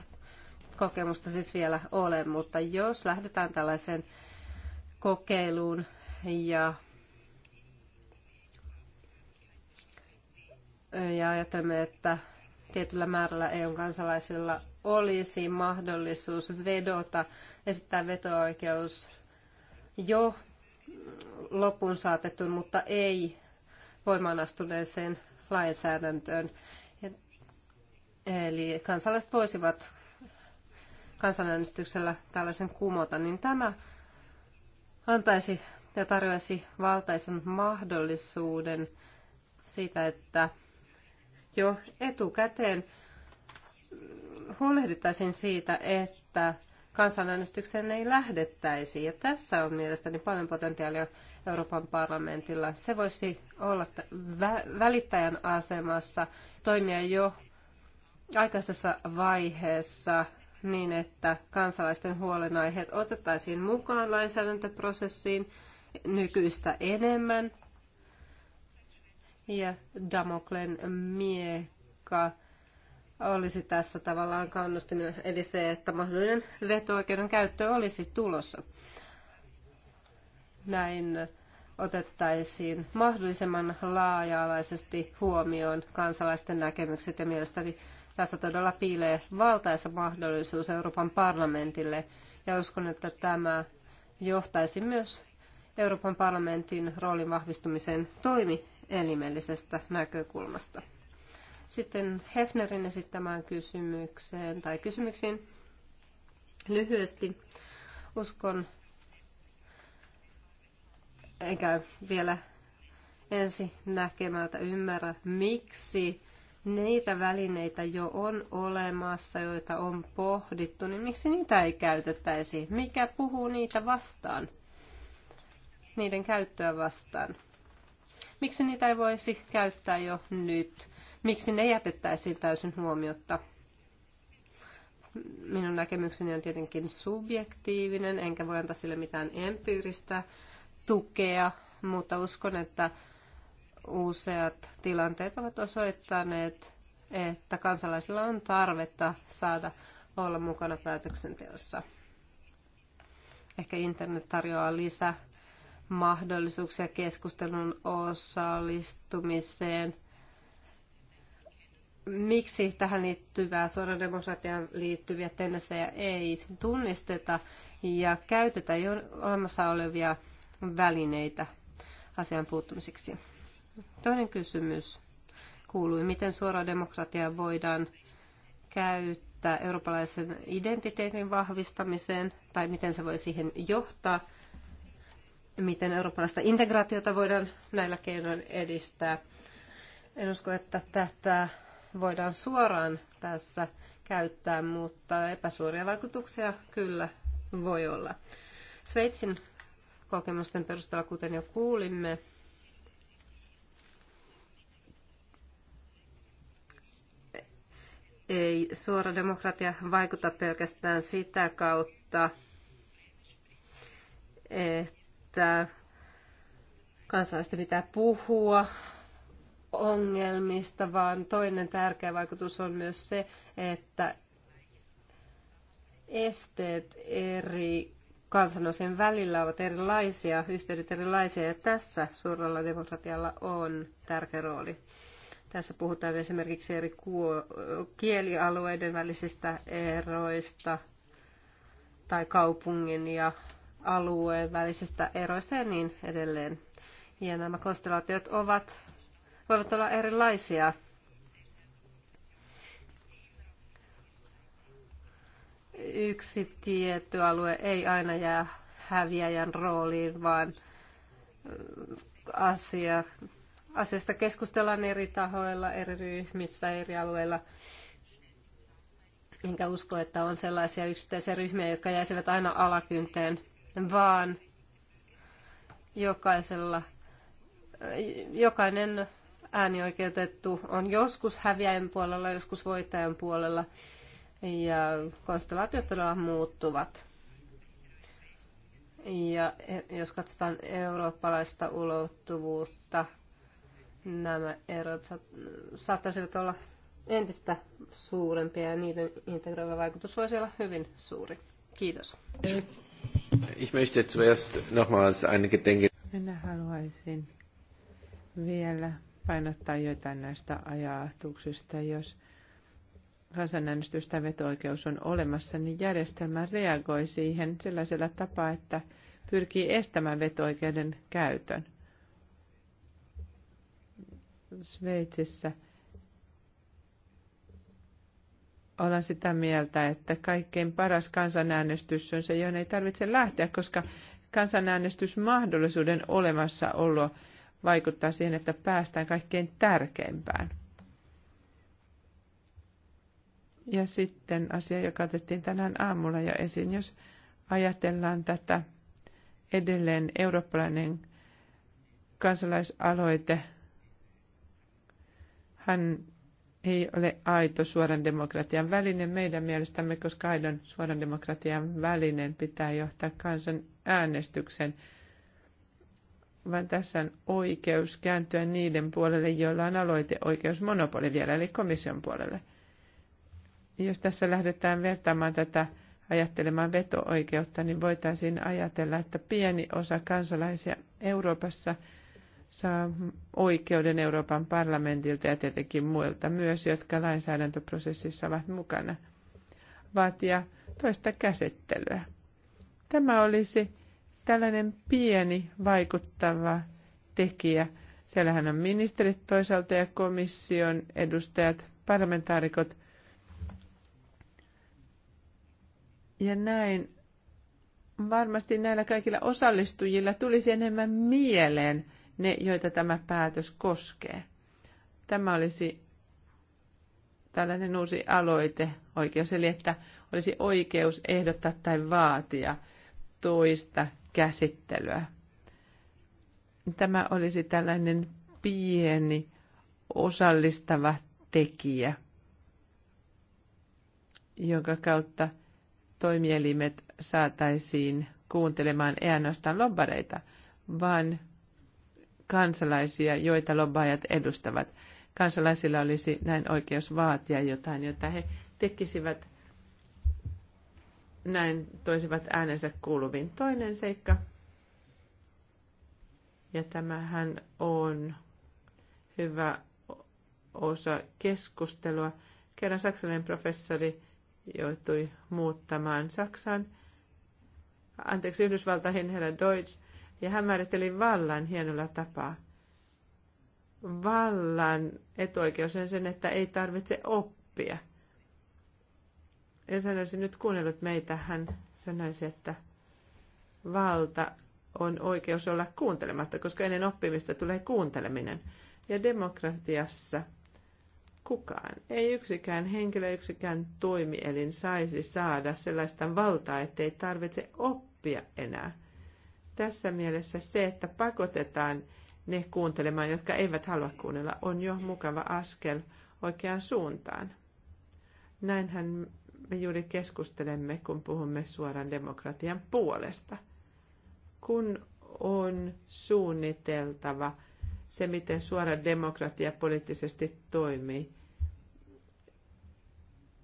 kokemusta siis vielä ole, mutta jos lähdetään tällaiseen kokeiluun ja ja ajattelemme, että tietyllä määrällä eu kansalaisilla olisi mahdollisuus vedota, esittää veto-oikeus jo loppuun saatettuun, mutta ei voimaan astuneeseen lainsäädäntöön. Eli kansalaiset voisivat kansanäänestyksellä tällaisen kumota, niin tämä antaisi ja tarjoaisi valtaisen mahdollisuuden siitä, että jo etukäteen huolehdittaisiin siitä, että kansanäänestykseen ei lähdettäisi. Ja tässä on mielestäni paljon potentiaalia Euroopan parlamentilla. Se voisi olla välittäjän asemassa, toimia jo aikaisessa vaiheessa niin, että kansalaisten huolenaiheet otettaisiin mukaan lainsäädäntöprosessiin nykyistä enemmän – ja Damoklen miekka olisi tässä tavallaan kannustimena, eli se, että mahdollinen veto-oikeuden käyttö olisi tulossa. Näin otettaisiin mahdollisimman laaja-alaisesti huomioon kansalaisten näkemykset ja mielestäni tässä todella piilee valtaisa mahdollisuus Euroopan parlamentille ja uskon, että tämä johtaisi myös Euroopan parlamentin roolin vahvistumiseen toimi elimellisestä näkökulmasta. Sitten Hefnerin esittämään kysymykseen tai kysymyksiin lyhyesti. Uskon, enkä vielä ensi näkemältä ymmärrä, miksi niitä välineitä jo on olemassa, joita on pohdittu, niin miksi niitä ei käytettäisi? Mikä puhuu niitä vastaan? Niiden käyttöä vastaan. Miksi niitä ei voisi käyttää jo nyt? Miksi ne jätettäisiin täysin huomiotta? Minun näkemykseni on tietenkin subjektiivinen, enkä voi antaa sille mitään empiiristä tukea, mutta uskon, että useat tilanteet ovat osoittaneet, että kansalaisilla on tarvetta saada olla mukana päätöksenteossa. Ehkä internet tarjoaa lisää mahdollisuuksia keskustelun osallistumiseen. Miksi tähän liittyvää suoran demokratiaan liittyviä tendenssejä ei tunnisteta ja käytetä jo olemassa olevia välineitä asian puuttumiseksi? Toinen kysymys kuului, miten suora demokratia voidaan käyttää eurooppalaisen identiteetin vahvistamiseen tai miten se voi siihen johtaa – miten eurooppalaista integraatiota voidaan näillä keinoin edistää. En usko, että tätä voidaan suoraan tässä käyttää, mutta epäsuoria vaikutuksia kyllä voi olla. Sveitsin kokemusten perusteella, kuten jo kuulimme, ei suora demokratia vaikuta pelkästään sitä kautta, että pitää, kansalaisten pitää puhua ongelmista, vaan toinen tärkeä vaikutus on myös se, että esteet eri kansanosien välillä ovat erilaisia, yhteydet erilaisia, ja tässä suurella demokratialla on tärkeä rooli. Tässä puhutaan esimerkiksi eri kielialueiden välisistä eroista tai kaupungin ja alueen välisistä eroista ja niin edelleen. Ja nämä konstellaatiot ovat, voivat olla erilaisia. Yksi tietty alue ei aina jää häviäjän rooliin, vaan asia, asiasta keskustellaan eri tahoilla, eri ryhmissä, eri alueilla. Enkä usko, että on sellaisia yksittäisiä ryhmiä, jotka jäisivät aina alakynteen – vaan jokaisella, jokainen äänioikeutettu on joskus häviäjän puolella, joskus voittajan puolella ja konstellaatiot todella muuttuvat. Ja jos katsotaan eurooppalaista ulottuvuutta, nämä erot saattaisivat olla entistä suurempia ja niiden integroiva vaikutus voisi olla hyvin suuri. Kiitos. Ich möchte zuerst nochmals eine Gedenke. Minä haluaisin vielä painottaa jotain näistä ajatuksista. Jos kansanäänestystä tai veto-oikeus on olemassa, niin järjestelmä reagoi siihen sellaisella tapaa, että pyrkii estämään veto-oikeuden käytön. Sveitsissä – olen sitä mieltä, että kaikkein paras kansanäänestys on se, johon ei tarvitse lähteä, koska kansanäänestysmahdollisuuden olemassaolo vaikuttaa siihen, että päästään kaikkein tärkeimpään. Ja sitten asia, joka otettiin tänään aamulla jo esiin, jos ajatellaan tätä edelleen eurooppalainen kansalaisaloite, hän ei ole aito suoran demokratian väline meidän mielestämme, koska aidon suoran demokratian välinen pitää johtaa kansan äänestyksen, vaan tässä on oikeus kääntyä niiden puolelle, joilla on oikeus monopoli vielä, eli komission puolelle. Jos tässä lähdetään vertaamaan tätä ajattelemaan veto-oikeutta, niin voitaisiin ajatella, että pieni osa kansalaisia Euroopassa – saa oikeuden Euroopan parlamentilta ja tietenkin muilta myös, jotka lainsäädäntöprosessissa ovat mukana, vaatia toista käsittelyä. Tämä olisi tällainen pieni vaikuttava tekijä. Siellähän on ministerit toisaalta ja komission edustajat, parlamentaarikot. Ja näin varmasti näillä kaikilla osallistujilla tulisi enemmän mieleen – ne, joita tämä päätös koskee. Tämä olisi tällainen uusi aloite oikeus, eli että olisi oikeus ehdottaa tai vaatia toista käsittelyä. Tämä olisi tällainen pieni osallistava tekijä, jonka kautta toimielimet saataisiin kuuntelemaan ei ainoastaan lobbareita, vaan kansalaisia, joita lobbaajat edustavat. Kansalaisilla olisi näin oikeus vaatia jotain, jota he tekisivät näin toisivat äänensä kuuluviin. Toinen seikka, ja tämähän on hyvä osa keskustelua. Kerran saksalainen professori joutui muuttamaan Saksaan, anteeksi Yhdysvaltain herra Deutsch, ja hän määritteli vallan hienolla tapaa. Vallan etuoikeus on sen, että ei tarvitse oppia. Jos hän olisi nyt kuunnellut meitä, hän sanoisi, että valta on oikeus olla kuuntelematta, koska ennen oppimista tulee kuunteleminen. Ja demokratiassa kukaan, ei yksikään henkilö, yksikään toimielin saisi saada sellaista valtaa, ettei tarvitse oppia enää. Tässä mielessä se, että pakotetaan ne kuuntelemaan, jotka eivät halua kuunnella, on jo mukava askel oikeaan suuntaan. Näinhän me juuri keskustelemme, kun puhumme suoran demokratian puolesta. Kun on suunniteltava se, miten suora demokratia poliittisesti toimii,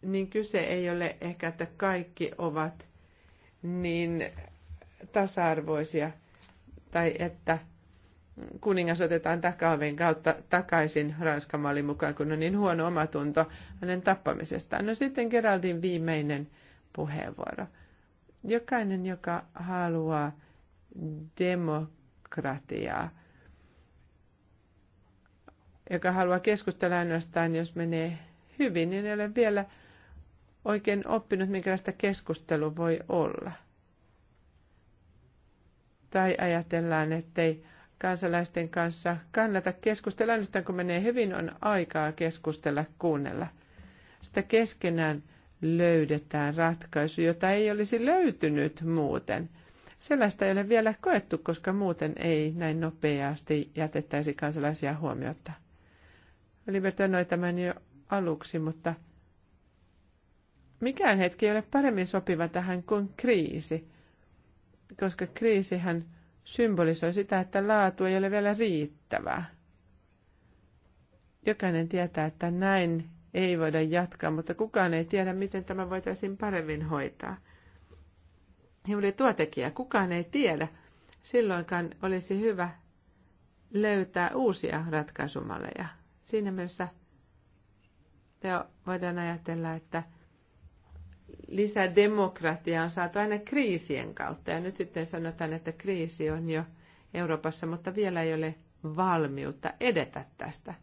niin kyse ei ole ehkä, että kaikki ovat niin tasa-arvoisia tai että kuningas otetaan takaoven kautta takaisin Ranskan mallin mukaan, kun on niin huono omatunto hänen tappamisestaan. No sitten Geraldin viimeinen puheenvuoro. Jokainen, joka haluaa demokratiaa, joka haluaa keskustella ainoastaan, jos menee hyvin, niin ei ole vielä oikein oppinut, minkälaista keskustelu voi olla – tai ajatellaan, ettei kansalaisten kanssa kannata keskustella, ainoastaan kun menee hyvin, on aikaa keskustella, kuunnella. Sitä keskenään löydetään ratkaisu, jota ei olisi löytynyt muuten. Sellaista ei ole vielä koettu, koska muuten ei näin nopeasti jätettäisi kansalaisia huomiota. Libertanoi tämän jo aluksi, mutta mikään hetki ei ole paremmin sopiva tähän kuin kriisi koska kriisihän symbolisoi sitä, että laatu ei ole vielä riittävää. Jokainen tietää, että näin ei voida jatkaa, mutta kukaan ei tiedä, miten tämä voitaisiin paremmin hoitaa. Juuri tuo tekijä, kukaan ei tiedä. Silloinkaan olisi hyvä löytää uusia ratkaisumalleja. Siinä mielessä voidaan ajatella, että Lisää demokratiaa on saatu aina kriisien kautta. Ja nyt sitten sanotaan, että kriisi on jo Euroopassa, mutta vielä ei ole valmiutta edetä tästä.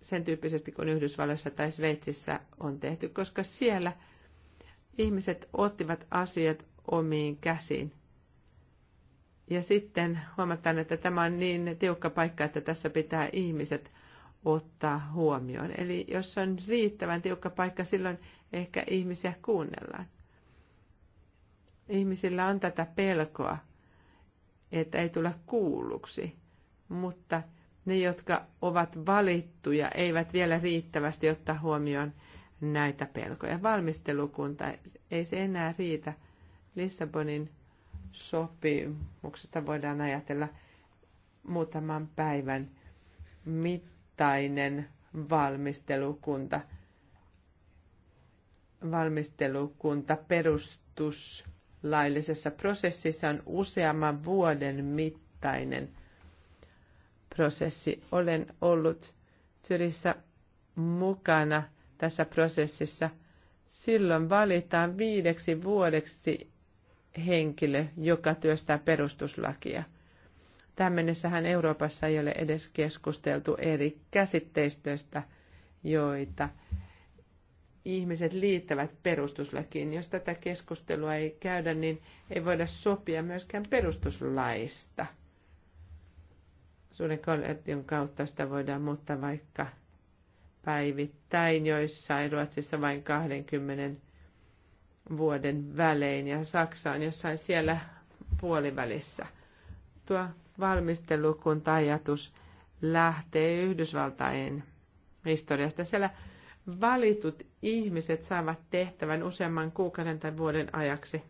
Sen tyyppisesti kuin Yhdysvalloissa tai Sveitsissä on tehty, koska siellä ihmiset ottivat asiat omiin käsiin. Ja sitten huomataan, että tämä on niin tiukka paikka, että tässä pitää ihmiset ottaa huomioon. Eli jos on riittävän tiukka paikka, silloin ehkä ihmisiä kuunnellaan. Ihmisillä on tätä pelkoa, että ei tule kuulluksi, mutta ne, jotka ovat valittuja, eivät vielä riittävästi ottaa huomioon näitä pelkoja. Valmistelukunta ei se enää riitä. Lissabonin sopimuksesta voidaan ajatella muutaman päivän, mit, vuosittainen valmistelukunta. Valmistelukunta perustuslaillisessa prosessissa on useamman vuoden mittainen prosessi. Olen ollut Syrissä mukana tässä prosessissa. Silloin valitaan viideksi vuodeksi henkilö, joka työstää perustuslakia – Tähän mennessähän Euroopassa ei ole edes keskusteltu eri käsitteistöistä, joita ihmiset liittävät perustuslakiin. Jos tätä keskustelua ei käydä, niin ei voida sopia myöskään perustuslaista. Suuren kollektion kautta sitä voidaan muuttaa vaikka päivittäin, joissain Ruotsissa vain 20 vuoden välein ja Saksa on jossain siellä puolivälissä. Tuo valmistelukunta-ajatus lähtee Yhdysvaltain historiasta. Siellä valitut ihmiset saavat tehtävän useamman kuukauden tai vuoden ajaksi.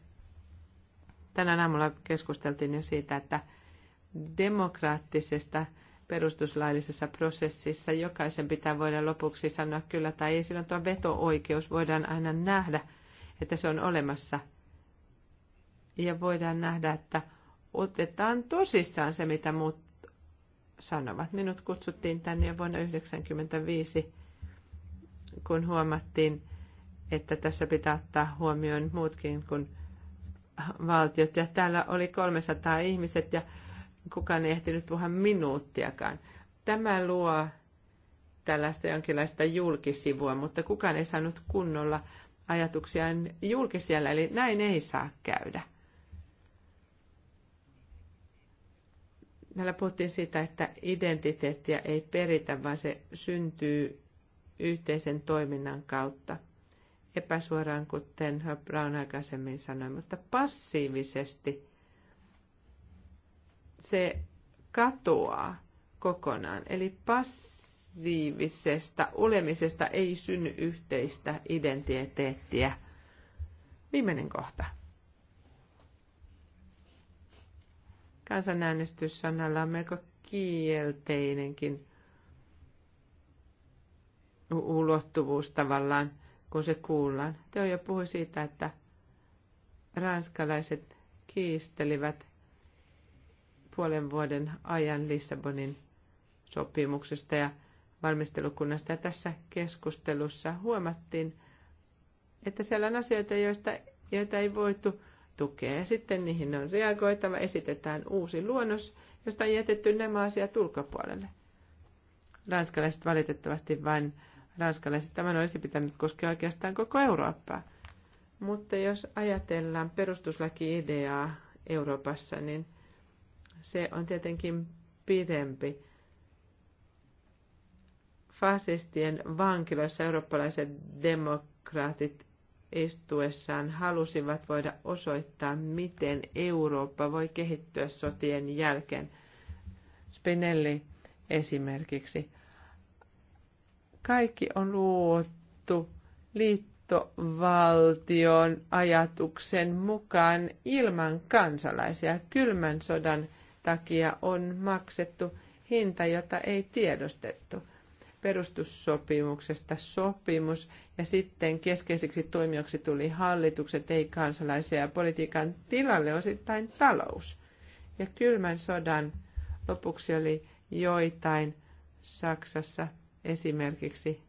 Tänään aamulla keskusteltiin jo siitä, että demokraattisesta perustuslaillisessa prosessissa jokaisen pitää voida lopuksi sanoa kyllä tai ei. Silloin tuo veto-oikeus voidaan aina nähdä, että se on olemassa. Ja voidaan nähdä, että otetaan tosissaan se, mitä muut sanovat. Minut kutsuttiin tänne jo vuonna 1995, kun huomattiin, että tässä pitää ottaa huomioon muutkin kuin valtiot. Ja täällä oli 300 ihmiset ja kukaan ei ehtinyt puhua minuuttiakaan. Tämä luo tällaista jonkinlaista julkisivua, mutta kukaan ei saanut kunnolla ajatuksiaan julkisella, eli näin ei saa käydä. Meillä puhuttiin siitä, että identiteettiä ei peritä, vaan se syntyy yhteisen toiminnan kautta. Epäsuoraan, kuten Brown aikaisemmin sanoi, mutta passiivisesti se katoaa kokonaan. Eli passiivisesta olemisesta ei synny yhteistä identiteettiä. Viimeinen kohta. kansanäänestys sanalla on melko kielteinenkin ulottuvuus tavallaan, kun se kuullaan. Teoja jo puhui siitä, että ranskalaiset kiistelivät puolen vuoden ajan Lissabonin sopimuksesta ja valmistelukunnasta. Ja tässä keskustelussa huomattiin, että siellä on asioita, joista, joita ei voitu tukea. Ja sitten niihin on reagoitava, esitetään uusi luonnos, josta on jätetty nämä asiat ulkopuolelle. Ranskalaiset valitettavasti vain, ranskalaiset tämän olisi pitänyt koskea oikeastaan koko Eurooppaa. Mutta jos ajatellaan perustuslaki-ideaa Euroopassa, niin se on tietenkin pidempi. Fasistien vankiloissa eurooppalaiset demokraatit istuessaan halusivat voida osoittaa, miten Eurooppa voi kehittyä sotien jälkeen. Spinelli esimerkiksi. Kaikki on luotu liittovaltion ajatuksen mukaan ilman kansalaisia. Kylmän sodan takia on maksettu hinta, jota ei tiedostettu. Perustussopimuksesta sopimus, ja sitten keskeisiksi toimijoiksi tuli hallitukset, ei kansalaisia ja politiikan tilalle osittain talous. Ja kylmän sodan lopuksi oli joitain Saksassa esimerkiksi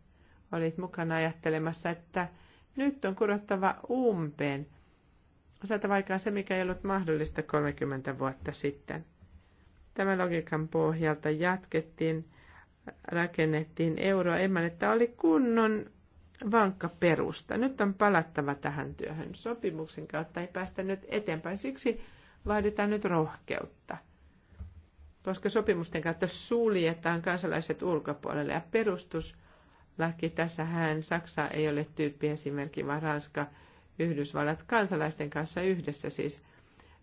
olit mukana ajattelemassa, että nyt on kurottava umpeen. osata vaikka se, mikä ei ollut mahdollista 30 vuotta sitten. Tämän logiikan pohjalta jatkettiin, rakennettiin euroa. emman, että oli kunnon vankka perusta. Nyt on palattava tähän työhön. Sopimuksen kautta ei päästä nyt eteenpäin, siksi vaaditaan nyt rohkeutta. Koska sopimusten kautta suljetaan kansalaiset ulkopuolelle ja perustuslaki tässähän Saksa ei ole esimerkki, vaan Ranska, Yhdysvallat kansalaisten kanssa yhdessä siis.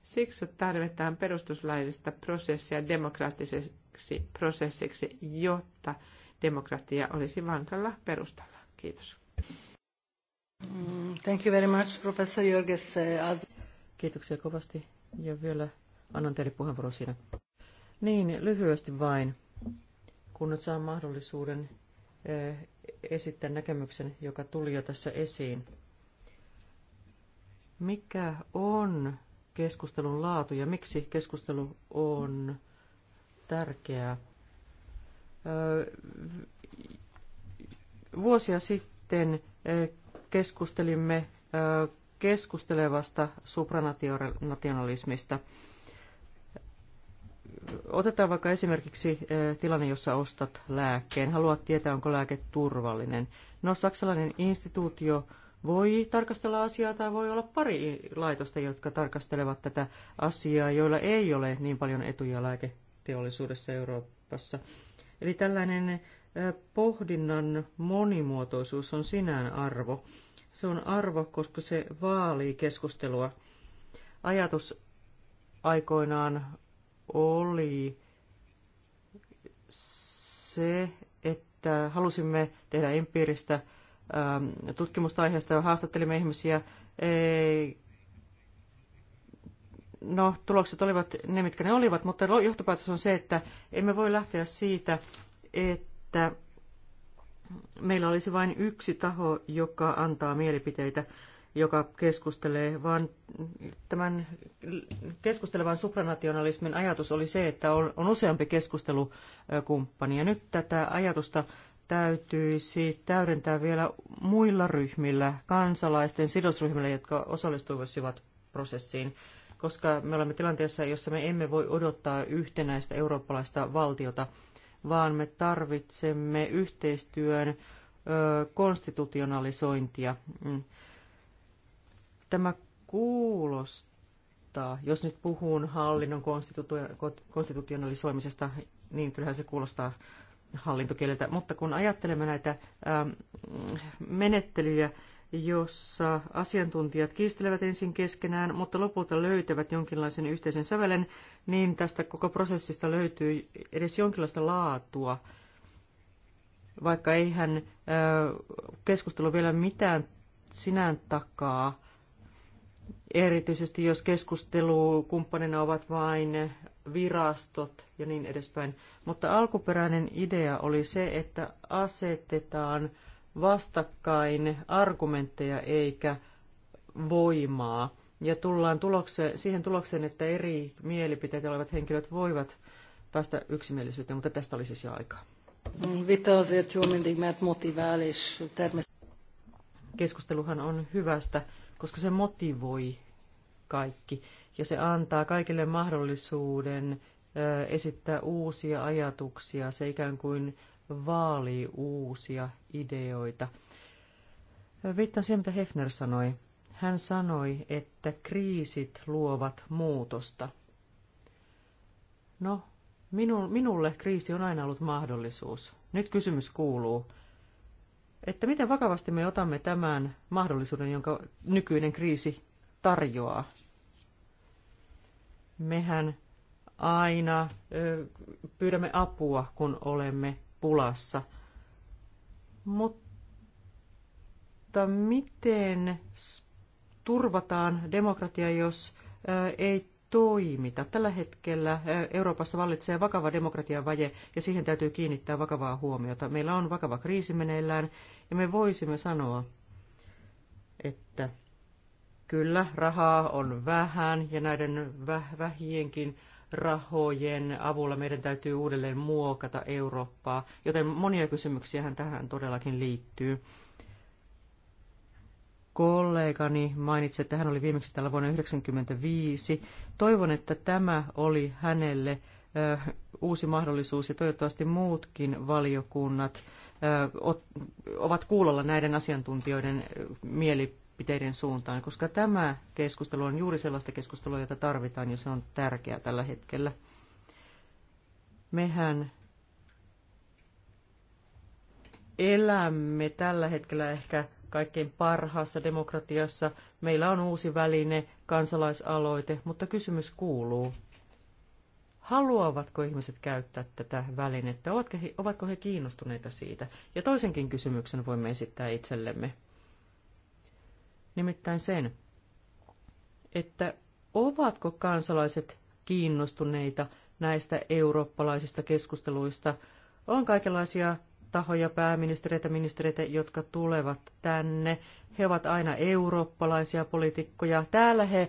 Siksi tarvitaan perustuslaillista prosessia demokraattiseksi prosessiksi, jotta demokratia olisi vankalla perustalla. Kiitos. Mm, thank you very much, Professor Jörges. Uh, Kiitoksia kovasti ja vielä annan teille puheenvuoron siinä. Niin, lyhyesti vain, kun nyt saan mahdollisuuden eh, esittää näkemyksen, joka tuli jo tässä esiin. Mikä on keskustelun laatu ja miksi keskustelu on tärkeää? Eh, vuosia sitten sitten keskustelimme keskustelevasta supranationalismista. Otetaan vaikka esimerkiksi tilanne, jossa ostat lääkkeen. Haluat tietää, onko lääke turvallinen. No, saksalainen instituutio voi tarkastella asiaa tai voi olla pari laitosta, jotka tarkastelevat tätä asiaa, joilla ei ole niin paljon etuja lääketeollisuudessa Euroopassa. Eli tällainen pohdinnan monimuotoisuus on sinään arvo. Se on arvo, koska se vaalii keskustelua. Ajatus aikoinaan oli se, että halusimme tehdä empiiristä ähm, tutkimusta aiheesta ja haastattelimme ihmisiä. no, tulokset olivat ne, mitkä ne olivat, mutta johtopäätös on se, että emme voi lähteä siitä, että että meillä olisi vain yksi taho, joka antaa mielipiteitä, joka keskustelee, vaan tämän keskustelevan supranationalismin ajatus oli se, että on, on useampi keskustelukumppani. Ja nyt tätä ajatusta täytyisi täydentää vielä muilla ryhmillä, kansalaisten sidosryhmillä, jotka osallistuisivat prosessiin, koska me olemme tilanteessa, jossa me emme voi odottaa yhtenäistä eurooppalaista valtiota – vaan me tarvitsemme yhteistyön konstitutionalisointia. Mm. Tämä kuulostaa, jos nyt puhun hallinnon konstitutionalisoimisesta, niin kyllähän se kuulostaa hallintokieltä. mutta kun ajattelemme näitä menettelyjä, jossa asiantuntijat kiistelevät ensin keskenään, mutta lopulta löytävät jonkinlaisen yhteisen sävelen, niin tästä koko prosessista löytyy edes jonkinlaista laatua, vaikka eihän keskustelu vielä mitään sinään takaa, erityisesti jos keskustelukumppanina ovat vain virastot ja niin edespäin. Mutta alkuperäinen idea oli se, että asetetaan – vastakkain argumentteja eikä voimaa. Ja tullaan tulokseen, siihen tulokseen, että eri mielipiteitä olevat henkilöt voivat päästä yksimielisyyteen, mutta tästä oli siis jo aikaa. Keskusteluhan on hyvästä, koska se motivoi kaikki ja se antaa kaikille mahdollisuuden esittää uusia ajatuksia. Se ikään kuin vaalii uusia ideoita. Viittaan siihen, mitä Hefner sanoi. Hän sanoi, että kriisit luovat muutosta. No, minulle kriisi on aina ollut mahdollisuus. Nyt kysymys kuuluu, että miten vakavasti me otamme tämän mahdollisuuden, jonka nykyinen kriisi tarjoaa. Mehän aina pyydämme apua, kun olemme pulassa. Mutta miten turvataan demokratia, jos ei toimita? Tällä hetkellä Euroopassa vallitsee vakava demokratiavaje ja siihen täytyy kiinnittää vakavaa huomiota. Meillä on vakava kriisi meneillään ja me voisimme sanoa, että kyllä rahaa on vähän ja näiden väh- vähienkin rahojen avulla meidän täytyy uudelleen muokata Eurooppaa, joten monia kysymyksiä tähän todellakin liittyy. Kollegani mainitsi, että hän oli viimeksi tällä vuonna 1995. Toivon, että tämä oli hänelle äh, uusi mahdollisuus ja toivottavasti muutkin valiokunnat äh, ovat kuulolla näiden asiantuntijoiden äh, mielipiteistä mielipiteiden suuntaan, koska tämä keskustelu on juuri sellaista keskustelua, jota tarvitaan ja se on tärkeää tällä hetkellä. Mehän elämme tällä hetkellä ehkä kaikkein parhaassa demokratiassa. Meillä on uusi väline, kansalaisaloite, mutta kysymys kuuluu, haluavatko ihmiset käyttää tätä välinettä, ovatko he, ovatko he kiinnostuneita siitä? Ja toisenkin kysymyksen voimme esittää itsellemme nimittäin sen, että ovatko kansalaiset kiinnostuneita näistä eurooppalaisista keskusteluista. On kaikenlaisia tahoja, pääministereitä, ministereitä, jotka tulevat tänne. He ovat aina eurooppalaisia poliitikkoja. Täällä he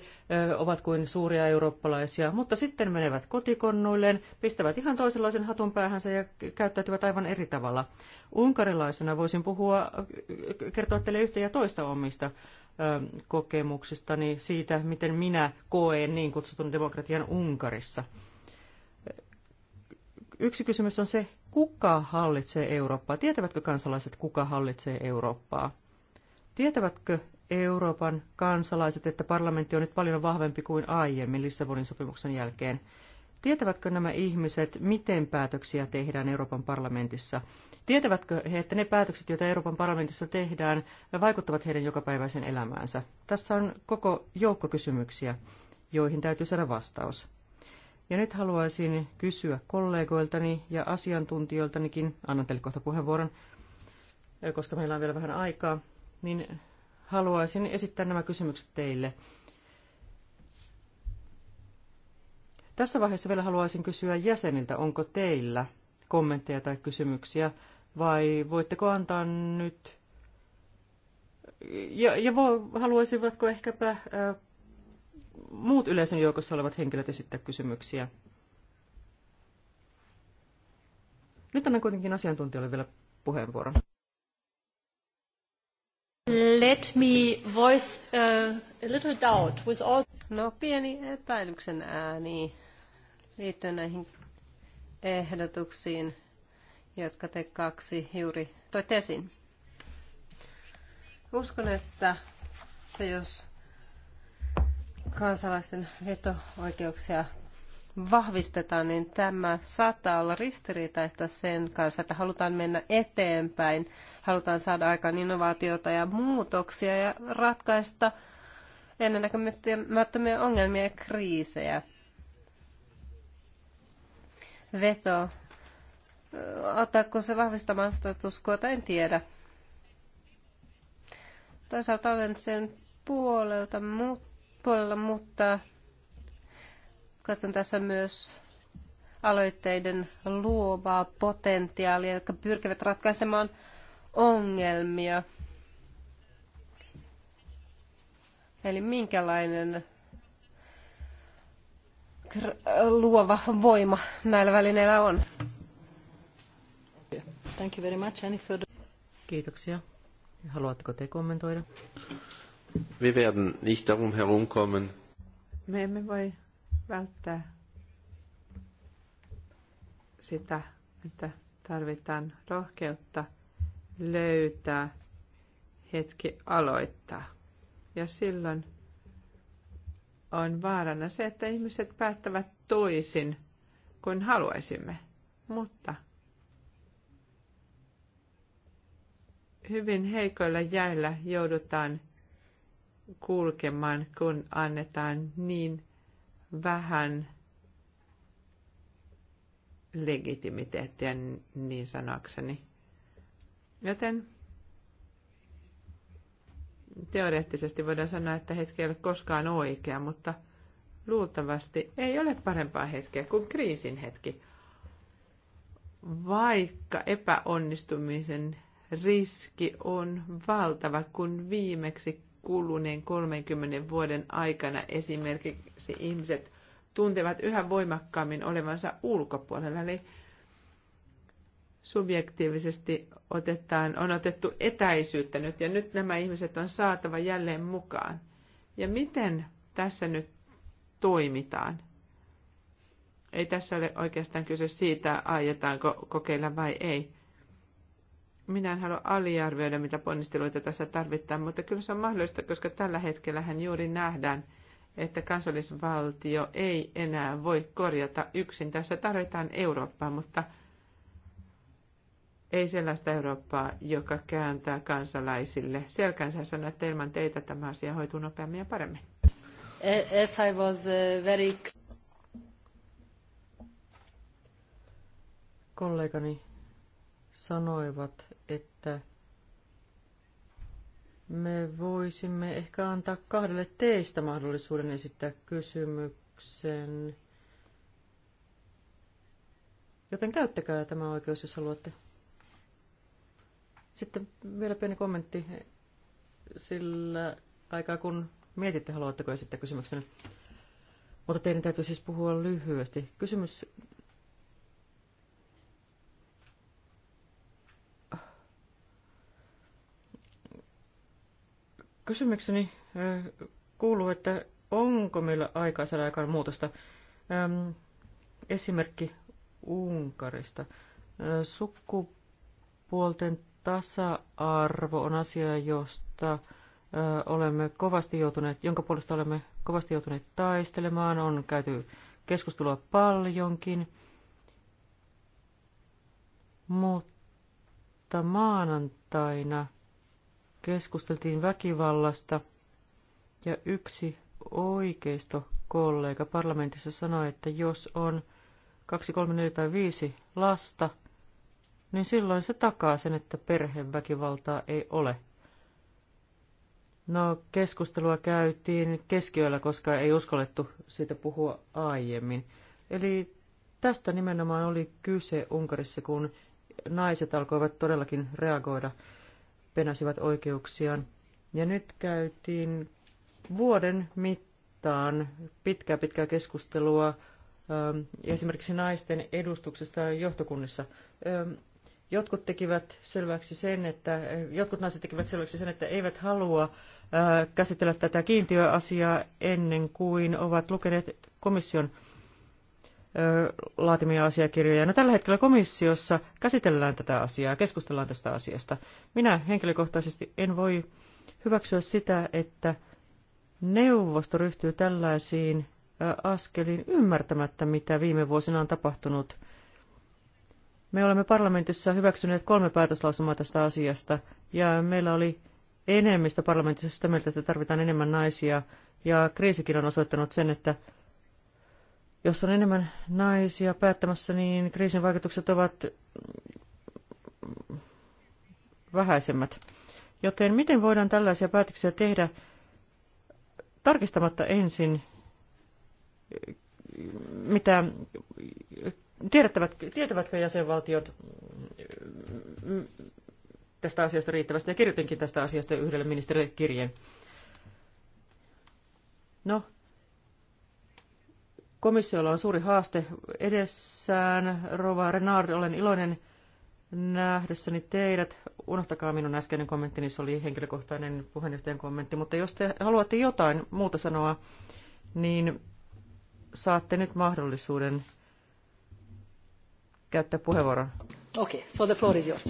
ö, ovat kuin suuria eurooppalaisia, mutta sitten menevät kotikonnuilleen, pistävät ihan toisenlaisen hatun päähänsä ja käyttäytyvät aivan eri tavalla. Unkarilaisena voisin puhua, kertoa teille yhtä ja toista omista kokemuksistani niin siitä, miten minä koen niin kutsutun demokratian Unkarissa. Yksi kysymys on se, kuka hallitsee Eurooppaa? Tietävätkö kansalaiset, kuka hallitsee Eurooppaa? Tietävätkö Euroopan kansalaiset, että parlamentti on nyt paljon vahvempi kuin aiemmin Lissabonin sopimuksen jälkeen? Tietävätkö nämä ihmiset, miten päätöksiä tehdään Euroopan parlamentissa? Tietävätkö he, että ne päätökset, joita Euroopan parlamentissa tehdään, vaikuttavat heidän jokapäiväiseen elämäänsä? Tässä on koko joukko kysymyksiä, joihin täytyy saada vastaus. Ja nyt haluaisin kysyä kollegoiltani ja asiantuntijoiltanikin, annan teille kohta puheenvuoron, koska meillä on vielä vähän aikaa, niin haluaisin esittää nämä kysymykset teille. Tässä vaiheessa vielä haluaisin kysyä jäseniltä, onko teillä – kommentteja tai kysymyksiä, vai voitteko antaa nyt... Ja, ja vo, haluaisivatko ehkäpä ää, äh, muut yleisön joukossa olevat henkilöt esittää kysymyksiä? Nyt annan kuitenkin asiantuntijoille vielä puheenvuoron. Let me voice uh, a little doubt with all... No pieni epäilyksen ääni liittyen näihin ehdotuksiin, jotka te kaksi juuri toit esiin. Uskon, että se jos kansalaisten veto-oikeuksia vahvistetaan, niin tämä saattaa olla ristiriitaista sen kanssa, että halutaan mennä eteenpäin, halutaan saada aikaan innovaatiota ja muutoksia ja ratkaista ennennäkemättömiä ongelmia ja kriisejä veto. Ottaako se vahvistamaan tuskua, tai en tiedä. Toisaalta olen sen puolelta, mu- puolella, mutta katson tässä myös aloitteiden luovaa potentiaalia, jotka pyrkivät ratkaisemaan ongelmia. Eli minkälainen luova voima näillä välineillä on. Thank you very much. Any further... Kiitoksia. Haluatteko te kommentoida? Wir werden nicht darum herumkommen. Me emme voi välttää sitä, että tarvitaan rohkeutta löytää hetki aloittaa. Ja silloin on vaarana se, että ihmiset päättävät toisin kuin haluaisimme. Mutta hyvin heikoilla jäillä joudutaan kulkemaan, kun annetaan niin vähän legitimiteettiä niin sanakseni. Joten teoreettisesti voidaan sanoa, että hetki ei ole koskaan oikea, mutta luultavasti ei ole parempaa hetkeä kuin kriisin hetki. Vaikka epäonnistumisen riski on valtava, kun viimeksi kuluneen 30 vuoden aikana esimerkiksi ihmiset tuntevat yhä voimakkaammin olevansa ulkopuolella. Eli subjektiivisesti otetaan, on otettu etäisyyttä nyt ja nyt nämä ihmiset on saatava jälleen mukaan. Ja miten tässä nyt toimitaan? Ei tässä ole oikeastaan kyse siitä, aiotaanko kokeilla vai ei. Minä en halua aliarvioida, mitä ponnisteluita tässä tarvitaan, mutta kyllä se on mahdollista, koska tällä hetkellä hän juuri nähdään, että kansallisvaltio ei enää voi korjata yksin. Tässä tarvitaan Eurooppaa, mutta – ei sellaista Eurooppaa, joka kääntää kansalaisille selkänsä sanoa, että ilman teitä tämä asia hoituu nopeammin ja paremmin. As eh, I was eh, very... Kollegani sanoivat, että me voisimme ehkä antaa kahdelle teistä mahdollisuuden esittää kysymyksen. Joten käyttäkää tämä oikeus, jos haluatte. Sitten vielä pieni kommentti sillä aikaa, kun mietitte, haluatteko esittää kysymyksen. Mutta teidän täytyy siis puhua lyhyesti. Kysymys kysymykseni kuuluu, että onko meillä aikaa saada aikaan muutosta? esimerkki Unkarista. Sukupuolten tasa-arvo on asia, josta olemme kovasti joutuneet, jonka puolesta olemme kovasti joutuneet taistelemaan. On käyty keskustelua paljonkin. Mutta maanantaina keskusteltiin väkivallasta ja yksi oikeistokollega parlamentissa sanoi, että jos on kaksi, kolme, neljä tai viisi lasta – niin silloin se takaa sen, että perheväkivaltaa ei ole. No, keskustelua käytiin keskiöllä, koska ei uskallettu siitä puhua aiemmin. Eli tästä nimenomaan oli kyse Unkarissa, kun naiset alkoivat todellakin reagoida, penäsivät oikeuksiaan. Ja nyt käytiin vuoden mittaan pitkää pitkää keskustelua esimerkiksi naisten edustuksesta johtokunnissa. Jotkut tekivät selväksi sen, että, jotkut naiset tekivät selväksi sen, että eivät halua käsitellä tätä kiintiöasiaa ennen kuin ovat lukeneet komission laatimia asiakirjoja. No, tällä hetkellä komissiossa käsitellään tätä asiaa, keskustellaan tästä asiasta. Minä henkilökohtaisesti en voi hyväksyä sitä, että neuvosto ryhtyy tällaisiin askeliin ymmärtämättä, mitä viime vuosina on tapahtunut – me olemme parlamentissa hyväksyneet kolme päätöslausumaa tästä asiasta, ja meillä oli enemmistö parlamentissa sitä mieltä, että tarvitaan enemmän naisia, ja kriisikin on osoittanut sen, että jos on enemmän naisia päättämässä, niin kriisin vaikutukset ovat vähäisemmät. Joten miten voidaan tällaisia päätöksiä tehdä tarkistamatta ensin, mitä tietävätkö jäsenvaltiot mm, mm, tästä asiasta riittävästi? Ja kirjoitinkin tästä asiasta yhdelle ministerille kirjeen. No, komissiolla on suuri haaste edessään. Rova Renard, olen iloinen nähdessäni teidät. Unohtakaa minun äskeinen kommenttini, se oli henkilökohtainen puheenjohtajan kommentti, mutta jos te haluatte jotain muuta sanoa, niin saatte nyt mahdollisuuden käyttää puheenvuoron? Okei, okay, so the floor is yours.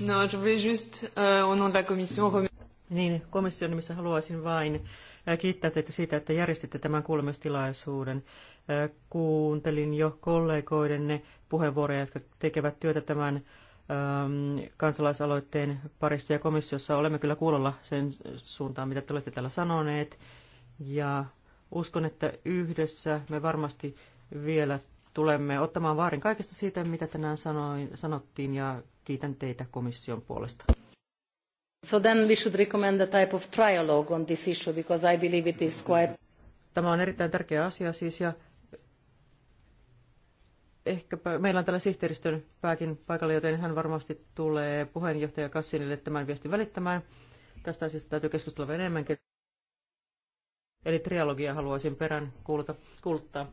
No, je vais juste, uh, au nom de la commission, niin, komission nimissä haluaisin vain uh, kiittää teitä siitä, että järjestitte tämän kuulemistilaisuuden. Uh, kuuntelin jo kollegoidenne puheenvuoroja, jotka tekevät työtä tämän um, kansalaisaloitteen parissa ja komissiossa. Olemme kyllä kuulolla sen suuntaan, mitä te olette täällä sanoneet. Ja uskon, että yhdessä me varmasti vielä tulemme ottamaan vaarin kaikesta siitä, mitä tänään sanoin, sanottiin, ja kiitän teitä komission puolesta. So then we should recommend a type of trialogue on this issue, because I believe it is quite... Tämä on erittäin tärkeä asia siis, ja ehkäpä, meillä on tällä sihteeristön pääkin paikalla, joten hän varmasti tulee puheenjohtaja Kassinille tämän viestin välittämään. Tästä asiasta täytyy keskustella enemmänkin. Eli trialogia haluaisin perään kuuluttaa.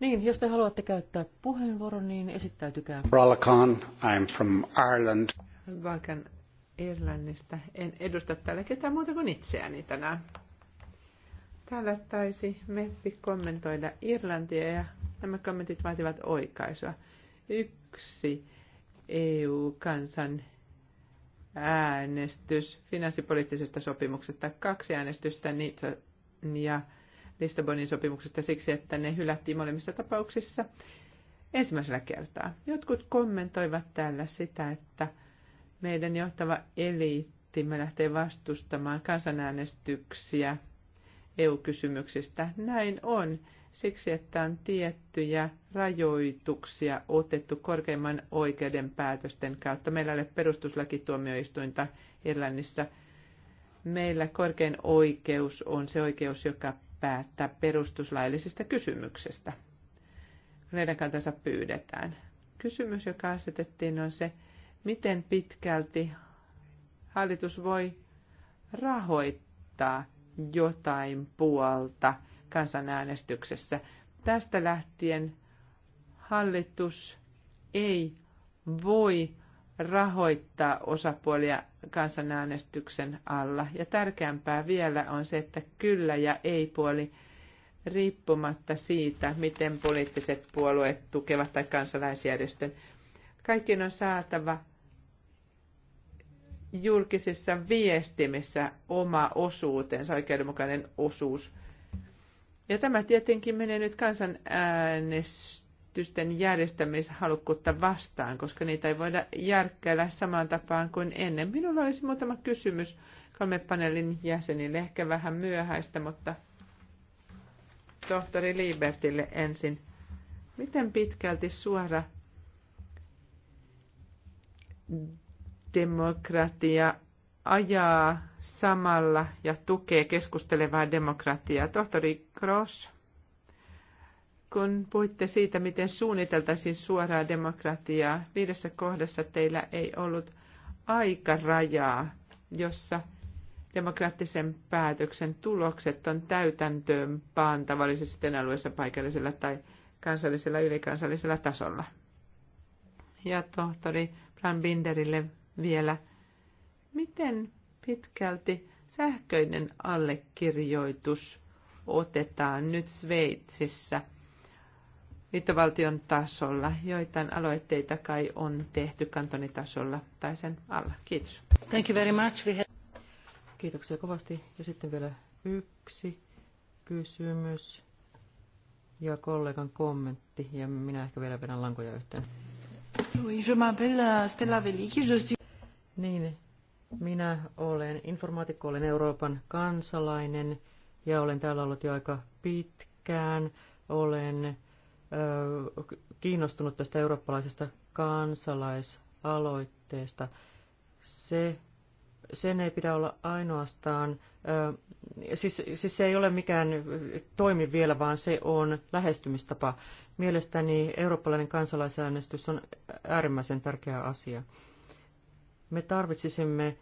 Niin, jos te haluatte käyttää puheenvuoron, niin esittäytykää. Ralakan, I'm from Ireland. Valkan Irlannista. En edusta täällä ketään muuta kuin itseäni tänään. Täällä taisi Meppi kommentoida Irlantia ja nämä kommentit vaativat oikaisua. Yksi EU-kansan äänestys finanssipoliittisesta sopimuksesta, kaksi äänestystä Nitsan ja Lissabonin sopimuksesta siksi, että ne hylättiin molemmissa tapauksissa ensimmäisellä kertaa. Jotkut kommentoivat täällä sitä, että meidän johtava eliittimme lähtee vastustamaan kansanäänestyksiä EU-kysymyksistä. Näin on siksi, että on tiettyjä rajoituksia otettu korkeimman oikeuden päätösten kautta. Meillä ei perustuslakituomioistuinta Irlannissa. Meillä korkein oikeus on se oikeus, joka päättää perustuslaillisesta kysymyksestä, kun heidän kantansa pyydetään. Kysymys, joka asetettiin, on se, miten pitkälti hallitus voi rahoittaa jotain puolta kansanäänestyksessä. Tästä lähtien hallitus ei voi rahoittaa osapuolia kansanäänestyksen alla. Ja tärkeämpää vielä on se, että kyllä ja ei puoli riippumatta siitä, miten poliittiset puolueet tukevat tai kansalaisjärjestön. Kaikkien on saatava julkisessa viestimissä oma osuutensa, oikeudenmukainen osuus. Ja tämä tietenkin menee nyt kansanäänestys yritysten järjestämishalukkuutta vastaan, koska niitä ei voida järkkäillä samaan tapaan kuin ennen. Minulla olisi muutama kysymys kolme paneelin jäsenille, ehkä vähän myöhäistä, mutta tohtori Liebertille ensin. Miten pitkälti suora demokratia ajaa samalla ja tukee keskustelevaa demokratiaa? Tohtori Gross kun puhuitte siitä, miten suunniteltaisiin suoraa demokratiaa, viidessä kohdassa teillä ei ollut aikarajaa, jossa demokraattisen päätöksen tulokset on täytäntöön paantavallisesti sitten alueessa paikallisella tai kansallisella ylikansallisella tasolla. Ja tohtori Binderille vielä, miten pitkälti sähköinen allekirjoitus otetaan nyt Sveitsissä – liittovaltion tasolla. Joitain aloitteita kai on tehty kantonitasolla tai sen alla. Kiitos. Thank you very much. We have... Kiitoksia kovasti. Ja sitten vielä yksi kysymys ja kollegan kommentti. Ja minä ehkä vielä vedän lankoja yhteen. Oui, je m'appelle euh, Stella Veliki. Je suis... Niin, minä olen informaatikko, olen Euroopan kansalainen ja olen täällä ollut jo aika pitkään. Olen kiinnostunut tästä eurooppalaisesta kansalaisaloitteesta. Se, sen ei pidä olla ainoastaan, siis, siis se ei ole mikään toimi vielä, vaan se on lähestymistapa. Mielestäni eurooppalainen kansalaisäänestys on äärimmäisen tärkeä asia. Me tarvitsisimme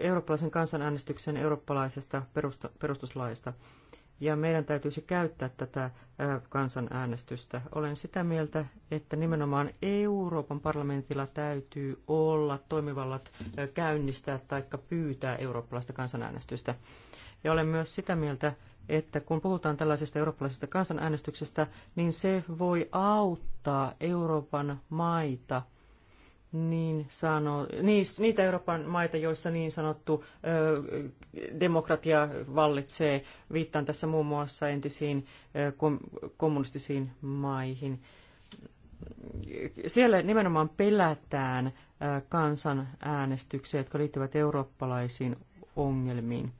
eurooppalaisen kansanäänestyksen eurooppalaisesta perustuslaista ja meidän täytyisi käyttää tätä kansanäänestystä. Olen sitä mieltä, että nimenomaan Euroopan parlamentilla täytyy olla toimivallat käynnistää tai pyytää eurooppalaista kansanäänestystä. Ja olen myös sitä mieltä, että kun puhutaan tällaisesta eurooppalaisesta kansanäänestyksestä, niin se voi auttaa Euroopan maita – niin sano, niin, niitä Euroopan maita, joissa niin sanottu demokratia vallitsee. Viittaan tässä muun muassa entisiin kommunistisiin maihin. Siellä nimenomaan pelätään kansanäänestyksiä, jotka liittyvät eurooppalaisiin ongelmiin.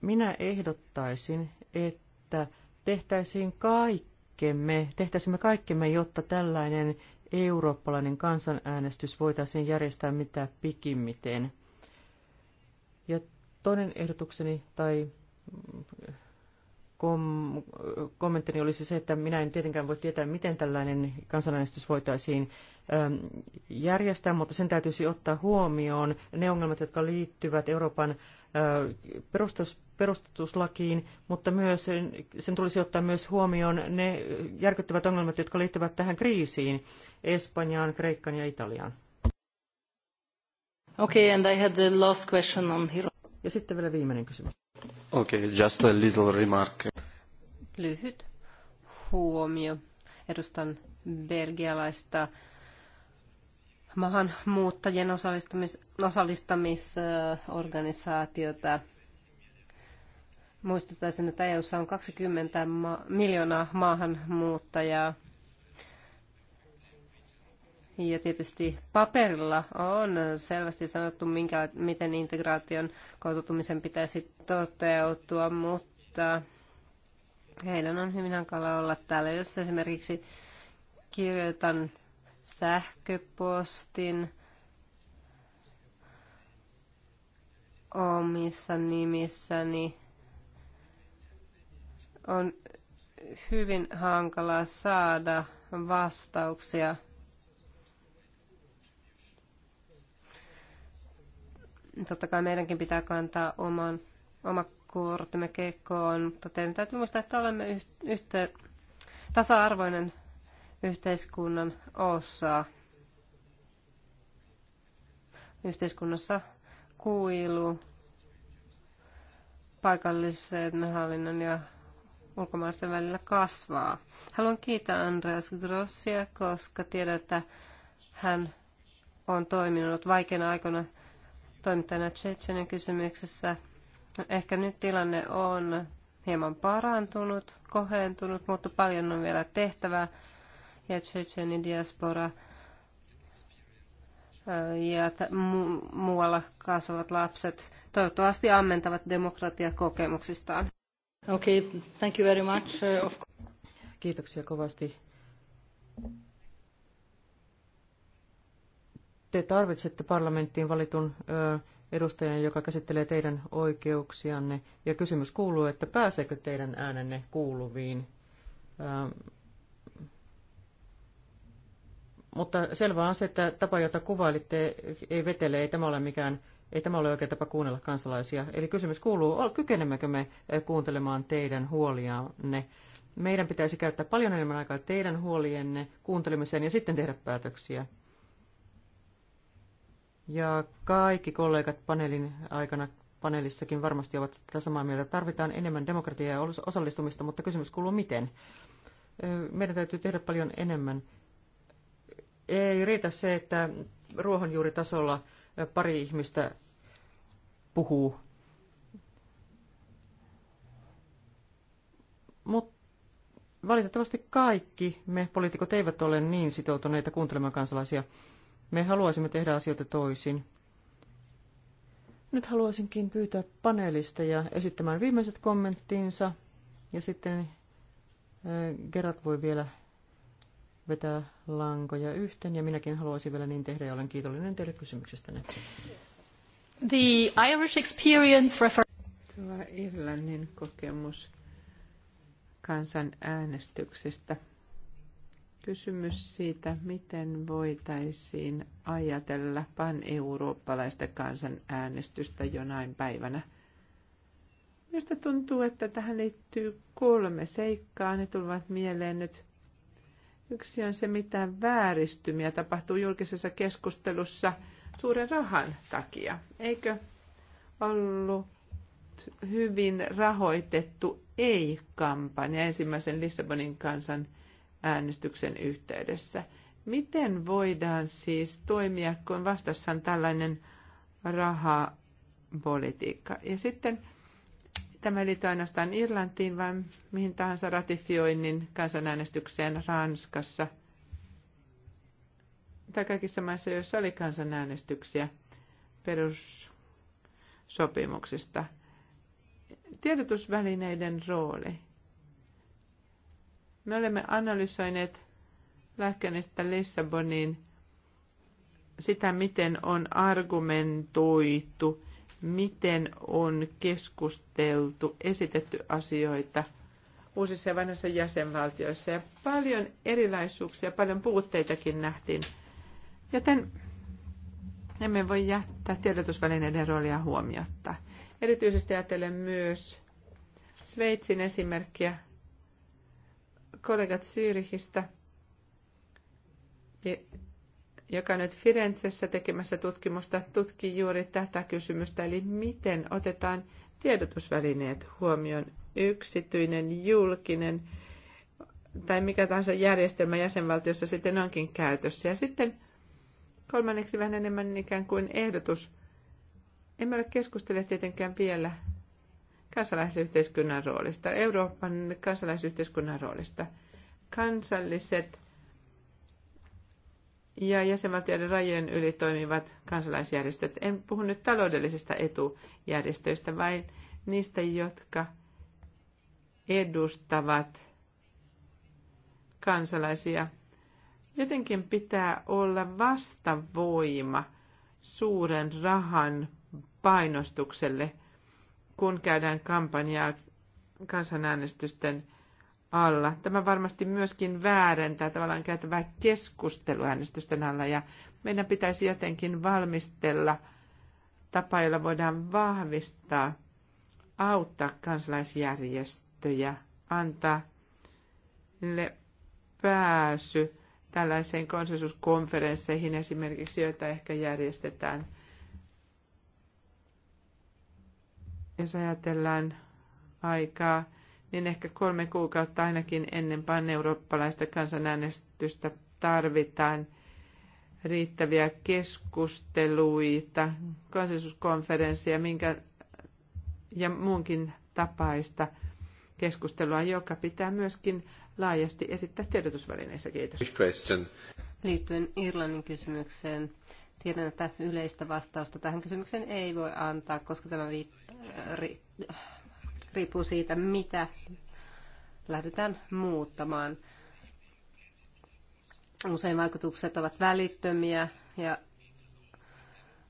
Minä ehdottaisin, että tehtäisiin kaikkemme, tehtäisimme kaikkemme, jotta tällainen eurooppalainen kansanäänestys voitaisiin järjestää mitä pikimmiten. Ja toinen ehdotukseni tai mm, kom- kommenttini olisi se, että minä en tietenkään voi tietää, miten tällainen kansanäänestys voitaisiin ähm, järjestää, mutta sen täytyisi ottaa huomioon ne ongelmat, jotka liittyvät Euroopan äh, perustus, perustuslakiin, mutta myös sen tulisi ottaa myös huomioon ne järkyttävät ongelmat, jotka liittyvät tähän kriisiin Espanjaan, Kreikkaan ja Italiaan. Okay, and I had the last question on here. Ja sitten vielä viimeinen kysymys. Okay, just a little remark. Lyhyt huomio. Edustan belgialaista maahanmuuttajien osallistamis, osallistamisorganisaatiota. Muistuttaisin, että EU on 20 ma- miljoonaa maahanmuuttajaa. Ja tietysti paperilla on selvästi sanottu, minkä, miten integraation kotoutumisen pitäisi toteutua, mutta heidän on hyvin hankala olla täällä. Jos esimerkiksi kirjoitan sähköpostin omissa nimissäni, on hyvin hankala saada vastauksia. Totta kai meidänkin pitää kantaa oman, oma kortemme kekoon, mutta teidän täytyy muistaa, että olemme yhtä, tasa-arvoinen yhteiskunnan osa. Yhteiskunnassa kuilu paikallisen hallinnon ja ulkomaisten välillä kasvaa. Haluan kiittää Andreas Grossia, koska tiedän, että hän on toiminut vaikeina aikoina toimittajana Tsetsenen kysymyksessä. Ehkä nyt tilanne on hieman parantunut, kohentunut, mutta paljon on vielä tehtävää. Ja Tsetsenin diaspora ja muualla kasvavat lapset toivottavasti ammentavat demokratiakokemuksistaan. Okay, thank you very much. Uh, of... Kiitoksia kovasti. Te tarvitsette parlamenttiin valitun edustajan, joka käsittelee teidän oikeuksianne. Ja kysymys kuuluu, että pääseekö teidän äänenne kuuluviin? Mutta selvä on se, että tapa, jota kuvailitte, ei vetele, ei tämä ole mikään ei tämä ole oikea tapa kuunnella kansalaisia. Eli kysymys kuuluu, kykenemmekö me eh, kuuntelemaan teidän huolianne? Meidän pitäisi käyttää paljon enemmän aikaa teidän huolienne kuuntelemiseen ja sitten tehdä päätöksiä. Ja kaikki kollegat paneelin aikana paneelissakin varmasti ovat sitä samaa mieltä. Tarvitaan enemmän demokratiaa ja osallistumista, mutta kysymys kuuluu miten. Eh, meidän täytyy tehdä paljon enemmän. Ei riitä se, että ruohonjuuritasolla tasolla pari ihmistä puhuu. Mutta valitettavasti kaikki me poliitikot eivät ole niin sitoutuneita kuuntelemaan kansalaisia. Me haluaisimme tehdä asioita toisin. Nyt haluaisinkin pyytää ja esittämään viimeiset kommenttinsa ja sitten äh, Gerard voi vielä vetää lankoja yhteen, ja minäkin haluaisin vielä niin tehdä, ja olen kiitollinen teille kysymyksestänne. The Irish experience refer- Tuo Irlannin kokemus kansanäänestyksestä. Kysymys siitä, miten voitaisiin ajatella pan-eurooppalaista kansanäänestystä jonain päivänä. Minusta tuntuu, että tähän liittyy kolme seikkaa. Ne tulevat mieleen nyt Yksi on se, mitä vääristymiä tapahtuu julkisessa keskustelussa suuren rahan takia. Eikö ollut hyvin rahoitettu ei-kampanja ensimmäisen Lissabonin kansan äänestyksen yhteydessä? Miten voidaan siis toimia, kun vastassa on tällainen rahapolitiikka? Ja sitten Tämä ei liity ainoastaan Irlantiin, vaan mihin tahansa ratifioinnin kansanäänestykseen Ranskassa tai kaikissa maissa, joissa oli kansanäänestyksiä perussopimuksista. Tiedotusvälineiden rooli. Me olemme analysoineet lähkeneestä Lissaboniin sitä, miten on argumentoitu miten on keskusteltu, esitetty asioita uusissa ja vanhoissa jäsenvaltioissa. Ja paljon erilaisuuksia, paljon puutteitakin nähtiin. Joten emme voi jättää tiedotusvälineiden roolia huomiotta. Erityisesti ajattelen myös Sveitsin esimerkkiä. Kollegat Syyrihistä joka nyt Firenzessä tekemässä tutkimusta tutkii juuri tätä kysymystä, eli miten otetaan tiedotusvälineet huomioon, yksityinen, julkinen tai mikä tahansa järjestelmä jäsenvaltiossa sitten onkin käytössä. Ja sitten kolmanneksi vähän enemmän ikään kuin ehdotus. Emme ole keskustelleet tietenkään vielä kansalaisyhteiskunnan roolista, Euroopan kansalaisyhteiskunnan roolista. Kansalliset ja jäsenvaltioiden rajojen yli toimivat kansalaisjärjestöt. En puhu nyt taloudellisista etujärjestöistä, vaan niistä, jotka edustavat kansalaisia. Jotenkin pitää olla vastavoima suuren rahan painostukselle, kun käydään kampanjaa kansanäänestysten alla. Tämä varmasti myöskin väärentää tavallaan käytävää keskusteluäänestysten alla ja meidän pitäisi jotenkin valmistella tapa, jolla voidaan vahvistaa, auttaa kansalaisjärjestöjä, antaa niille pääsy tällaiseen konsensuskonferensseihin esimerkiksi, joita ehkä järjestetään. Jos ajatellaan aikaa niin ehkä kolme kuukautta ainakin ennen pan-eurooppalaista kansanäänestystä tarvitaan riittäviä keskusteluita, konsensuskonferenssia minkä, ja muunkin tapaista keskustelua, joka pitää myöskin laajasti esittää tiedotusvälineissä. Kiitos. Liittyen Irlannin kysymykseen, tiedän, että yleistä vastausta tähän kysymykseen ei voi antaa, koska tämä viittaa riippuu siitä, mitä lähdetään muuttamaan. Usein vaikutukset ovat välittömiä ja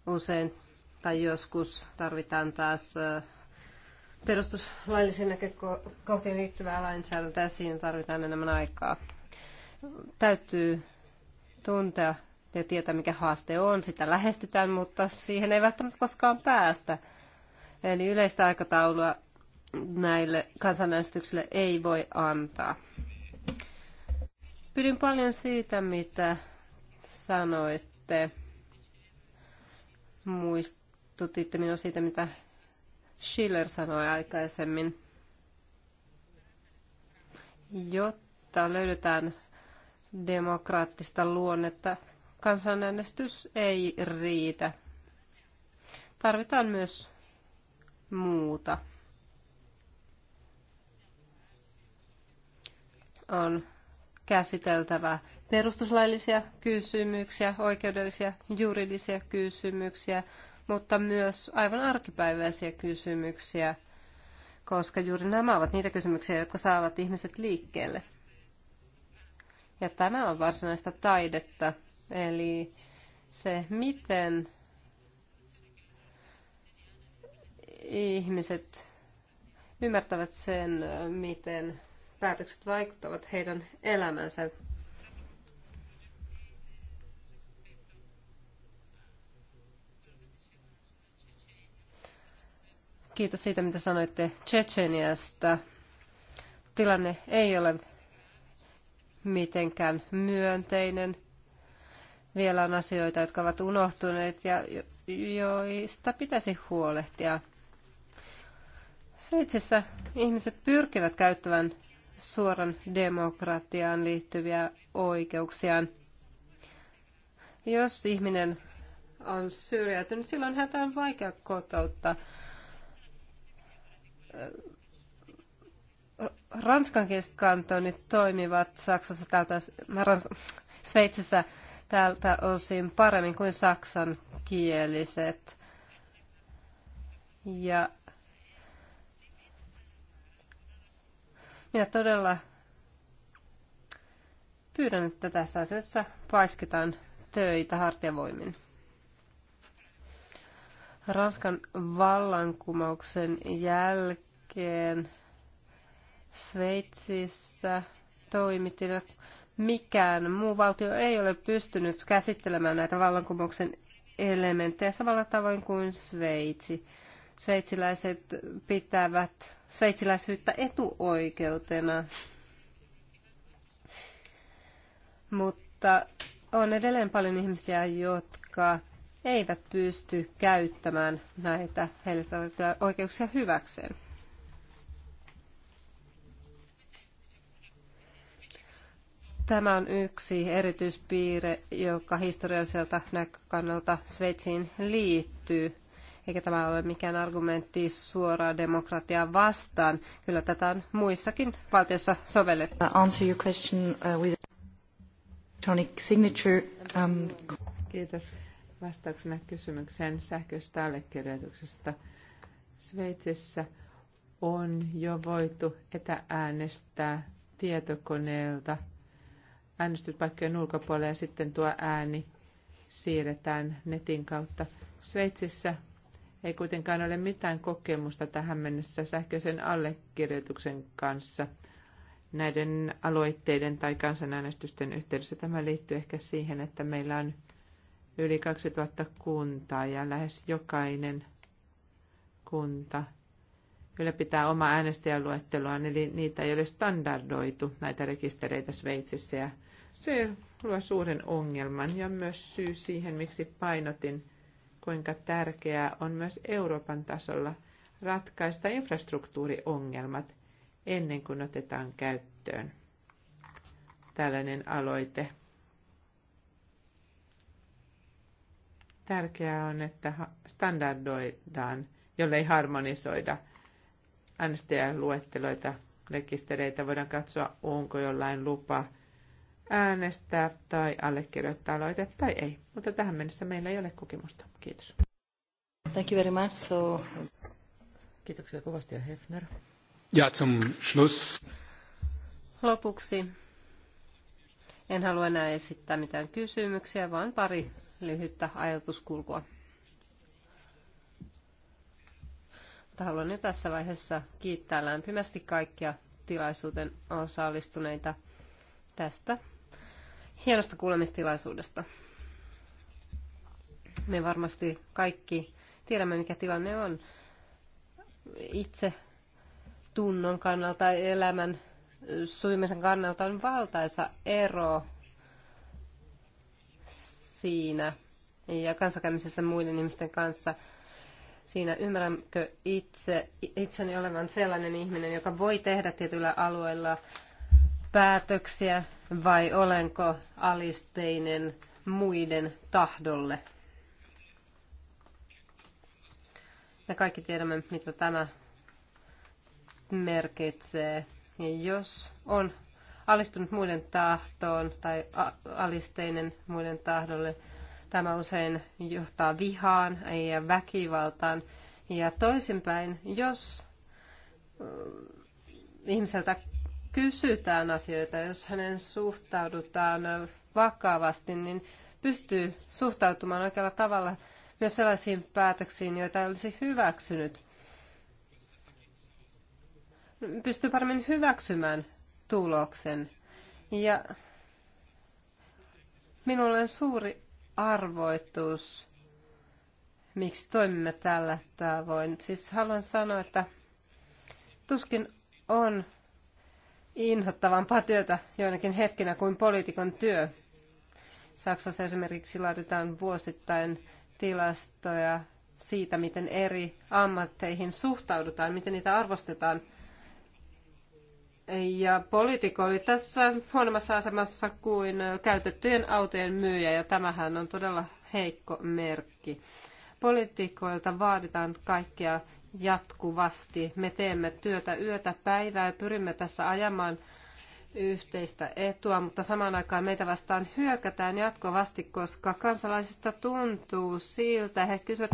usein tai joskus tarvitaan taas perustuslaillisiin näkökohtiin liittyvää lainsäädäntöä, siinä tarvitaan enemmän aikaa. Täytyy tuntea ja tietää, mikä haaste on, sitä lähestytään, mutta siihen ei välttämättä koskaan päästä. Eli yleistä aikataulua näille kansanäänestyksille ei voi antaa. Pidin paljon siitä, mitä sanoitte. Muistutitte minua siitä, mitä Schiller sanoi aikaisemmin. Jotta löydetään demokraattista luonnetta, kansanäänestys ei riitä. Tarvitaan myös muuta. on käsiteltävä perustuslaillisia kysymyksiä, oikeudellisia, juridisia kysymyksiä, mutta myös aivan arkipäiväisiä kysymyksiä, koska juuri nämä ovat niitä kysymyksiä, jotka saavat ihmiset liikkeelle. Ja tämä on varsinaista taidetta, eli se, miten ihmiset ymmärtävät sen, miten päätökset vaikuttavat heidän elämänsä. Kiitos siitä, mitä sanoitte Tsecheniasta. Tilanne ei ole mitenkään myönteinen. Vielä on asioita, jotka ovat unohtuneet ja joista pitäisi huolehtia. Sveitsissä ihmiset pyrkivät käyttämään suoran demokratiaan liittyviä oikeuksiaan. Jos ihminen on syrjäytynyt, silloin häntä on vaikea kotouttaa. ranskankieliset kantonit toimivat Saksassa tältä, Rans, Sveitsissä tältä osin paremmin kuin saksankieliset. Ja Minä todella pyydän, että tässä asiassa paiskitaan töitä hartiavoimin. Ranskan vallankumouksen jälkeen Sveitsissä toimittiin mikään muu valtio ei ole pystynyt käsittelemään näitä vallankumouksen elementtejä samalla tavoin kuin Sveitsi. Sveitsiläiset pitävät sveitsiläisyyttä etuoikeutena, mutta on edelleen paljon ihmisiä, jotka eivät pysty käyttämään näitä heille tarjottuja oikeuksia hyväkseen. Tämä on yksi erityispiirre, joka historialliselta näkökannalta Sveitsiin liittyy eikä tämä ole mikään argumentti suoraa demokratiaa vastaan. Kyllä tätä on muissakin valtioissa sovellettu. Uh, answer your question uh, with electronic signature. Um, Kiitos vastauksena kysymykseen sähköisestä allekirjoituksesta. Sveitsissä on jo voitu etääänestää tietokoneelta äänestyspaikkojen ulkopuolella ja sitten tuo ääni siirretään netin kautta. Sveitsissä ei kuitenkaan ole mitään kokemusta tähän mennessä sähköisen allekirjoituksen kanssa näiden aloitteiden tai kansanäänestysten yhteydessä. Tämä liittyy ehkä siihen, että meillä on yli 2000 kuntaa ja lähes jokainen kunta ylläpitää omaa äänestäjäluetteloaan, eli niitä ei ole standardoitu, näitä rekistereitä Sveitsissä. Ja se luo suuren ongelman ja myös syy siihen, miksi painotin kuinka tärkeää on myös Euroopan tasolla ratkaista infrastruktuuriongelmat ennen kuin otetaan käyttöön tällainen aloite. Tärkeää on, että standardoidaan, jollei harmonisoida äänestäjäluetteloita, rekistereitä, voidaan katsoa, onko jollain lupa äänestää tai allekirjoittaa aloite tai ei. Mutta tähän mennessä meillä ei ole kokemusta. Kiitos. Thank you very much. So... Kiitoksia kovasti ja Hefner. Ja zum Schluss. Lopuksi en halua enää esittää mitään kysymyksiä, vaan pari lyhyttä ajatuskulkua. Mutta haluan jo tässä vaiheessa kiittää lämpimästi kaikkia tilaisuuden osallistuneita tästä hienosta kuulemistilaisuudesta. Me varmasti kaikki tiedämme, mikä tilanne on itse tunnon kannalta, elämän sujumisen kannalta on valtaisa ero siinä ja kanssakäymisessä muiden ihmisten kanssa. Siinä ymmärränkö itse, itseni olevan sellainen ihminen, joka voi tehdä tietyillä alueilla päätöksiä vai olenko alisteinen muiden tahdolle? Me kaikki tiedämme, mitä tämä merkitsee. Ja jos on alistunut muiden tahtoon tai alisteinen muiden tahdolle, tämä usein johtaa vihaan ja väkivaltaan. Ja toisinpäin, jos ihmiseltä kysytään asioita, jos hänen suhtaudutaan vakavasti, niin pystyy suhtautumaan oikealla tavalla myös sellaisiin päätöksiin, joita olisi hyväksynyt. Pystyy paremmin hyväksymään tuloksen. Ja minulle on suuri arvoitus, miksi toimimme tällä tavoin. Siis haluan sanoa, että tuskin on inhottavampaa työtä joinakin hetkinä kuin poliitikon työ. Saksassa esimerkiksi laaditaan vuosittain tilastoja siitä, miten eri ammatteihin suhtaudutaan, miten niitä arvostetaan. Ja poliitikko oli tässä huonommassa asemassa kuin käytettyjen autojen myyjä, ja tämähän on todella heikko merkki. Poliitikoilta vaaditaan kaikkea jatkuvasti. Me teemme työtä yötä päivää ja pyrimme tässä ajamaan yhteistä etua, mutta samaan aikaan meitä vastaan hyökätään jatkuvasti, koska kansalaisista tuntuu siltä. He kysyvät,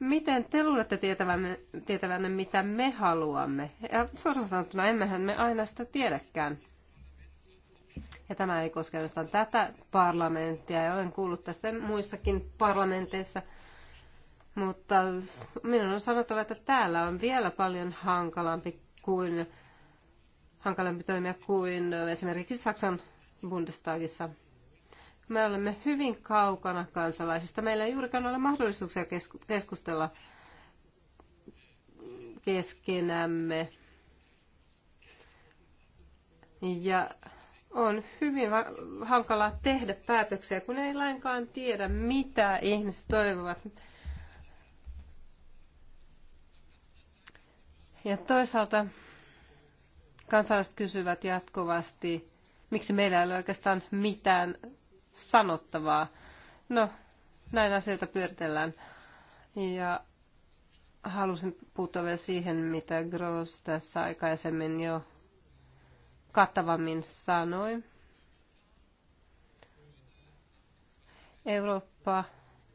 miten te luulette tietävänne, tietävänne mitä me haluamme? Ja suoraan sanottuna, emmehän me aina sitä tiedäkään. Ja tämä ei koske ainoastaan tätä parlamenttia, ja olen kuullut tästä muissakin parlamenteissa – mutta minun on sanottava, että täällä on vielä paljon hankalampi kuin hankalampi toimia kuin esimerkiksi Saksan Bundestagissa. Me olemme hyvin kaukana kansalaisista. Meillä ei juurikaan ole mahdollisuuksia keskustella keskenämme. Ja on hyvin hankalaa tehdä päätöksiä, kun ei lainkaan tiedä, mitä ihmiset toivovat, Ja toisaalta kansalaiset kysyvät jatkuvasti, miksi meillä ei ole oikeastaan mitään sanottavaa. No, näin asioita pyöritellään. Ja halusin puuttua vielä siihen, mitä Gross tässä aikaisemmin jo kattavammin sanoi. Eurooppa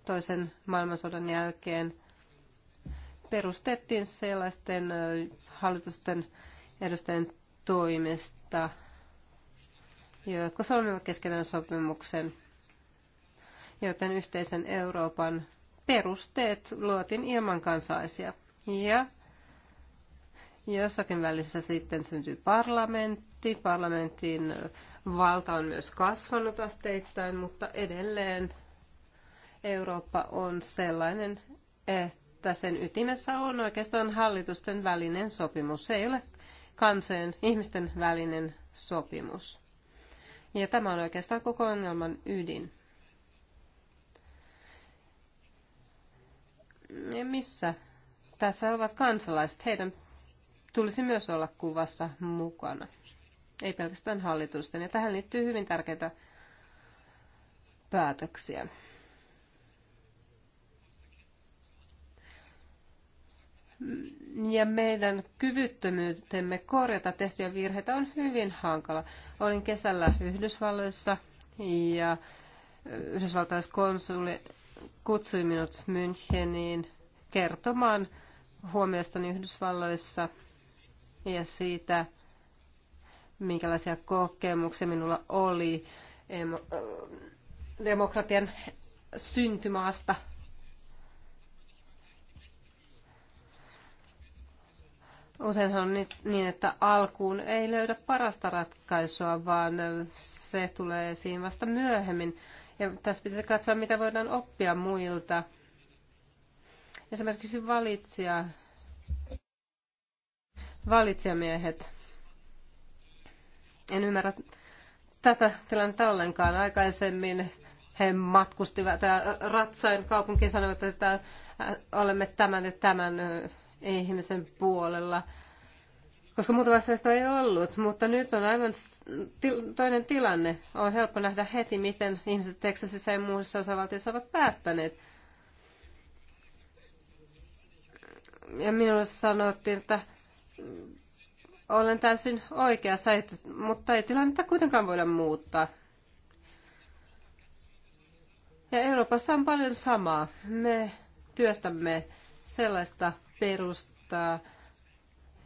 toisen maailmansodan jälkeen – perustettiin sellaisten hallitusten edustajien toimesta, jotka solmivat keskenään sopimuksen, joten yhteisen Euroopan perusteet luotiin ilman kansalaisia. Ja jossakin välissä sitten syntyi parlamentti. Parlamentin valta on myös kasvanut asteittain, mutta edelleen Eurooppa on sellainen, että että sen ytimessä on oikeastaan hallitusten välinen sopimus. Se ei ole kansojen, ihmisten välinen sopimus. Ja tämä on oikeastaan koko ongelman ydin. Ja missä tässä ovat kansalaiset? Heidän tulisi myös olla kuvassa mukana. Ei pelkästään hallitusten. Ja tähän liittyy hyvin tärkeitä päätöksiä. ja meidän kyvyttömyytemme korjata tehtyjä virheitä on hyvin hankala. Olin kesällä Yhdysvalloissa ja konsuli kutsui minut Müncheniin kertomaan huomiostani Yhdysvalloissa ja siitä, minkälaisia kokemuksia minulla oli demokratian syntymaasta Useinhan on niin, että alkuun ei löydä parasta ratkaisua, vaan se tulee esiin vasta myöhemmin. Ja tässä pitäisi katsoa, mitä voidaan oppia muilta. Esimerkiksi valitsija, valitsijamiehet. En ymmärrä tätä tilannetta ollenkaan. Aikaisemmin he matkustivat äh, ratsain kaupunkiin sanoivat, että äh, olemme tämän ja tämän äh, ihmisen puolella, koska muuta vastaista ei ollut, mutta nyt on aivan toinen tilanne. On helppo nähdä heti, miten ihmiset Teksasissa ja muissa osavaltiossa ovat päättäneet. Ja minulle sanottiin, että olen täysin oikea oikeassa, mutta ei tilannetta kuitenkaan voida muuttaa. Ja Euroopassa on paljon samaa. Me työstämme sellaista perustaa,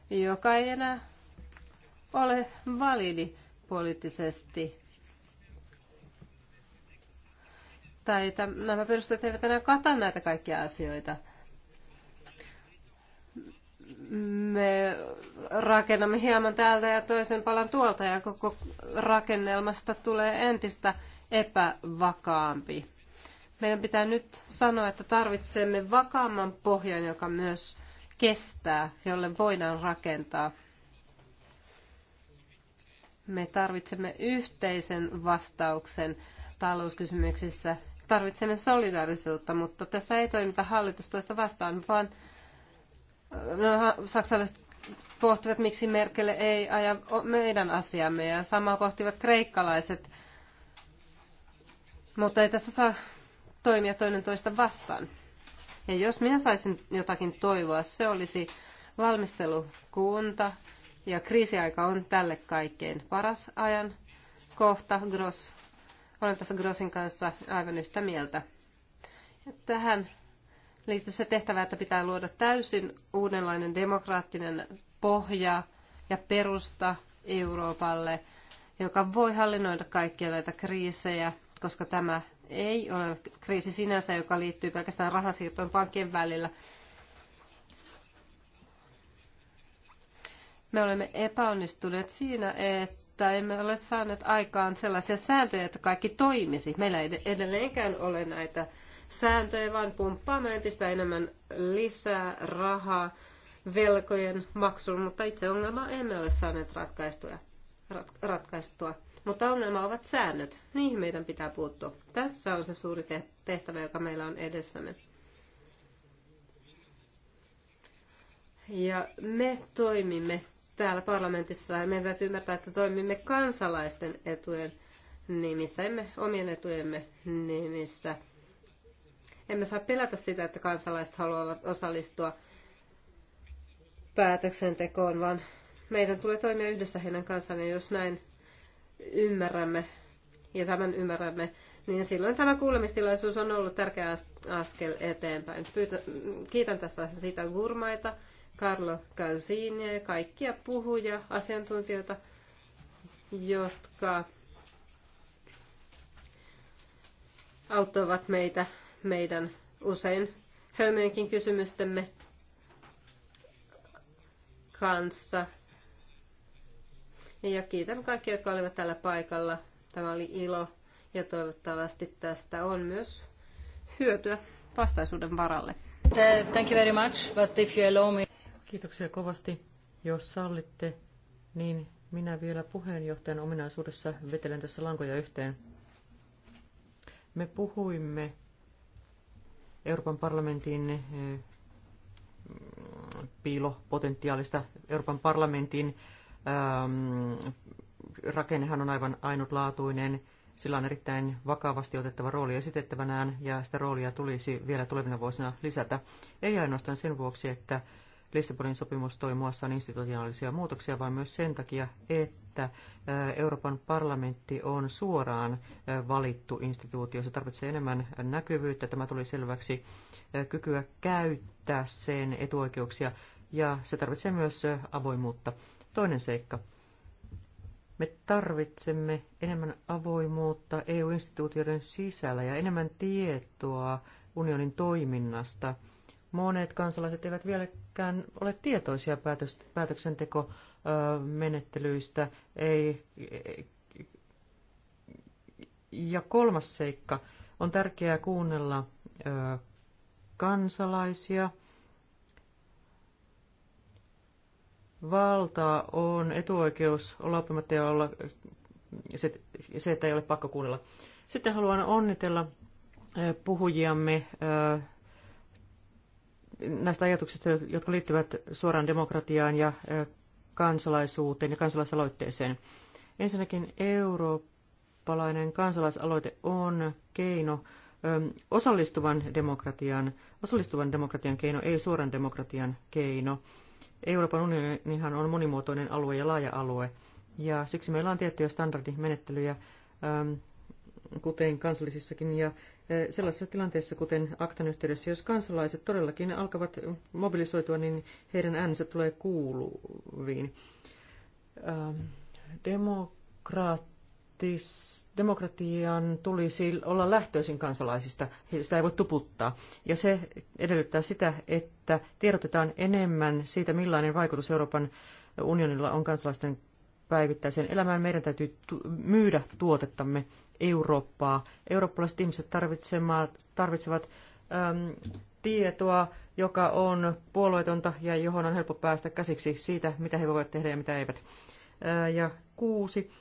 joka ei enää ole validi poliittisesti. Tai nämä perusteet eivät enää kata näitä kaikkia asioita. Me rakennamme hieman täältä ja toisen palan tuolta ja koko rakennelmasta tulee entistä epävakaampi. Meidän pitää nyt sanoa, että tarvitsemme vakaamman pohjan, joka myös kestää, jolle voidaan rakentaa. Me tarvitsemme yhteisen vastauksen talouskysymyksissä. Tarvitsemme solidaarisuutta, mutta tässä ei toimita hallitustoista vastaan, vaan no, saksalaiset pohtivat, miksi Merkel ei aja meidän asiamme, ja samaa pohtivat kreikkalaiset. Mutta ei tässä saa toimia toinen toista vastaan. Ja jos minä saisin jotakin toivoa, se olisi valmistelukunta, ja kriisiaika on tälle kaikkein paras ajan kohta. Gross, olen tässä Grossin kanssa aivan yhtä mieltä. Ja tähän liittyy se tehtävä, että pitää luoda täysin uudenlainen demokraattinen pohja ja perusta Euroopalle, joka voi hallinnoida kaikkia näitä kriisejä, koska tämä ei ole kriisi sinänsä, joka liittyy pelkästään rahasiirtoon pankkien välillä. Me olemme epäonnistuneet siinä, että emme ole saaneet aikaan sellaisia sääntöjä, että kaikki toimisi. Meillä ei edelleenkään ole näitä sääntöjä, vaan pumppaamme entistä enemmän lisää rahaa velkojen maksuun, mutta itse ongelmaa emme ole saaneet ratkaistua. ratkaistua mutta ongelma ovat säännöt. Niihin meidän pitää puuttua. Tässä on se suuri tehtävä, joka meillä on edessämme. Ja me toimimme täällä parlamentissa ja meidän täytyy ymmärtää, että toimimme kansalaisten etujen nimissä, emme omien etujemme nimissä. Emme saa pelätä sitä, että kansalaiset haluavat osallistua päätöksentekoon, vaan meidän tulee toimia yhdessä heidän kanssaan, ja jos näin ymmärrämme ja tämän ymmärrämme, niin silloin tämä kuulemistilaisuus on ollut tärkeä askel eteenpäin. Pyytä, kiitän tässä sitä Gurmaita, Carlo Calsinia ja kaikkia puhuja, asiantuntijoita, jotka auttavat meitä meidän usein hölmöinkin kysymystemme kanssa – ja kiitän kaikkia, jotka olivat tällä paikalla. Tämä oli ilo ja toivottavasti tästä on myös hyötyä vastaisuuden varalle. Thank you very much, but if you allow me... Kiitoksia kovasti. Jos sallitte, niin minä vielä puheenjohtajan ominaisuudessa vetelen tässä lankoja yhteen. Me puhuimme Euroopan parlamentin eh, piilopotentiaalista, Euroopan parlamentin Ähm, rakennehan on aivan ainutlaatuinen. Sillä on erittäin vakavasti otettava rooli esitettävänään ja sitä roolia tulisi vielä tulevina vuosina lisätä. Ei ainoastaan sen vuoksi, että Lissabonin sopimus toi muassaan institutionaalisia muutoksia, vaan myös sen takia, että äh, Euroopan parlamentti on suoraan äh, valittu instituutio. Se tarvitsee enemmän näkyvyyttä, tämä tuli selväksi, äh, kykyä käyttää sen etuoikeuksia ja se tarvitsee myös avoimuutta. Toinen seikka. Me tarvitsemme enemmän avoimuutta EU-instituutioiden sisällä ja enemmän tietoa unionin toiminnasta. Monet kansalaiset eivät vieläkään ole tietoisia päätöksentekomenettelyistä. Ei, ja kolmas seikka. On tärkeää kuunnella kansalaisia – valtaa on etuoikeus olla oppimatta ja olla se, se, että ei ole pakko kuunnella. Sitten haluan onnitella puhujiamme näistä ajatuksista, jotka liittyvät suoraan demokratiaan ja kansalaisuuteen ja kansalaisaloitteeseen. Ensinnäkin eurooppalainen kansalaisaloite on keino osallistuvan demokratian, osallistuvan demokratian keino, ei suoran demokratian keino. Euroopan unionihan on monimuotoinen alue ja laaja alue, ja siksi meillä on tiettyjä standardimenettelyjä, ähm, kuten kansallisissakin, ja äh, sellaisessa tilanteessa, kuten aktan yhteydessä, jos kansalaiset todellakin alkavat mobilisoitua, niin heidän äänensä tulee kuuluviin. Ähm, demokraat demokratis, demokratian tulisi olla lähtöisin kansalaisista, sitä ei voi tuputtaa. Ja se edellyttää sitä, että tiedotetaan enemmän siitä, millainen vaikutus Euroopan unionilla on kansalaisten päivittäiseen elämään. Meidän täytyy myydä tuotettamme Eurooppaa. Eurooppalaiset ihmiset tarvitsevat äm, tietoa, joka on puolueetonta ja johon on helppo päästä käsiksi siitä, mitä he voivat tehdä ja mitä eivät. Ää, ja Kuusi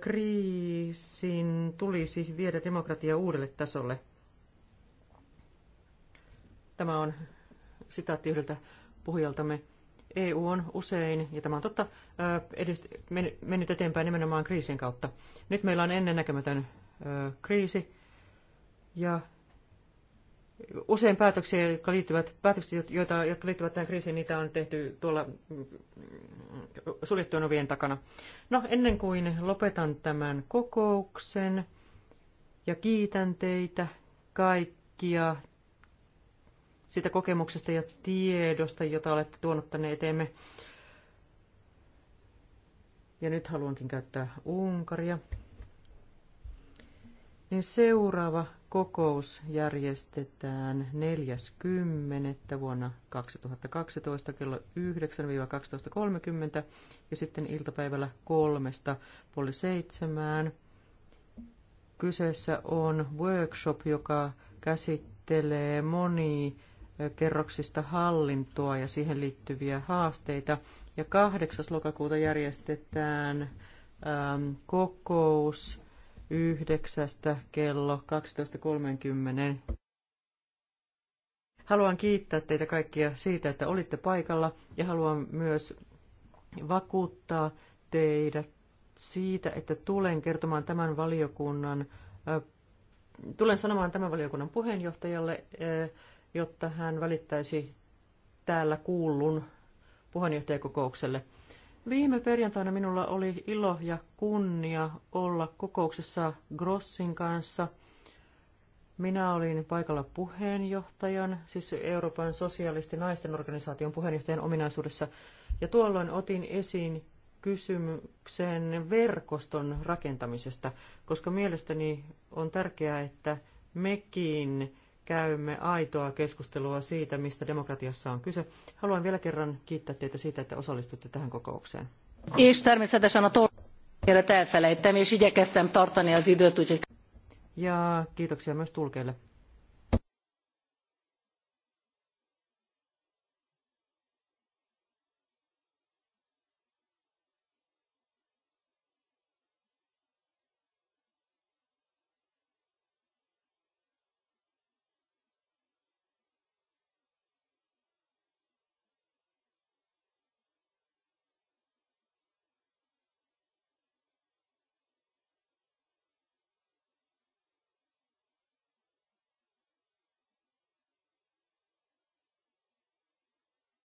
kriisin tulisi viedä demokratia uudelle tasolle. Tämä on sitaatti yhdeltä puhujaltamme. EU on usein, ja tämä on totta, edist- mennyt eteenpäin nimenomaan kriisin kautta. Nyt meillä on ennennäkemätön kriisi, ja usein päätöksiä, jotka liittyvät, päätöksiä, joita, jotka liittyvät tähän kriisiin, niitä on tehty tuolla mm, suljettujen ovien takana. No, ennen kuin lopetan tämän kokouksen ja kiitän teitä kaikkia siitä kokemuksesta ja tiedosta, jota olette tuonut tänne eteemme. Ja nyt haluankin käyttää Unkaria. Niin seuraava kokous järjestetään 40. vuonna 2012 kello 9-12.30 ja sitten iltapäivällä kolmesta puoli seitsemään. Kyseessä on workshop, joka käsittelee moni kerroksista hallintoa ja siihen liittyviä haasteita. Ja 8. lokakuuta järjestetään kokous yhdeksästä kello 12.30. Haluan kiittää teitä kaikkia siitä, että olitte paikalla ja haluan myös vakuuttaa teidät siitä, että tulen kertomaan tämän valiokunnan, tulen sanomaan tämän valiokunnan puheenjohtajalle, jotta hän välittäisi täällä kuullun puheenjohtajakokoukselle. Viime perjantaina minulla oli ilo ja kunnia olla kokouksessa Grossin kanssa. Minä olin paikalla puheenjohtajan, siis Euroopan sosiaalisti naisten organisaation puheenjohtajan ominaisuudessa, ja tuolloin otin esiin kysymyksen verkoston rakentamisesta, koska mielestäni on tärkeää, että mekin käymme aitoa keskustelua siitä, mistä demokratiassa on kyse. Haluan vielä kerran kiittää teitä siitä, että osallistutte tähän kokoukseen. Ja kiitoksia myös tulkeille.